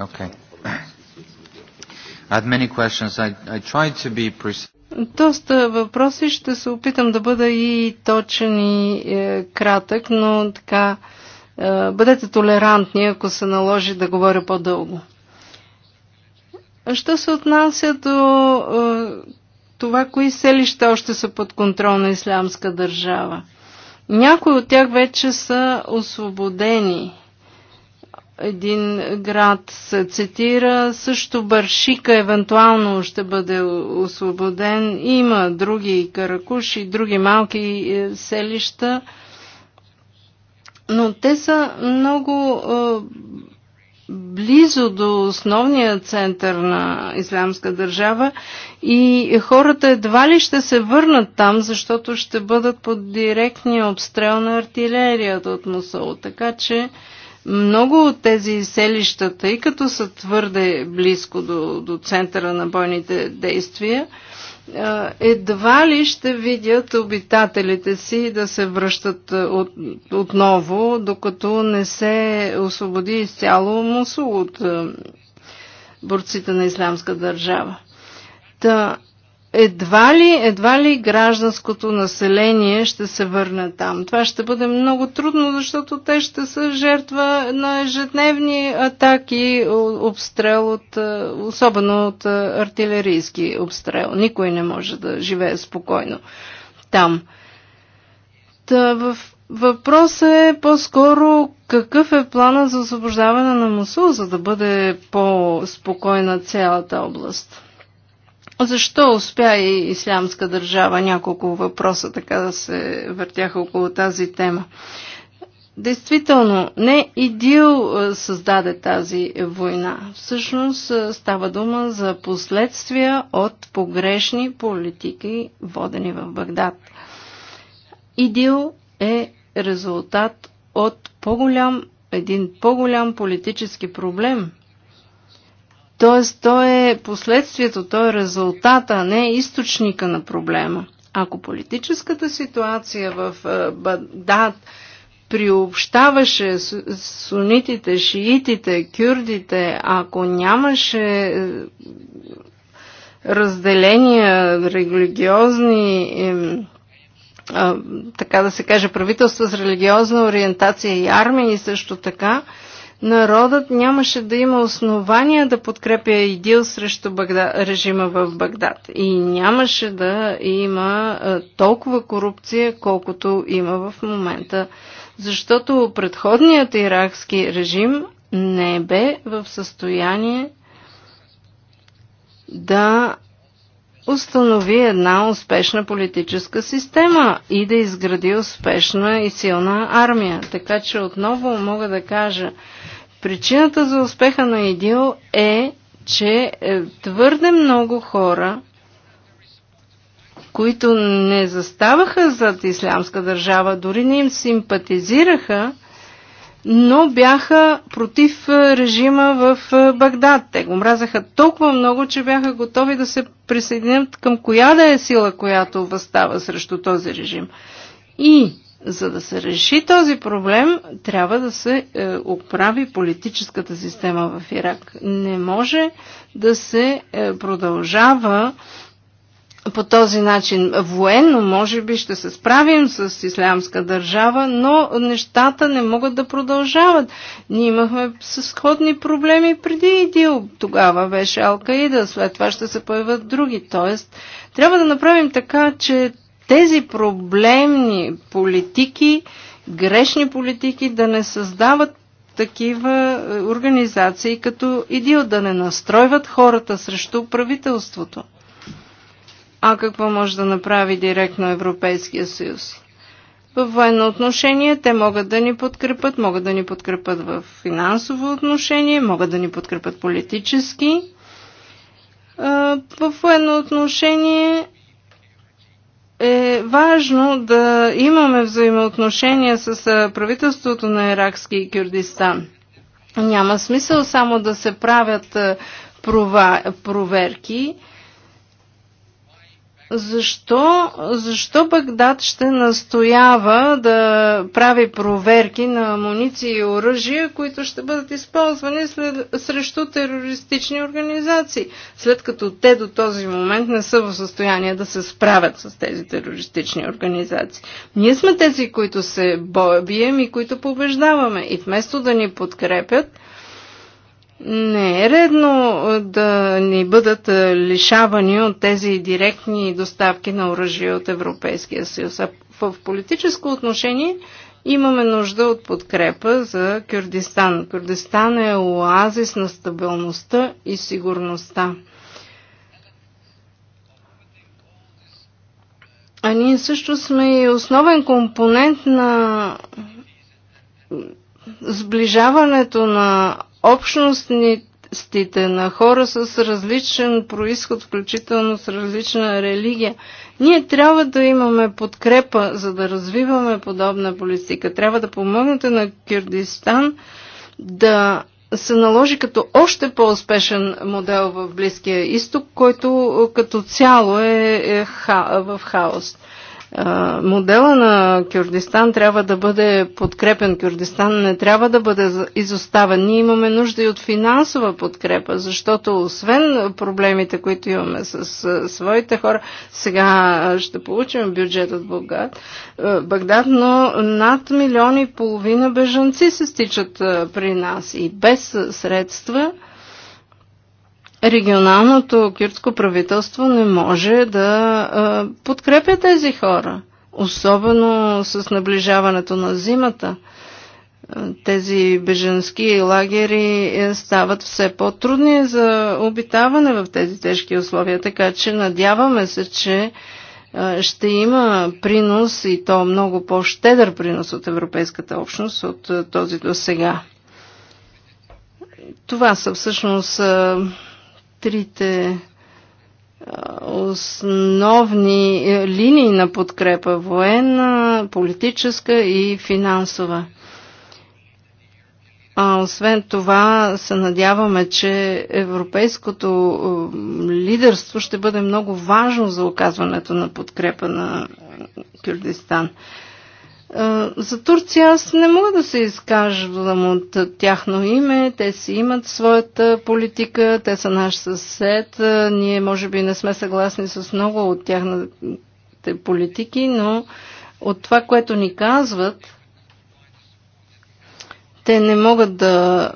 Okay. I had many questions. I, I tried to be precise. Доста въпроси. Ще се опитам да бъда и точен и е, кратък, но така е, бъдете толерантни, ако се наложи да говоря по-дълго. Що се отнася до е, това, кои селища още са под контрол на ислямска държава? Някои от тях вече са освободени един град се цитира, също Баршика евентуално ще бъде освободен. Има други каракуши, други малки е, селища, но те са много е, близо до основния център на Ислямска държава и хората едва ли ще се върнат там, защото ще бъдат под директния обстрел на артилерията от Мусол. Така че много от тези селища, тъй като са твърде близко до, до центъра на бойните действия, едва ли ще видят обитателите си да се връщат от, отново, докато не се освободи изцяло Мусул от борците на ислямска държава. Та, едва ли, едва ли гражданското население ще се върне там. Това ще бъде много трудно, защото те ще са жертва на ежедневни атаки, обстрел от, е, особено от е, артилерийски обстрел. Никой не може да живее спокойно там. Та в Въпросът е по-скоро какъв е плана за освобождаване на Мусул, за да бъде по-спокойна цялата област. Защо успя и Ислямска държава? Няколко въпроса така да се въртяха около тази тема. Действително, не идил създаде тази война. Всъщност става дума за последствия от погрешни политики, водени в Багдад. Идил е резултат от по-голям, един по-голям политически проблем, Тоест, то е последствието, то е резултата, а не източника на проблема. Ако политическата ситуация в е, Багдад приобщаваше сунитите, шиитите, кюрдите, ако нямаше е, разделения, религиозни, е, така да се каже, правителства с религиозна ориентация и армии също така, народът нямаше да има основания да подкрепя идил срещу Багда, режима в Багдад. И нямаше да има толкова корупция, колкото има в момента. Защото предходният иракски режим не бе в състояние да установи една успешна политическа система и да изгради успешна и силна армия. Така че отново мога да кажа, причината за успеха на ИДИО е, че е, твърде много хора, които не заставаха зад ислямска държава, дори не им симпатизираха, но бяха против е, режима в е, Багдад. Те го мразаха толкова много, че бяха готови да се присъединят към коя да е сила, която възстава срещу този режим. И за да се реши този проблем, трябва да се е, оправи политическата система в Ирак. Не може да се е, продължава по този начин военно, може би ще се справим с ислямска държава, но нещата не могат да продължават. Ние имахме сходни проблеми преди ИДИЛ. Тогава беше Алкаида, след това ще се появят други. Тоест, трябва да направим така, че тези проблемни политики, грешни политики да не създават такива е, организации като ИДИЛ, да не настройват хората срещу правителството а какво може да направи директно Европейския съюз. В военно отношение те могат да ни подкрепят, могат да ни подкрепят в финансово отношение, могат да ни подкрепят политически. В военно отношение е важно да имаме взаимоотношения с правителството на Иракски и Кюрдистан. Няма смисъл само да се правят прова, проверки защо, защо Багдад ще настоява да прави проверки на амуниции и оръжия, които ще бъдат използвани след, срещу терористични организации, след като те до този момент не са в състояние да се справят с тези терористични организации? Ние сме тези, които се бием и които побеждаваме. И вместо да ни подкрепят, не е редно да ни бъдат лишавани от тези директни доставки на оръжие от Европейския съюз. А в политическо отношение имаме нужда от подкрепа за Кюрдистан. Кюрдистан е оазис на стабилността и сигурността. А ние също сме и основен компонент на сближаването на общностите на хора с различен происход, включително с различна религия. Ние трябва да имаме подкрепа, за да развиваме подобна политика. Трябва да помогнете на Кюрдистан да се наложи като още по-успешен модел в Близкия изток, който като цяло е, е в хаос модела на Кюрдистан трябва да бъде подкрепен. Кюрдистан не трябва да бъде изоставен. Ние имаме нужда и от финансова подкрепа, защото освен проблемите, които имаме с своите хора, сега ще получим бюджет от Богат, Багдад, но над милион и половина бежанци се стичат при нас и без средства регионалното киртско правителство не може да подкрепя тези хора, особено с наближаването на зимата. Тези беженски лагери е, стават все по-трудни за обитаване в тези тежки условия, така че надяваме се, че ще има принос и то много по-щедър принос от Европейската общност от този до сега. Това са всъщност трите основни е, линии на подкрепа военна, политическа и финансова. А освен това се надяваме, че европейското е, лидерство ще бъде много важно за оказването на подкрепа на Кюрдистан. За Турция аз не мога да се изказвам от тяхно име. Те си имат своята политика, те са наш съсед. Ние може би не сме съгласни с много от тяхните политики, но от това, което ни казват, те не могат да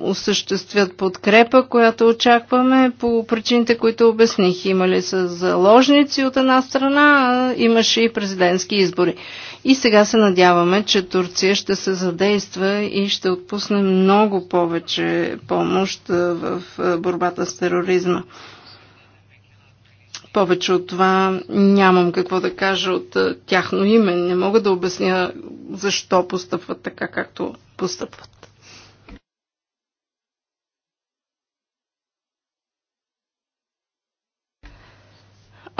осъществят подкрепа, която очакваме по причините, които обясних. Имали са заложници от една страна, имаше и президентски избори. И сега се надяваме, че Турция ще се задейства и ще отпусне много повече помощ в борбата с тероризма. Повече от това нямам какво да кажа от тяхно име. Не мога да обясня защо постъпват така, както постъпват.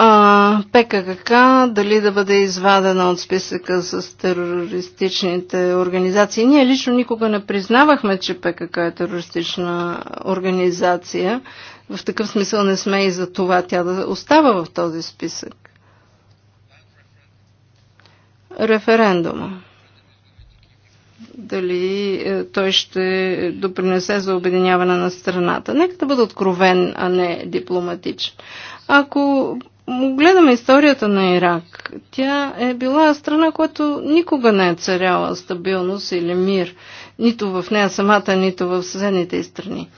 а, ПКК, дали да бъде извадена от списъка с терористичните организации. Ние лично никога не признавахме, че ПКК е терористична организация. В такъв смисъл не сме и за това тя да остава в този списък. Референдума. Дали е, той ще допринесе за обединяване на страната. Нека да бъде откровен, а не дипломатичен. Ако гледаме историята на Ирак, тя е била страна, която никога не е царяла стабилност или мир, нито в нея самата, нито в съседните страни.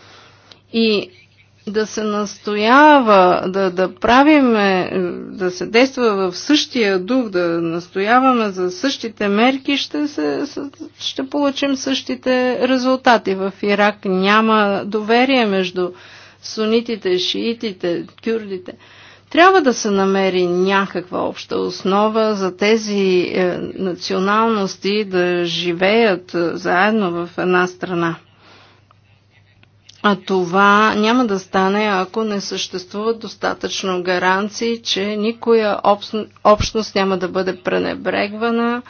И да се настоява, да, да правиме, да се действа в същия дух, да настояваме за същите мерки, ще, се, ще получим същите резултати. В Ирак няма доверие между сунитите, шиитите, кюрдите. Трябва да се намери някаква обща основа за тези е, националности да живеят е, заедно в една страна. А това няма да стане, ако не съществуват достатъчно гаранции, че никоя общност няма да бъде пренебрегвана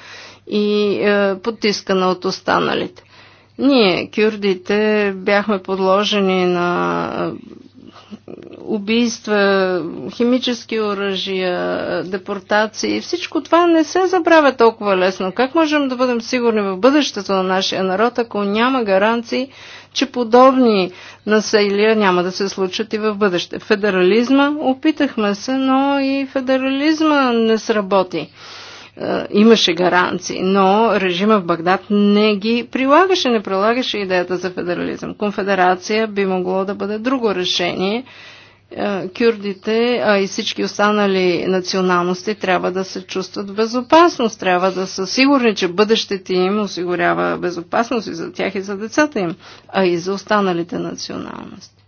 и е, потискана от останалите. Ние, кюрдите, бяхме подложени на е, убийства, химически оръжия, депортации, всичко това не се забравя толкова лесно. Как можем да бъдем сигурни в бъдещето на нашия народ, ако няма гаранции, че подобни насилия няма да се случат и в бъдеще? Федерализма опитахме се, но и федерализма не сработи. Е, имаше гаранции, но режима в Багдад не ги прилагаше, не прилагаше идеята за федерализъм. Конфедерация би могло да бъде друго решение. Е, кюрдите, а и всички останали националности трябва да се чувстват в безопасност, трябва да са сигурни, че бъдещето им осигурява безопасност и за тях и за децата им, а и за останалите националности.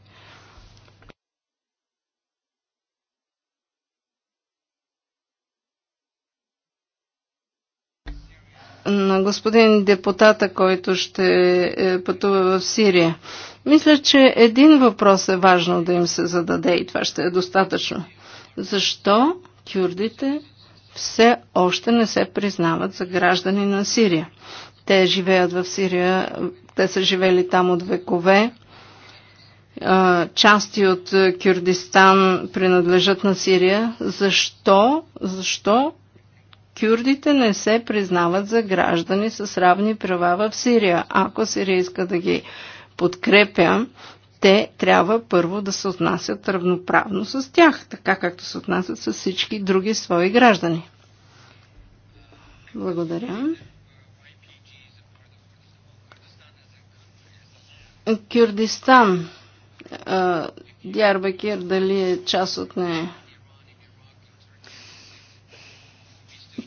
на господин депутата, който ще е, пътува в Сирия. Мисля, че един въпрос е важно да им се зададе и това ще е достатъчно. Защо кюрдите все още не се признават за граждани на Сирия? Те живеят в Сирия, те са живели там от векове. Части от Кюрдистан принадлежат на Сирия. Защо? Защо кюрдите не се признават за граждани с равни права в Сирия. Ако Сирия иска да ги подкрепя, те трябва първо да се отнасят равноправно с тях, така както се отнасят с всички други свои граждани. Благодаря. Кюрдистан. Дярбекир дали е част от нея?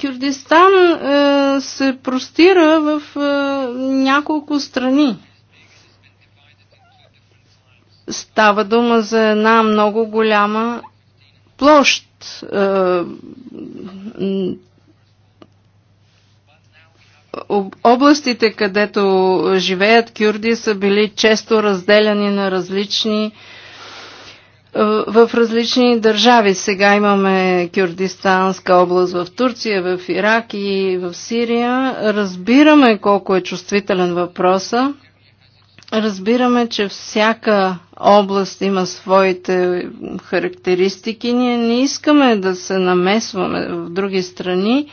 Кюрдистан е, се простира в е, няколко страни. Става дума за една много голяма площ. Е, областите, където живеят кюрди, са били често разделяни на различни е, е, в различни държави. Сега имаме Кюрдистанска област в Турция, в Ирак и в Сирия. Разбираме колко е чувствителен въпроса. Разбираме, че всяка област има своите характеристики. Ние не искаме да се намесваме в други страни,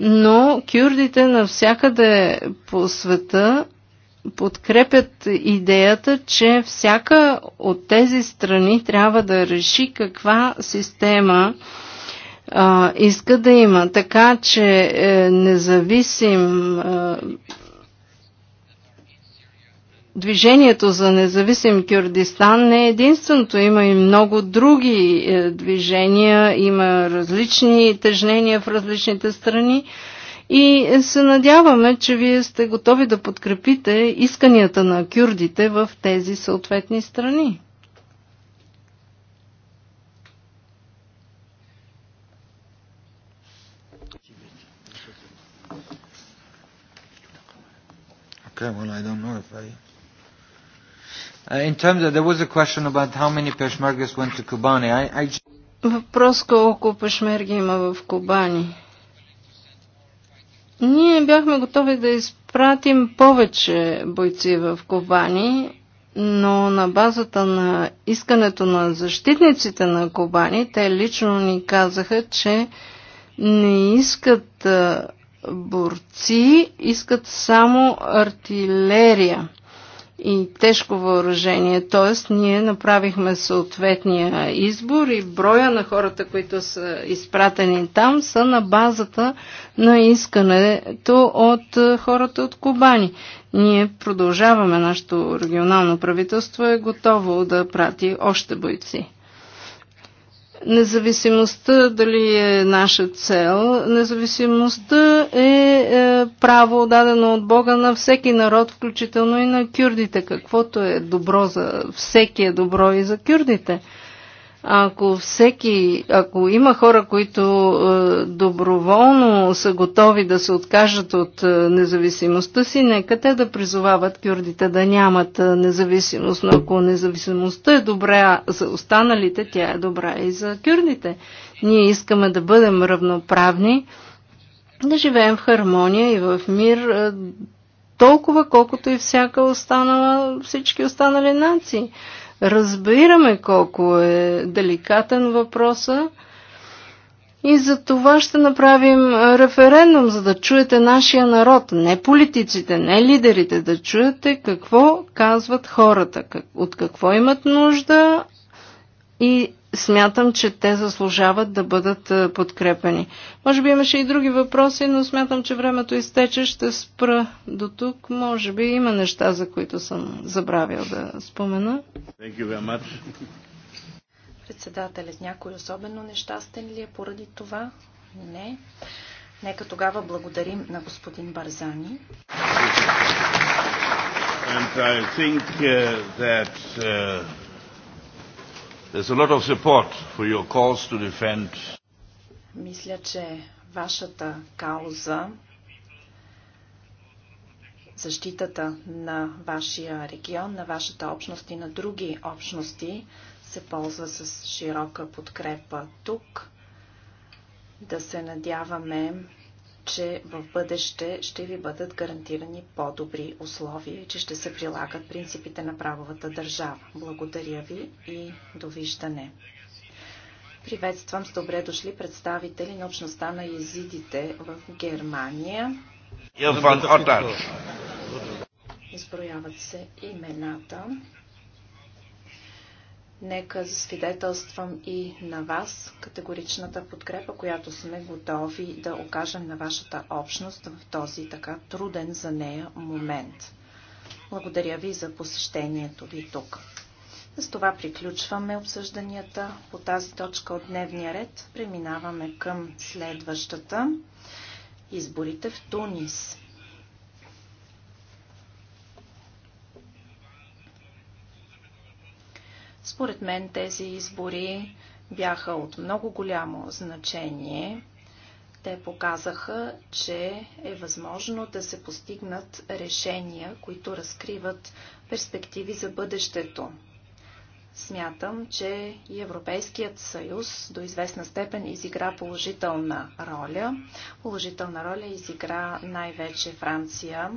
но кюрдите навсякъде по света подкрепят идеята, че всяка от тези страни трябва да реши каква система а, иска да има. Така че е, независим е, движението за независим Кюрдистан не е единственото. Има и много други е, движения, има различни тежнения в различните страни. И се надяваме, че вие сте готови да подкрепите исканията на кюрдите в тези съответни страни. Okay, well, I don't know if I... Uh, in terms of, there was a question about how many Peshmergas went to Kobani. I, I... Въпрос колко пешмерги има в Кубани? Ние бяхме готови да изпратим повече бойци в Кобани, но на базата на искането на защитниците на Кобани, те лично ни казаха, че не искат борци, искат само артилерия и тежко въоръжение. Т.е. ние направихме съответния избор и броя на хората, които са изпратени там, са на базата на искането от е, хората от Кубани. Ние продължаваме, нашето регионално правителство е готово да прати още бойци. Независимостта дали е наша цел, независимостта е, е, право дадено от Бога на всеки народ, включително и на кюрдите. Каквото е добро за всеки е добро и за кюрдите. Ако всеки, ако има хора, които е, доброволно са готови да се откажат от е, независимостта си, нека те да призовават кюрдите да нямат е, независимост. Но ако независимостта е добра за останалите, тя е добра и за кюрдите. Ние искаме да бъдем равноправни, да живеем в хармония и в мир, е, толкова колкото и всяка останала, всички останали нации Разбираме колко е деликатен въпроса и за това ще направим референдум, за да чуете нашия народ, не политиците, не лидерите, да чуете какво казват хората, от какво имат нужда и смятам, че те заслужават да бъдат е, подкрепени. Може би имаше и други въпроси, но смятам, че времето изтече. Ще спра до тук. Може би има неща, за които съм забравил да спомена. Председателят, някой особено нещастен ли е поради това? Не. Нека тогава благодарим на господин Барзани. And I think, uh, that, uh... There's a lot of support for your cause to defend. Мисля, че вашата кауза, защитата на вашия регион, на вашата общност и на други общности се ползва с широка подкрепа тук. Да се надяваме, че в бъдеще ще ви бъдат гарантирани по-добри условия и че ще се прилагат принципите на правовата държава. Благодаря ви и довиждане. Приветствам с добре дошли представители на общността на езидите в Германия. Изброяват се имената. Нека засвидетелствам и на вас категоричната подкрепа, която сме готови да окажем на вашата общност в този така труден за нея момент. Благодаря ви за посещението ви тук. С това приключваме обсъжданията по тази точка от дневния ред. Преминаваме към следващата изборите в Тунис. Според мен тези избори бяха от много голямо значение. Те показаха, че е възможно да се постигнат решения, които разкриват перспективи за бъдещето. Смятам, че и Европейският съюз до известна степен изигра положителна роля. Положителна роля изигра най-вече Франция,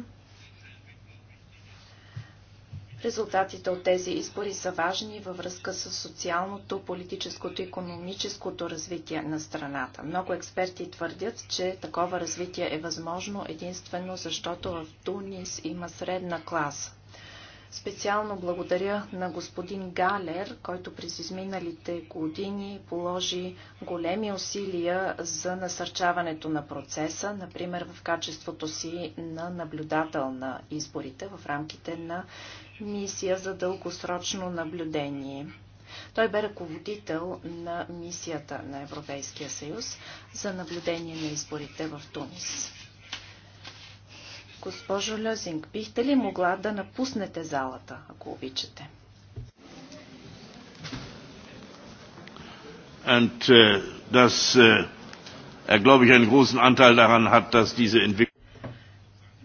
Резултатите от тези избори са важни във връзка с социалното, политическото и економическото развитие на страната. Много експерти твърдят, че такова развитие е възможно единствено защото в Тунис има средна класа. Специално благодаря на господин Галер, който през изминалите години положи големи усилия за насърчаването на процеса, например в качеството си на наблюдател на изборите в рамките на мисия за дългосрочно наблюдение. Той бе ръководител на мисията на Европейския съюз за наблюдение на изборите в Тунис. Госпожо Лезинг, бихте ли могла да напуснете залата, ако обичате? Und äh, dass äh, er, glaube ich, einen großen Anteil daran hat, dass diese Entwicklung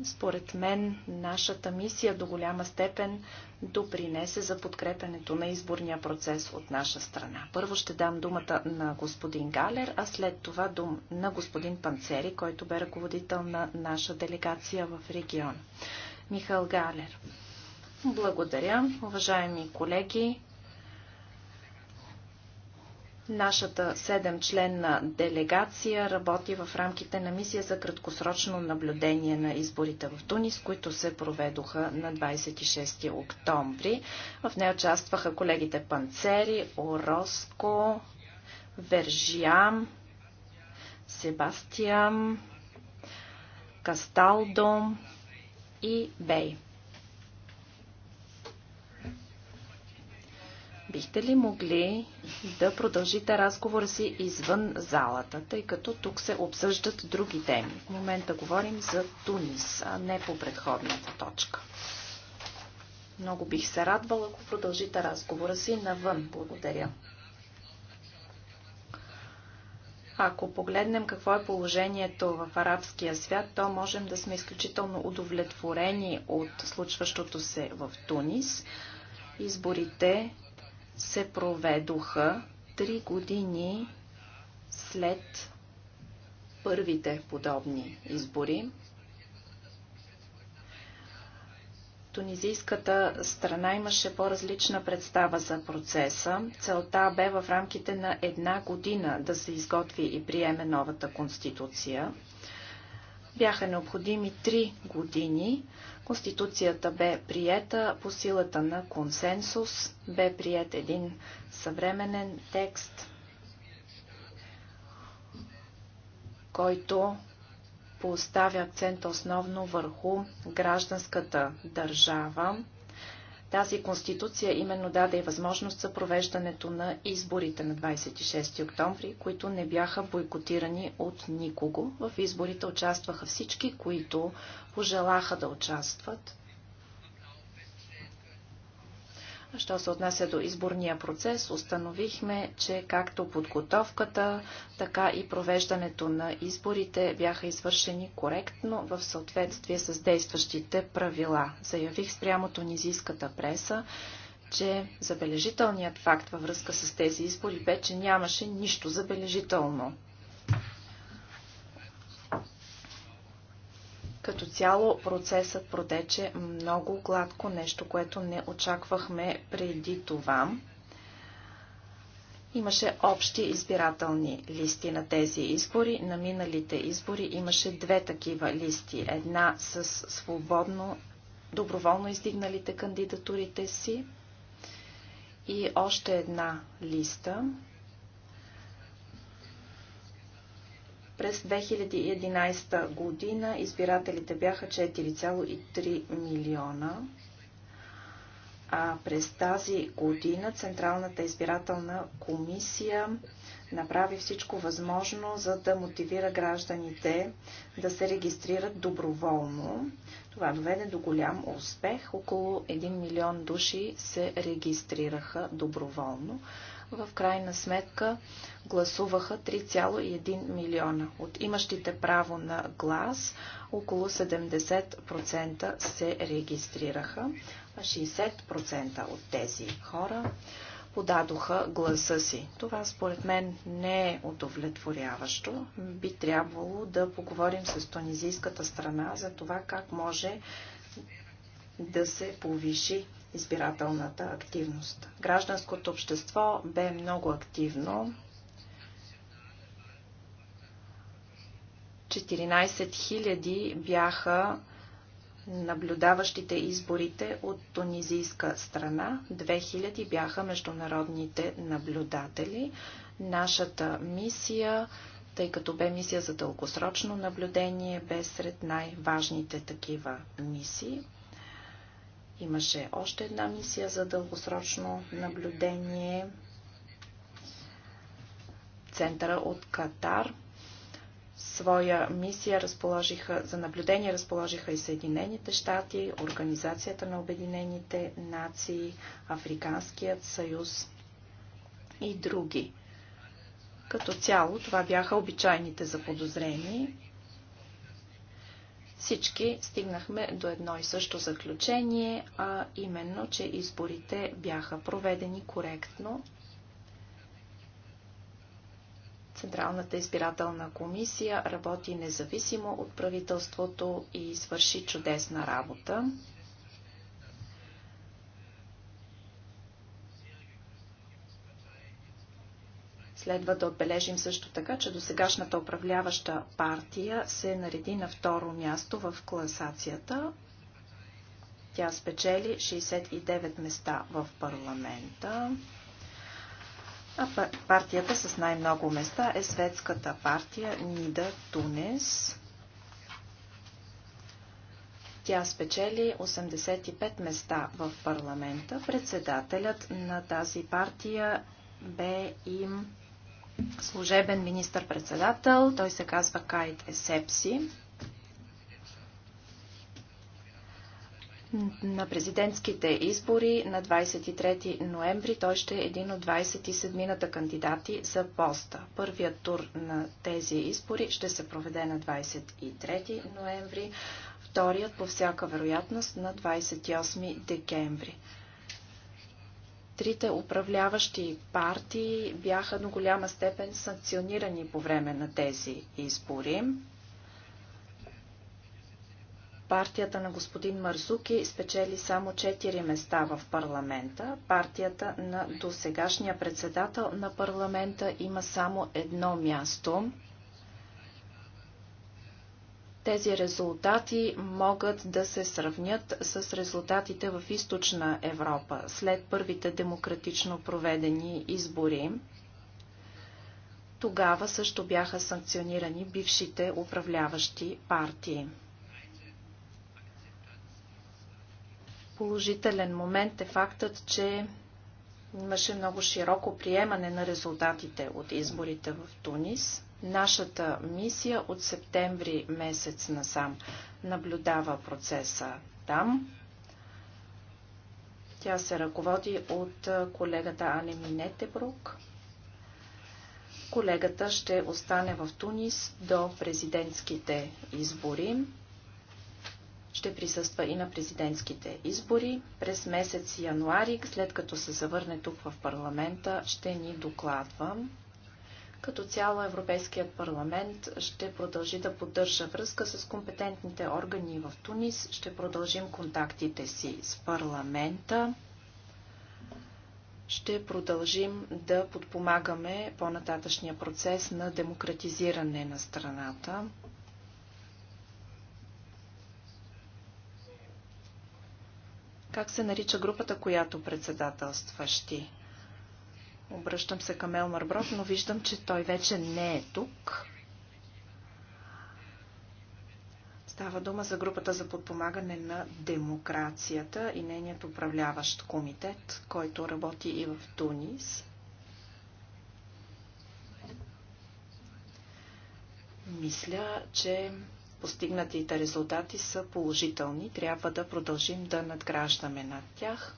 според мен, нашата мисия до голяма степен допринесе за подкрепенето на изборния процес от наша страна. Първо ще дам думата на господин Галер, а след това дум на господин Панцери, който бе ръководител на наша делегация в региона. Михаил Галер. Благодаря, уважаеми колеги. Нашата седемчленна делегация работи в рамките на мисия за краткосрочно наблюдение на изборите в Тунис, които се проведоха на 26 октомври. В нея участваха колегите Панцери, Ороско, Вержиам, Себастиам, Касталдом и Бей. Бихте ли могли да продължите разговора си извън залата, тъй като тук се обсъждат други теми? В момента говорим за Тунис, а не по предходната точка. Много бих се радвала, ако продължите разговора си навън. Благодаря. Ако погледнем какво е положението в арабския свят, то можем да сме изключително удовлетворени от случващото се в Тунис. Изборите се проведоха три години след първите подобни избори. Тунизийската страна имаше по-различна представа за процеса. Целта бе в рамките на една година да се изготви и приеме новата конституция. Бяха необходими три години. Конституцията бе приета по силата на консенсус, бе прият един съвременен текст, който поставя акцент основно върху гражданската държава, тази конституция именно даде и възможност за провеждането на изборите на 26 октомври, които не бяха бойкотирани от никого. В изборите участваха всички, които пожелаха да участват. Що се отнася до изборния процес, установихме, че както подготовката, така и провеждането на изборите бяха извършени коректно в съответствие с действащите правила. Заявих спрямо тунизийската преса, че забележителният факт във връзка с тези избори бе, че нямаше нищо забележително. Като цяло процесът протече много гладко, нещо, което не очаквахме преди това. Имаше общи избирателни листи на тези избори. На миналите избори имаше две такива листи. Една с свободно, доброволно издигналите кандидатурите си и още една листа През 2011 година избирателите бяха 4,3 милиона, а през тази година Централната избирателна комисия направи всичко възможно, за да мотивира гражданите да се регистрират доброволно. Това доведе до голям успех. Около 1 милион души се регистрираха доброволно в крайна сметка гласуваха 3,1 милиона. От имащите право на глас около 70% се регистрираха, а 60% от тези хора подадоха гласа си. Това според мен не е удовлетворяващо. Би трябвало да поговорим с тунизийската страна за това как може да се повиши избирателната активност. Гражданското общество бе много активно. 14 000 бяха наблюдаващите изборите от тунизийска страна. 2000 бяха международните наблюдатели. Нашата мисия, тъй като бе мисия за дългосрочно наблюдение, бе сред най-важните такива мисии. Имаше още една мисия за дългосрочно наблюдение. Центъра от Катар. Своя мисия разположиха, за наблюдение разположиха и Съединените щати, Организацията на Обединените нации, Африканският съюз и други. Като цяло това бяха обичайните заподозрени всички стигнахме до едно и също заключение, а именно, че изборите бяха проведени коректно. Централната избирателна комисия работи независимо от правителството и свърши чудесна работа. Следва да отбележим също така, че до сегашната управляваща партия се нареди на второ място в класацията. Тя спечели 69 места в парламента. А партията с най-много места е светската партия Нида Тунес. Тя спечели 85 места в парламента. Председателят на тази партия бе им служебен министър-председател. Той се казва Кайт Есепси. На президентските избори на 23 ноември той ще е един от 27-ната кандидати за поста. Първият тур на тези избори ще се проведе на 23 ноември, вторият по всяка вероятност на 28 декември трите управляващи партии бяха до голяма степен санкционирани по време на тези избори. Партията на господин Марзуки спечели само 4 места в парламента. Партията на досегашния председател на парламента има само едно място. Тези резултати могат да се сравнят с резултатите в източна Европа след първите демократично проведени избори. Тогава също бяха санкционирани бившите управляващи партии. Положителен момент е фактът, че имаше много широко приемане на резултатите от изборите в Тунис. Нашата мисия от септември месец насам наблюдава процеса там. Тя се ръководи от колегата Ане Минетебрук. Колегата ще остане в Тунис до президентските избори. Ще присъства и на президентските избори. През месец януари, след като се завърне тук в парламента, ще ни докладвам като цяло Европейският парламент ще продължи да поддържа връзка с компетентните органи в Тунис. Ще продължим контактите си с парламента. Ще продължим да подпомагаме по-нататъчния процес на демократизиране на страната. Как се нарича групата, която председателстващи? Обръщам се към Елмар Брод, но виждам, че той вече не е тук. Става дума за групата за подпомагане на демокрацията и нейният управляващ комитет, който работи и в Тунис. Мисля, че постигнатите резултати са положителни. Трябва да продължим да надграждаме над тях.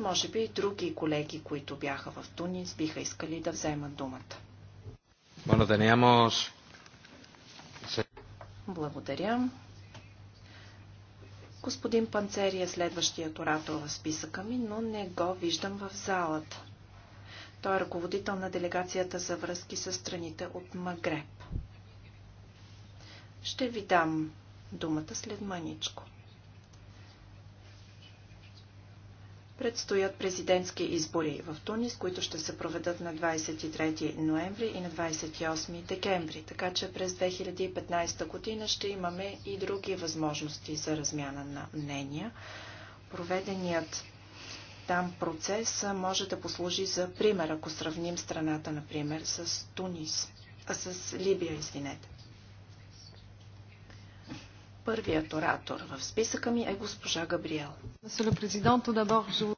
Може би и други колеги, които бяха в Тунис, биха искали да вземат думата. Благодаря. Господин Панцери е следващият оратор в списъка ми, но не го виждам в залата. Той е ръководител на делегацията за връзки с страните от Магреб. Ще ви дам думата след мъничко. Предстоят президентски избори в Тунис, които ще се проведат на 23 ноември и на 28 декември. Така че през 2015 година ще имаме и други възможности за размяна на мнения. Проведеният там процес може да послужи за пример, ако сравним страната, например, с Тунис, а с Либия, извинете. Първият оратор в списъка ми е госпожа Габриел.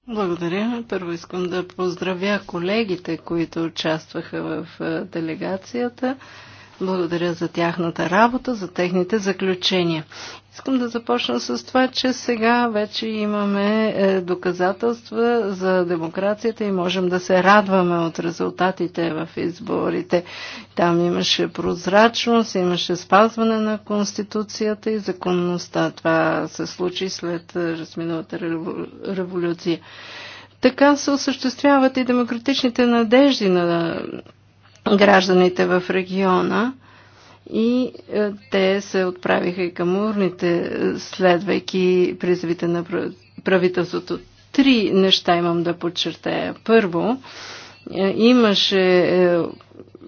Благодаря. Първо искам да поздравя колегите, които участваха в делегацията. Благодаря за тяхната работа, за техните заключения. Искам да започна с това, че сега вече имаме е, доказателства за демокрацията и можем да се радваме от резултатите в изборите. Там имаше прозрачност, имаше спазване на Конституцията и законността. Това се случи след е, разминалата революция. Така се осъществяват и демократичните надежди на гражданите в региона и е, те се отправиха и към урните, следвайки призивите на правителството. Три неща имам да подчертая. Първо, е, имаше е,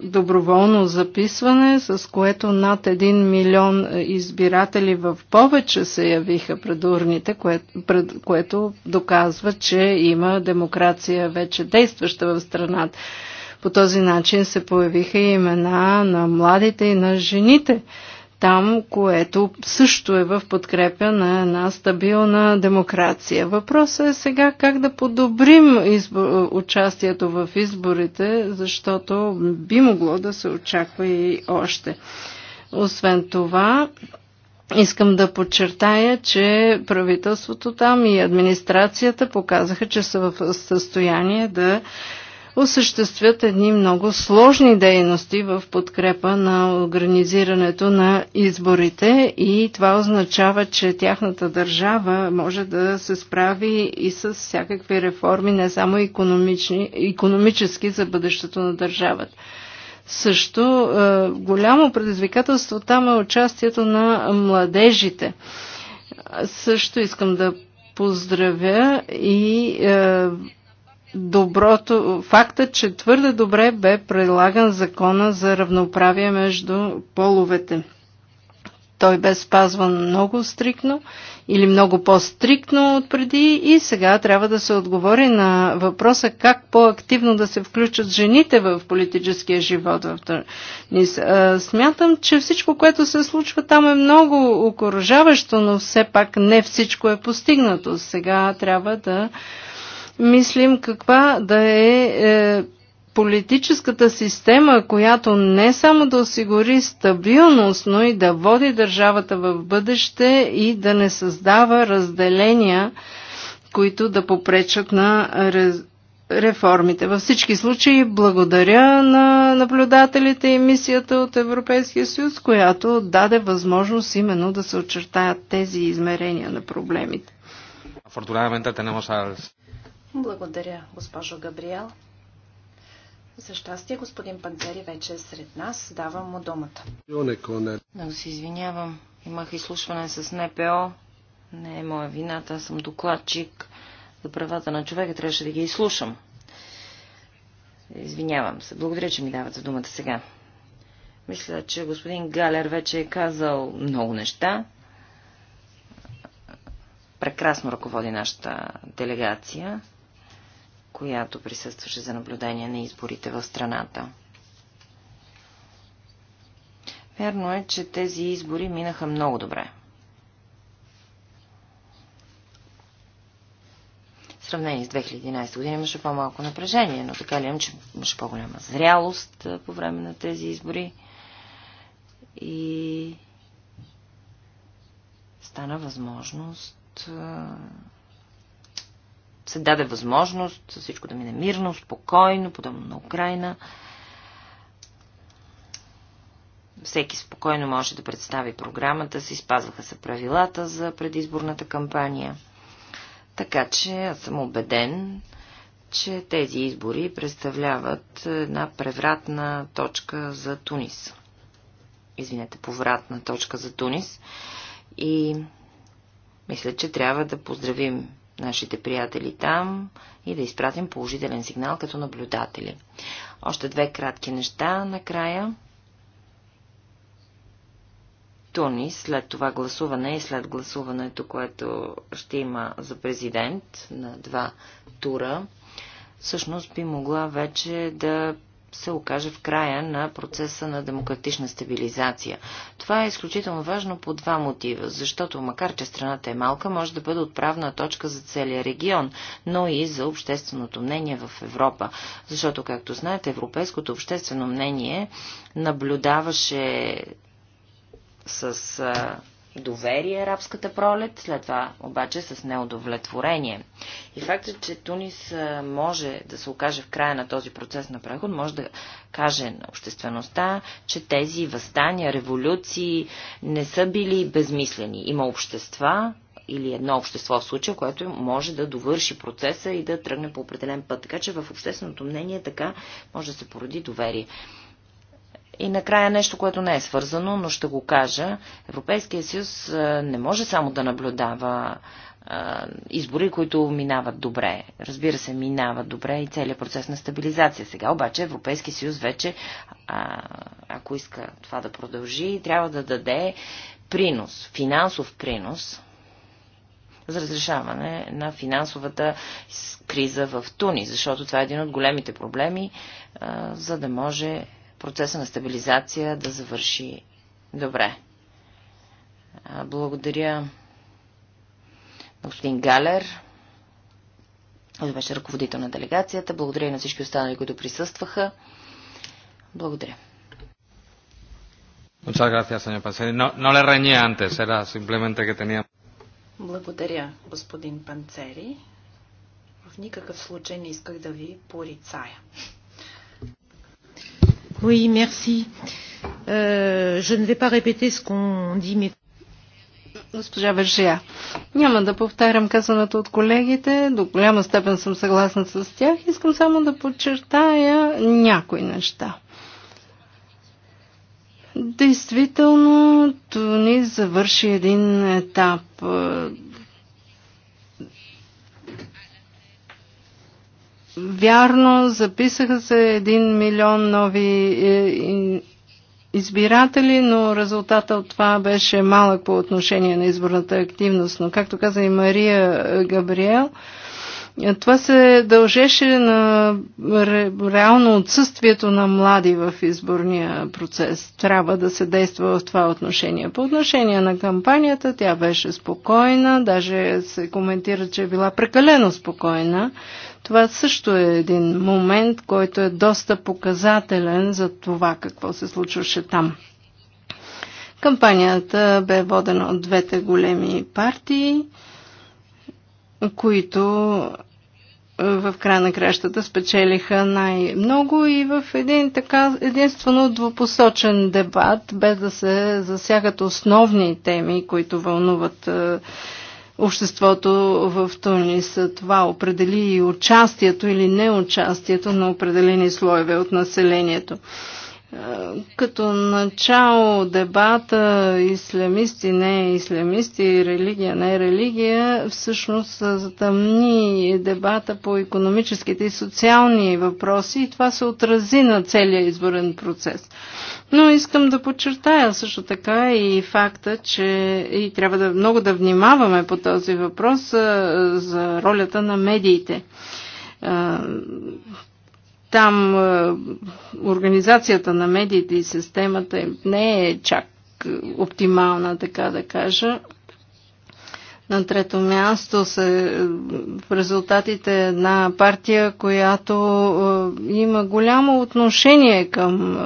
доброволно записване, с което над 1 милион избиратели в повече се явиха пред урните, което, пред, което доказва, че има демокрация вече действаща в страната. По този начин се появиха и имена на младите и на жените там, което също е в подкрепя на една стабилна демокрация. Въпросът е сега как да подобрим избор, участието в изборите, защото би могло да се очаква и още. Освен това, Искам да подчертая, че правителството там и администрацията показаха, че са в състояние да осъществят едни много сложни дейности в подкрепа на организирането на изборите и това означава, че тяхната държава може да се справи и с всякакви реформи, не само економически за бъдещето на държавата. Също е, голямо предизвикателство там е участието на младежите. Също искам да поздравя и е, доброто, факта, че твърде добре бе прилаган закона за равноправие между половете. Той бе спазван много стрикно или много по-стриктно от преди и сега трябва да се отговори на въпроса как по-активно да се включат жените в политическия живот Смятам, че всичко, което се случва там е много окоръжаващо, но все пак не всичко е постигнато. Сега трябва да мислим каква да е, е политическата система, която не само да осигури стабилност, но и да води държавата в бъдеще и да не създава разделения, които да попречат на реформите. Във всички случаи благодаря на наблюдателите и мисията от Европейския съюз, която даде възможност именно да се очертаят тези измерения на проблемите. Afortunadamente tenemos al благодаря, госпожо Габриел. За щастие, господин Панцери вече е сред нас. Давам му думата. Много се извинявам. Имах изслушване с НПО. Не е моя вината. Аз съм докладчик за правата на човека. Трябваше да ги изслушам. Извинявам се. Благодаря, че ми давате думата сега. Мисля, че господин Галер вече е казал много неща. Прекрасно ръководи нашата делегация която присъстваше за наблюдение на изборите в страната. Вярно е, че тези избори минаха много добре. В сравнение с 2011 година имаше по-малко напрежение, но така ли че имаше по-голяма зрялост по време на тези избори и стана възможност се даде възможност всичко да мине мирно, спокойно, подобно на Украина. Всеки спокойно може да представи програмата си, спазваха се правилата за предизборната кампания. Така че аз съм убеден, че тези избори представляват една превратна точка за Тунис. Извинете, повратна точка за Тунис. И мисля, че трябва да поздравим нашите приятели там и да изпратим положителен сигнал като наблюдатели. Още две кратки неща накрая. Тунис, след това гласуване и след гласуването, което ще има за президент на два тура, всъщност би могла вече да се окаже в края на процеса на демократична стабилизация. Това е изключително важно по два мотива, защото макар, че страната е малка, може да бъде отправна точка за целия регион, но и за общественото мнение в Европа. Защото, както знаете, европейското обществено мнение наблюдаваше с доверие арабската пролет, след това обаче с неудовлетворение. И фактът, че Тунис може да се окаже в края на този процес на преход, може да каже на обществеността, че тези възстания, революции не са били безмислени. Има общества, или едно общество в случая, което може да довърши процеса и да тръгне по определен път. Така че в общественото мнение така може да се породи доверие. И накрая нещо, което не е свързано, но ще го кажа. Европейския съюз не може само да наблюдава избори, които минават добре. Разбира се, минават добре и целият процес на стабилизация. Сега обаче Европейски съюз вече, а, ако иска това да продължи, трябва да даде принос, финансов принос за разрешаване на финансовата криза в Туни, защото това е един от големите проблеми, а, за да може процеса на стабилизация да завърши добре. Благодаря на господин Галер, който беше ръководител на делегацията. Благодаря и на всички останали, които присъстваха. Благодаря. Muchas gracias, señor Panseri. No, no le reñé antes, era simplemente que tenía... Благодаря, господин Панцери. В никакъв случай не исках да ви порицая. Oui, merci. Euh, je ne vais pas répéter ce qu'on dit, mais госпожа Вържия. Няма да повтарям казаното от колегите, до голяма степен съм съгласна с тях. Искам само да подчертая някои неща. Действително, Тунис завърши един етап. Вярно, записаха се 1 милион нови е, избиратели, но резултата от това беше малък по отношение на изборната активност. Но, както каза и Мария е, Габриел, е, това се дължеше на реално отсъствието на млади в изборния процес. Трябва да се действа в това отношение. По отношение на кампанията, тя беше спокойна, даже се коментира, че е била прекалено спокойна. Това също е един момент, който е доста показателен за това какво се случваше там. Кампанията бе водена от двете големи партии, които в края на кращата спечелиха най-много и в един така единствено двупосочен дебат, без да се засягат основни теми, които вълнуват е, обществото в Тунис. Това определи и участието или неучастието на определени слоеве от населението. Като начало дебата ислямисти, не ислямисти, религия, не религия, всъщност затъмни дебата по економическите и социални въпроси и това се отрази на целия изборен процес. Но искам да подчертая също така и факта, че и трябва да много да внимаваме по този въпрос за, за ролята на медиите там е, организацията на медиите и системата не е чак е, оптимална, така да кажа. На трето място са е, в резултатите на партия, която има голямо отношение към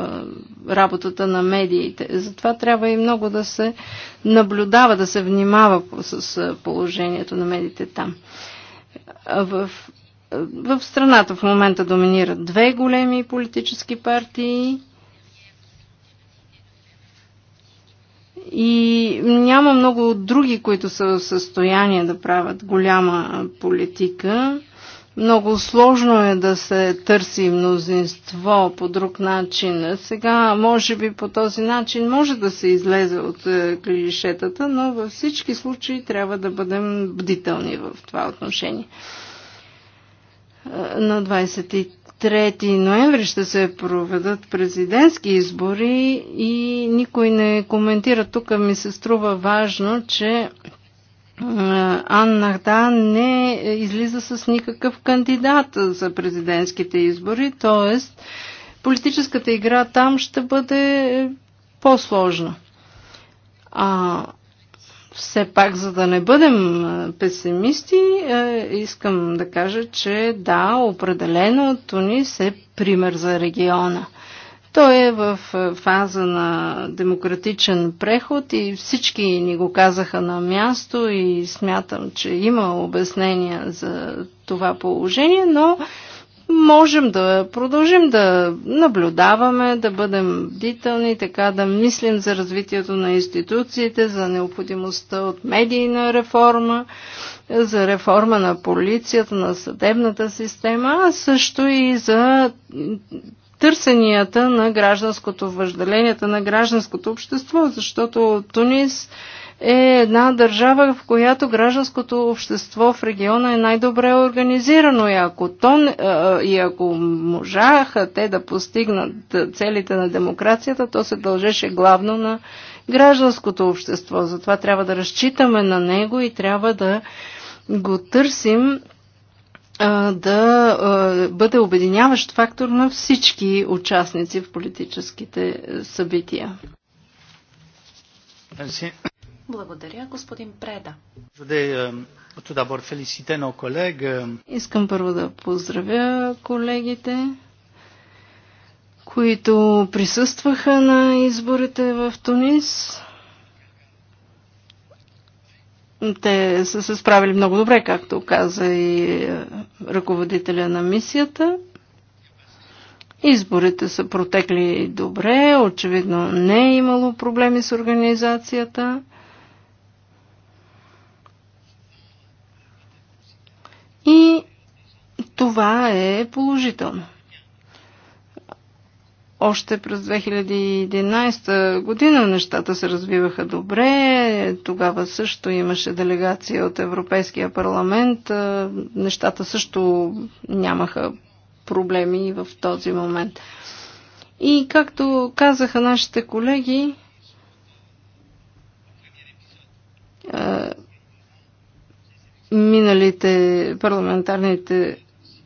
работата на медиите. Затова трябва и много да се наблюдава, да се внимава с положението на медиите там. В в страната в момента доминират две големи политически партии и няма много други, които са в състояние да правят голяма политика. Много сложно е да се търси мнозинство по друг начин. Сега, може би по този начин може да се излезе от е, клишетата, но във всички случаи трябва да бъдем бдителни в това отношение на 23 ноември ще се проведат президентски избори и никой не коментира. Тук ми се струва важно, че е, Анна Да не излиза с никакъв кандидат за президентските избори, т.е. политическата игра там ще бъде е, по-сложна. А все пак, за да не бъдем песимисти, е, искам да кажа, че да, определено Тунис е пример за региона. Той е в е, фаза на демократичен преход и всички ни го казаха на място и смятам, че има обяснения за това положение, но можем да продължим да наблюдаваме, да бъдем бдителни, така да мислим за развитието на институциите, за необходимостта от медийна реформа, за реформа на полицията, на съдебната система, а също и за търсенията на гражданското, въжделението на гражданското общество, защото Тунис е една държава, в която гражданското общество в региона е най-добре организирано и ако, то, и ако можаха те да постигнат целите на демокрацията, то се дължеше главно на гражданското общество. Затова трябва да разчитаме на него и трябва да го търсим да бъде обединяващ фактор на всички участници в политическите събития. Благодаря, господин Преда. Е, е, Искам първо да поздравя колегите, които присъстваха на изборите в Тунис. Те са се справили много добре, както каза и е, ръководителя на мисията. Изборите са протекли добре, очевидно не е имало проблеми с организацията. Това е положително. Още през 2011 година нещата се развиваха добре. Тогава също имаше делегация от Европейския парламент. Е, нещата също нямаха проблеми в този момент. И както казаха нашите колеги, е, миналите парламентарните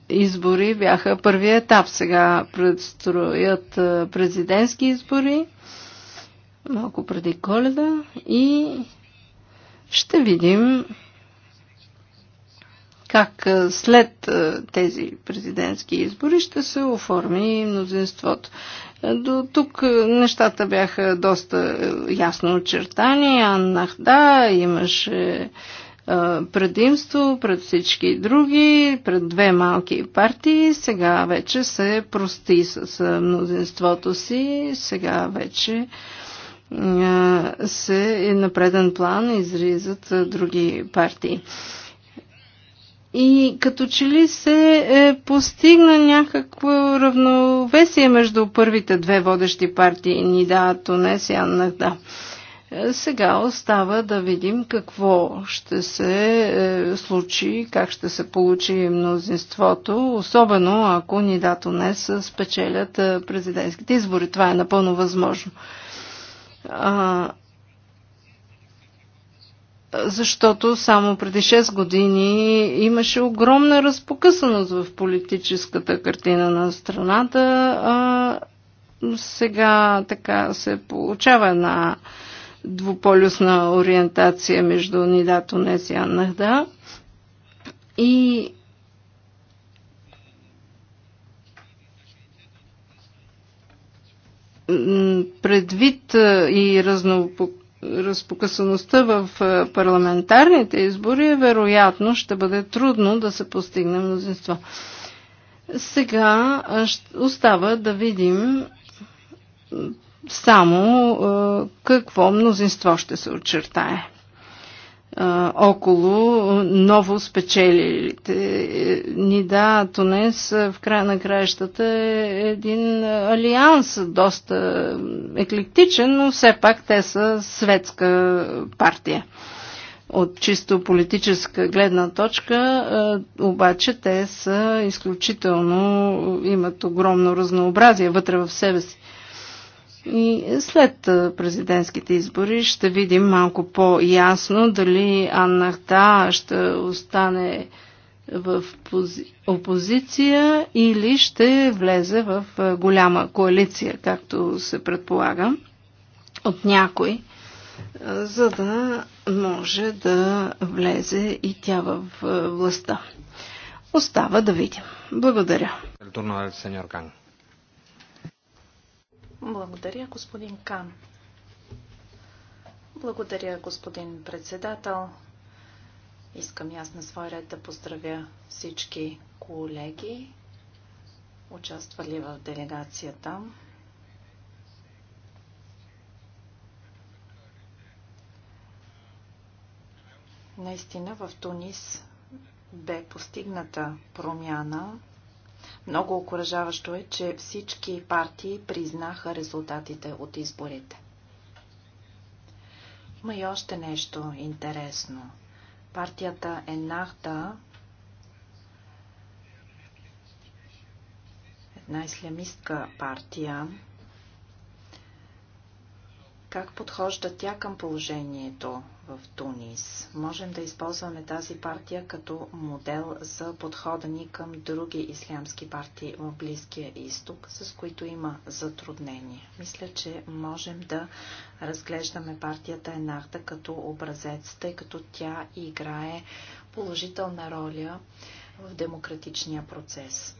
избори бяха първият етап. Сега предстроят президентски избори малко преди коледа и ще видим как след тези президентски избори ще се оформи мнозинството. До тук нещата бяха доста ясно очертани. Аннахда, имаше предимство пред всички други, пред две малки партии. Сега вече се прости с мнозинството си, сега вече се е на преден план изризат други партии. И като че ли се е постигна някакво равновесие между първите две водещи партии Нида, Тунес и Аннахда. Да сега остава да видим какво ще се е, случи, как ще се получи мнозинството, особено ако ни дато не спечелят е, президентските избори. Това е напълно възможно. Защото само преди 6 години имаше огромна разпокъсаност в политическата картина на страната. А сега така се получава една двуполюсна ориентация между Нида, Тунес и Аннахда. И предвид и разнопо... разпокъсаността в парламентарните избори, е вероятно ще бъде трудно да се постигне мнозинство. Сега остава да видим само какво мнозинство ще се очертае около ново спечелилите. Е, да, Тунес в края на краищата е един алианс, доста еклектичен, но все пак те са светска партия. От чисто политическа гледна точка, обаче те са изключително, имат огромно разнообразие вътре в себе си. И след президентските избори ще видим малко по-ясно дали Аннахта ще остане в опозиция или ще влезе в голяма коалиция, както се предполага от някой, за да може да влезе и тя в властта. Остава да видим. Благодаря. El turno del señor Kang. Благодаря, господин Кан. Благодаря, господин председател. Искам и аз на свой ред да поздравя всички колеги, участвали в делегацията. Наистина в Тунис бе постигната промяна много окоръжаващо е, че всички партии признаха резултатите от изборите. Има и още нещо интересно. Партията Енахта, една ислямистка партия, как подхожда тя към положението в Тунис. Можем да използваме тази партия като модел за подхода ни към други ислямски партии в Близкия изток, с които има затруднения. Мисля, че можем да разглеждаме партията Енарта като образец, тъй като тя играе положителна роля в демократичния процес.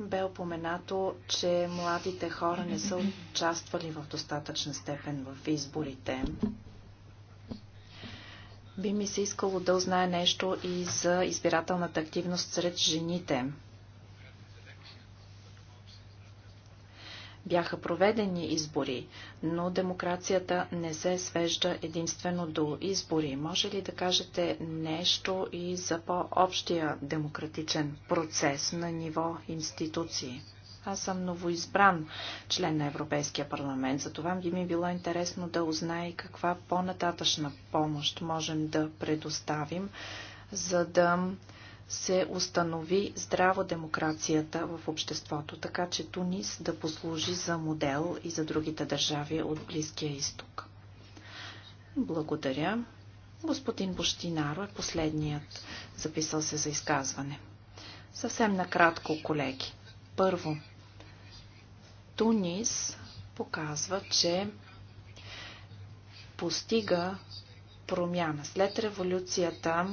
Бе опоменато, че младите хора не са участвали в достатъчна степен в изборите. Би ми се искало да узнае нещо и за избирателната активност сред жените. Бяха проведени избори, но демокрацията не се свежда единствено до избори. Може ли да кажете нещо и за по-общия демократичен процес на ниво институции? Аз съм новоизбран член на Европейския парламент, затова би ми било интересно да узнае каква по-нататъчна помощ можем да предоставим, за да се установи здраво демокрацията в обществото, така че Тунис да послужи за модел и за другите държави от Близкия изток. Благодаря. Господин Бощинаро е последният записал се за изказване. Съвсем накратко, колеги. Първо, Тунис показва, че постига промяна. След революцията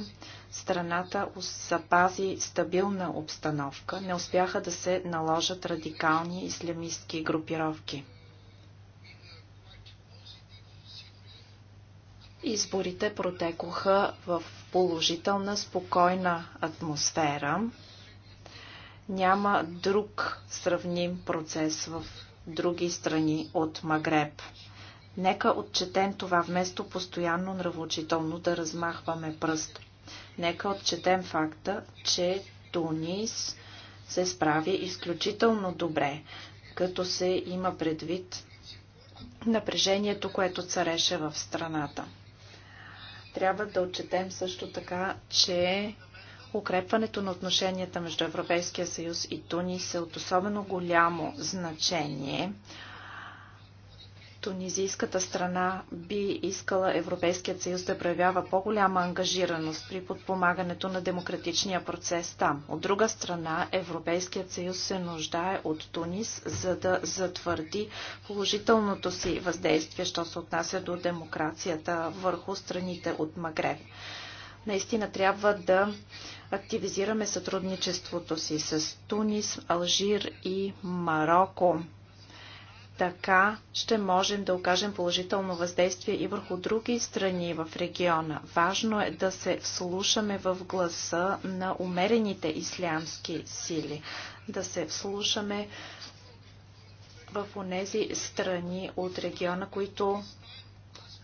страната запази стабилна обстановка, не успяха да се наложат радикални ислямистки групировки. Изборите протекоха в положителна, спокойна атмосфера. Няма друг сравним процес в други страни от Магреб. Нека отчетем това, вместо постоянно нравоучително да размахваме пръст – Нека отчетем факта, че Тунис се справи изключително добре, като се има предвид напрежението, което цареше в страната. Трябва да отчетем също така, че укрепването на отношенията между Европейския съюз и Тунис е от особено голямо значение тунизийската страна би искала Европейският съюз да проявява по-голяма ангажираност при подпомагането на демократичния процес там. От друга страна, Европейският съюз се нуждае от Тунис, за да затвърди положителното си въздействие, що се отнася до демокрацията върху страните от Магреб. Наистина трябва да активизираме сътрудничеството си с Тунис, Алжир и Марокко така ще можем да окажем положително въздействие и върху други страни в региона. Важно е да се вслушаме в гласа на умерените ислямски сили, да се вслушаме в онези страни от региона, които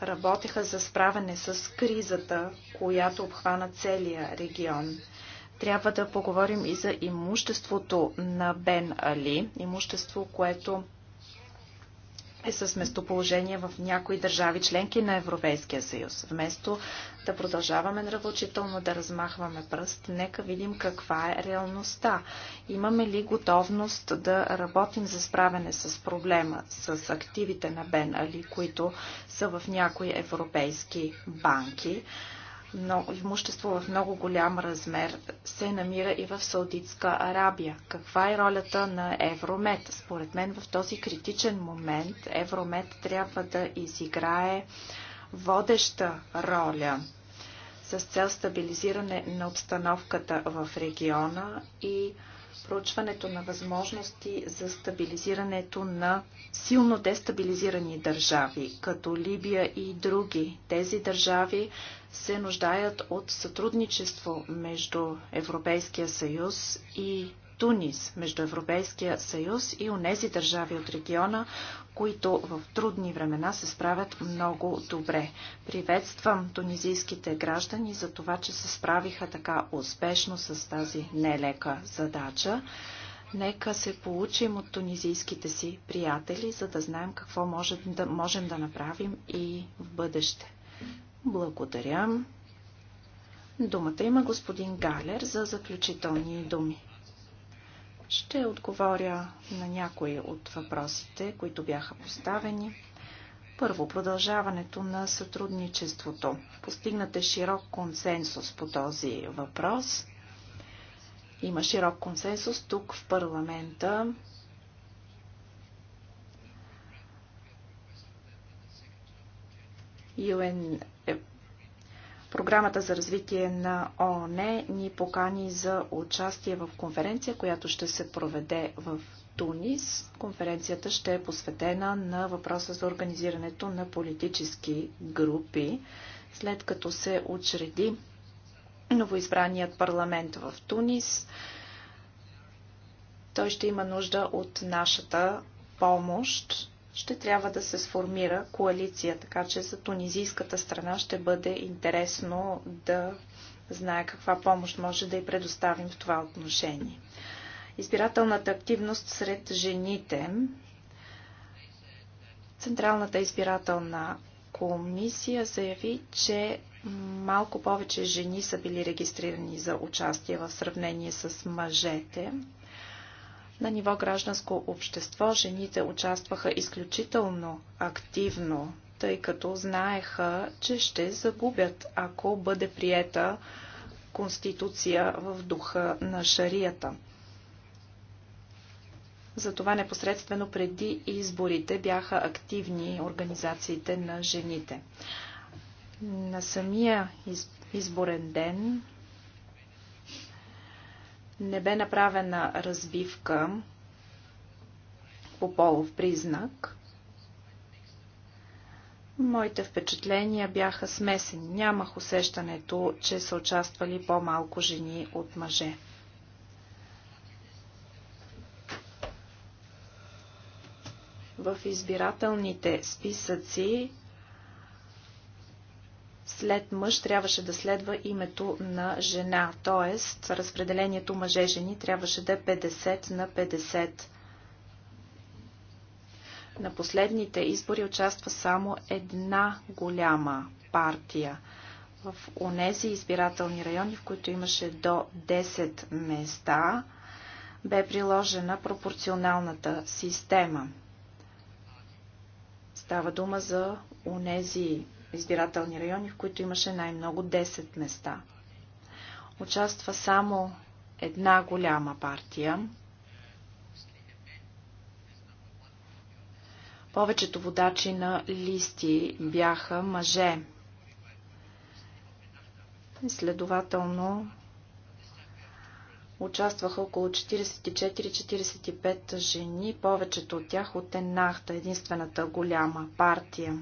работеха за справяне с кризата, която обхвана целия регион. Трябва да поговорим и за имуществото на Бен Али, имущество, което е с местоположение в някои държави членки на Европейския съюз. Вместо да продължаваме нравочително да размахваме пръст, нека видим каква е реалността. Имаме ли готовност да работим за справяне с проблема, с активите на Бен Али, които са в някои европейски банки? много, имущество в много голям размер се намира и в Саудитска Арабия. Каква е ролята на Евромет? Според мен в този критичен момент Евромет трябва да изиграе водеща роля с цел стабилизиране на обстановката в региона и проучването на възможности за стабилизирането на силно дестабилизирани държави, като Либия и други. Тези държави се нуждаят от сътрудничество между Европейския съюз и Тунис, между Европейския съюз и унези държави от региона, които в трудни времена се справят много добре. Приветствам тунизийските граждани за това, че се справиха така успешно с тази нелека задача. Нека се получим от тунизийските си приятели, за да знаем какво можем да, можем да направим и в бъдеще. Благодаря. Думата има господин Галер за заключителни думи. Ще отговоря на някои от въпросите, които бяха поставени. Първо, продължаването на сътрудничеството. Постигнате широк консенсус по този въпрос. Има широк консенсус тук в парламента UN... Е програмата за развитие на ООН ни покани за участие в конференция, която ще се проведе в Тунис. Конференцията ще е посветена на въпроса за организирането на политически групи. След като се учреди новоизбраният парламент в Тунис, той ще има нужда от нашата помощ ще трябва да се сформира коалиция, така че за тунизийската страна ще бъде интересно да знае каква помощ може да й предоставим в това отношение. Избирателната активност сред жените. Централната избирателна комисия заяви, че малко повече жени са били регистрирани за участие в сравнение с мъжете. На ниво гражданско общество жените участваха изключително активно, тъй като знаеха, че ще загубят, ако бъде приета конституция в духа на шарията. Затова непосредствено преди изборите бяха активни организациите на жените. На самия изборен ден не бе направена разбивка по полов признак. Моите впечатления бяха смесени. Нямах усещането, че са участвали по-малко жени от мъже. В избирателните списъци след мъж трябваше да следва името на жена, т.е. разпределението мъже-жени трябваше да е 50 на 50. На последните избори участва само една голяма партия в онези избирателни райони, в които имаше до 10 места, бе приложена пропорционалната система. Става дума за онези избирателни райони, в които имаше най-много 10 места. Участва само една голяма партия. Повечето водачи на листи бяха мъже. следователно участваха около 44-45 жени, повечето от тях от Енахта, единствената голяма партия.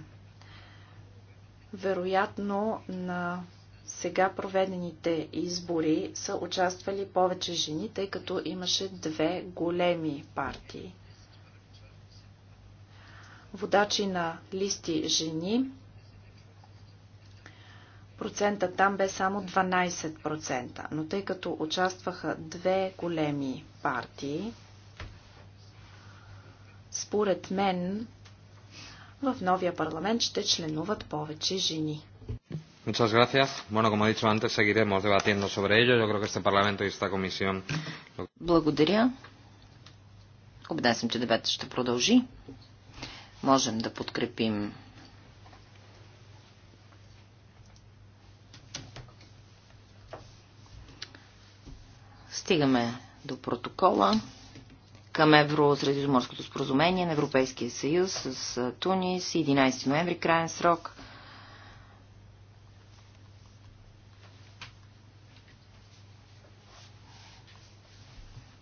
Вероятно на сега проведените избори са участвали повече жени, тъй като имаше две големи партии. Водачи на листи жени процента там бе само 12%, но тъй като участваха две големи партии, според мен в новия парламент ще членуват повече жени. Muchas gracias. Bueno, como he dicho antes, seguiremos debatiendo sobre ello. Yo creo que este Parlamento y esta comisión. Благодаря. Обеден съм, че дебатът ще продължи. Можем да подкрепим Стигаме до протокола към Евросредиземорското споразумение на Европейския съюз с Тунис, 11 ноември крайен срок.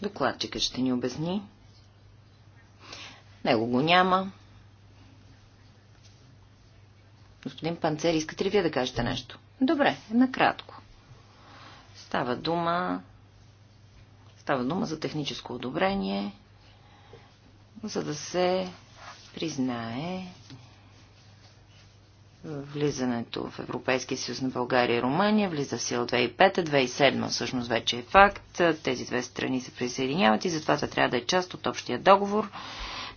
Докладчика ще ни обясни. Него го няма. Господин Панцер, искате ли вие да кажете нещо? Добре, накратко. Става дума Става дума за техническо одобрение за да се признае влизането в Европейския съюз на България и Румъния, влиза в сила 2005-2007, всъщност вече е факт. Тези две страни се присъединяват и затова това трябва да е част от общия договор.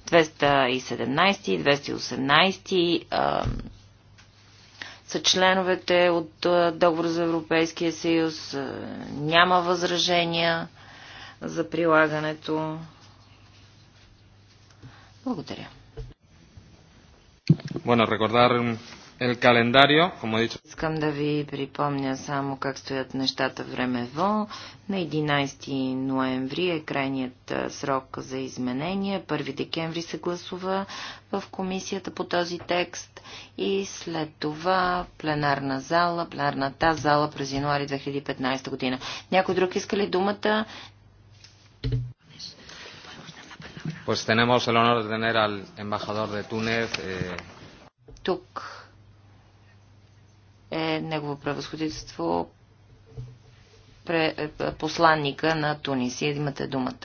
217 и 218 а, са членовете от договор за Европейския съюз. няма възражения за прилагането. Благодаря. Bueno, recordar el calendario, como he dicho. Искам да ви припомня само как стоят нещата времево. На 11 ноември е крайният срок за изменение. 1 декември се гласува в комисията по този текст и след това пленарна зала, пленарната зала през януари 2015 година. Някой друг иска ли думата? Pues tenemos el honor de tener al embajador de Túnez. Eh... Тук е негово превъзходителство е, посланника на Тунис. Имате думата.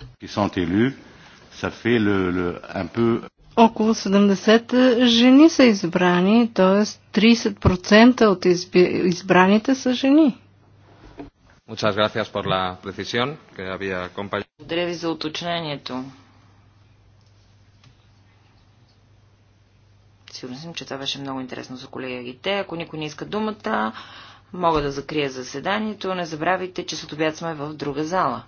Около 70 е, жени са избрани, т.е. 30% от избраните са жени. Благодаря ви за уточнението. Сигурно съм, че това беше много интересно за колегите. Ако никой не иска думата, мога да закрия заседанието. Не забравяйте, че след обяд сме в друга зала.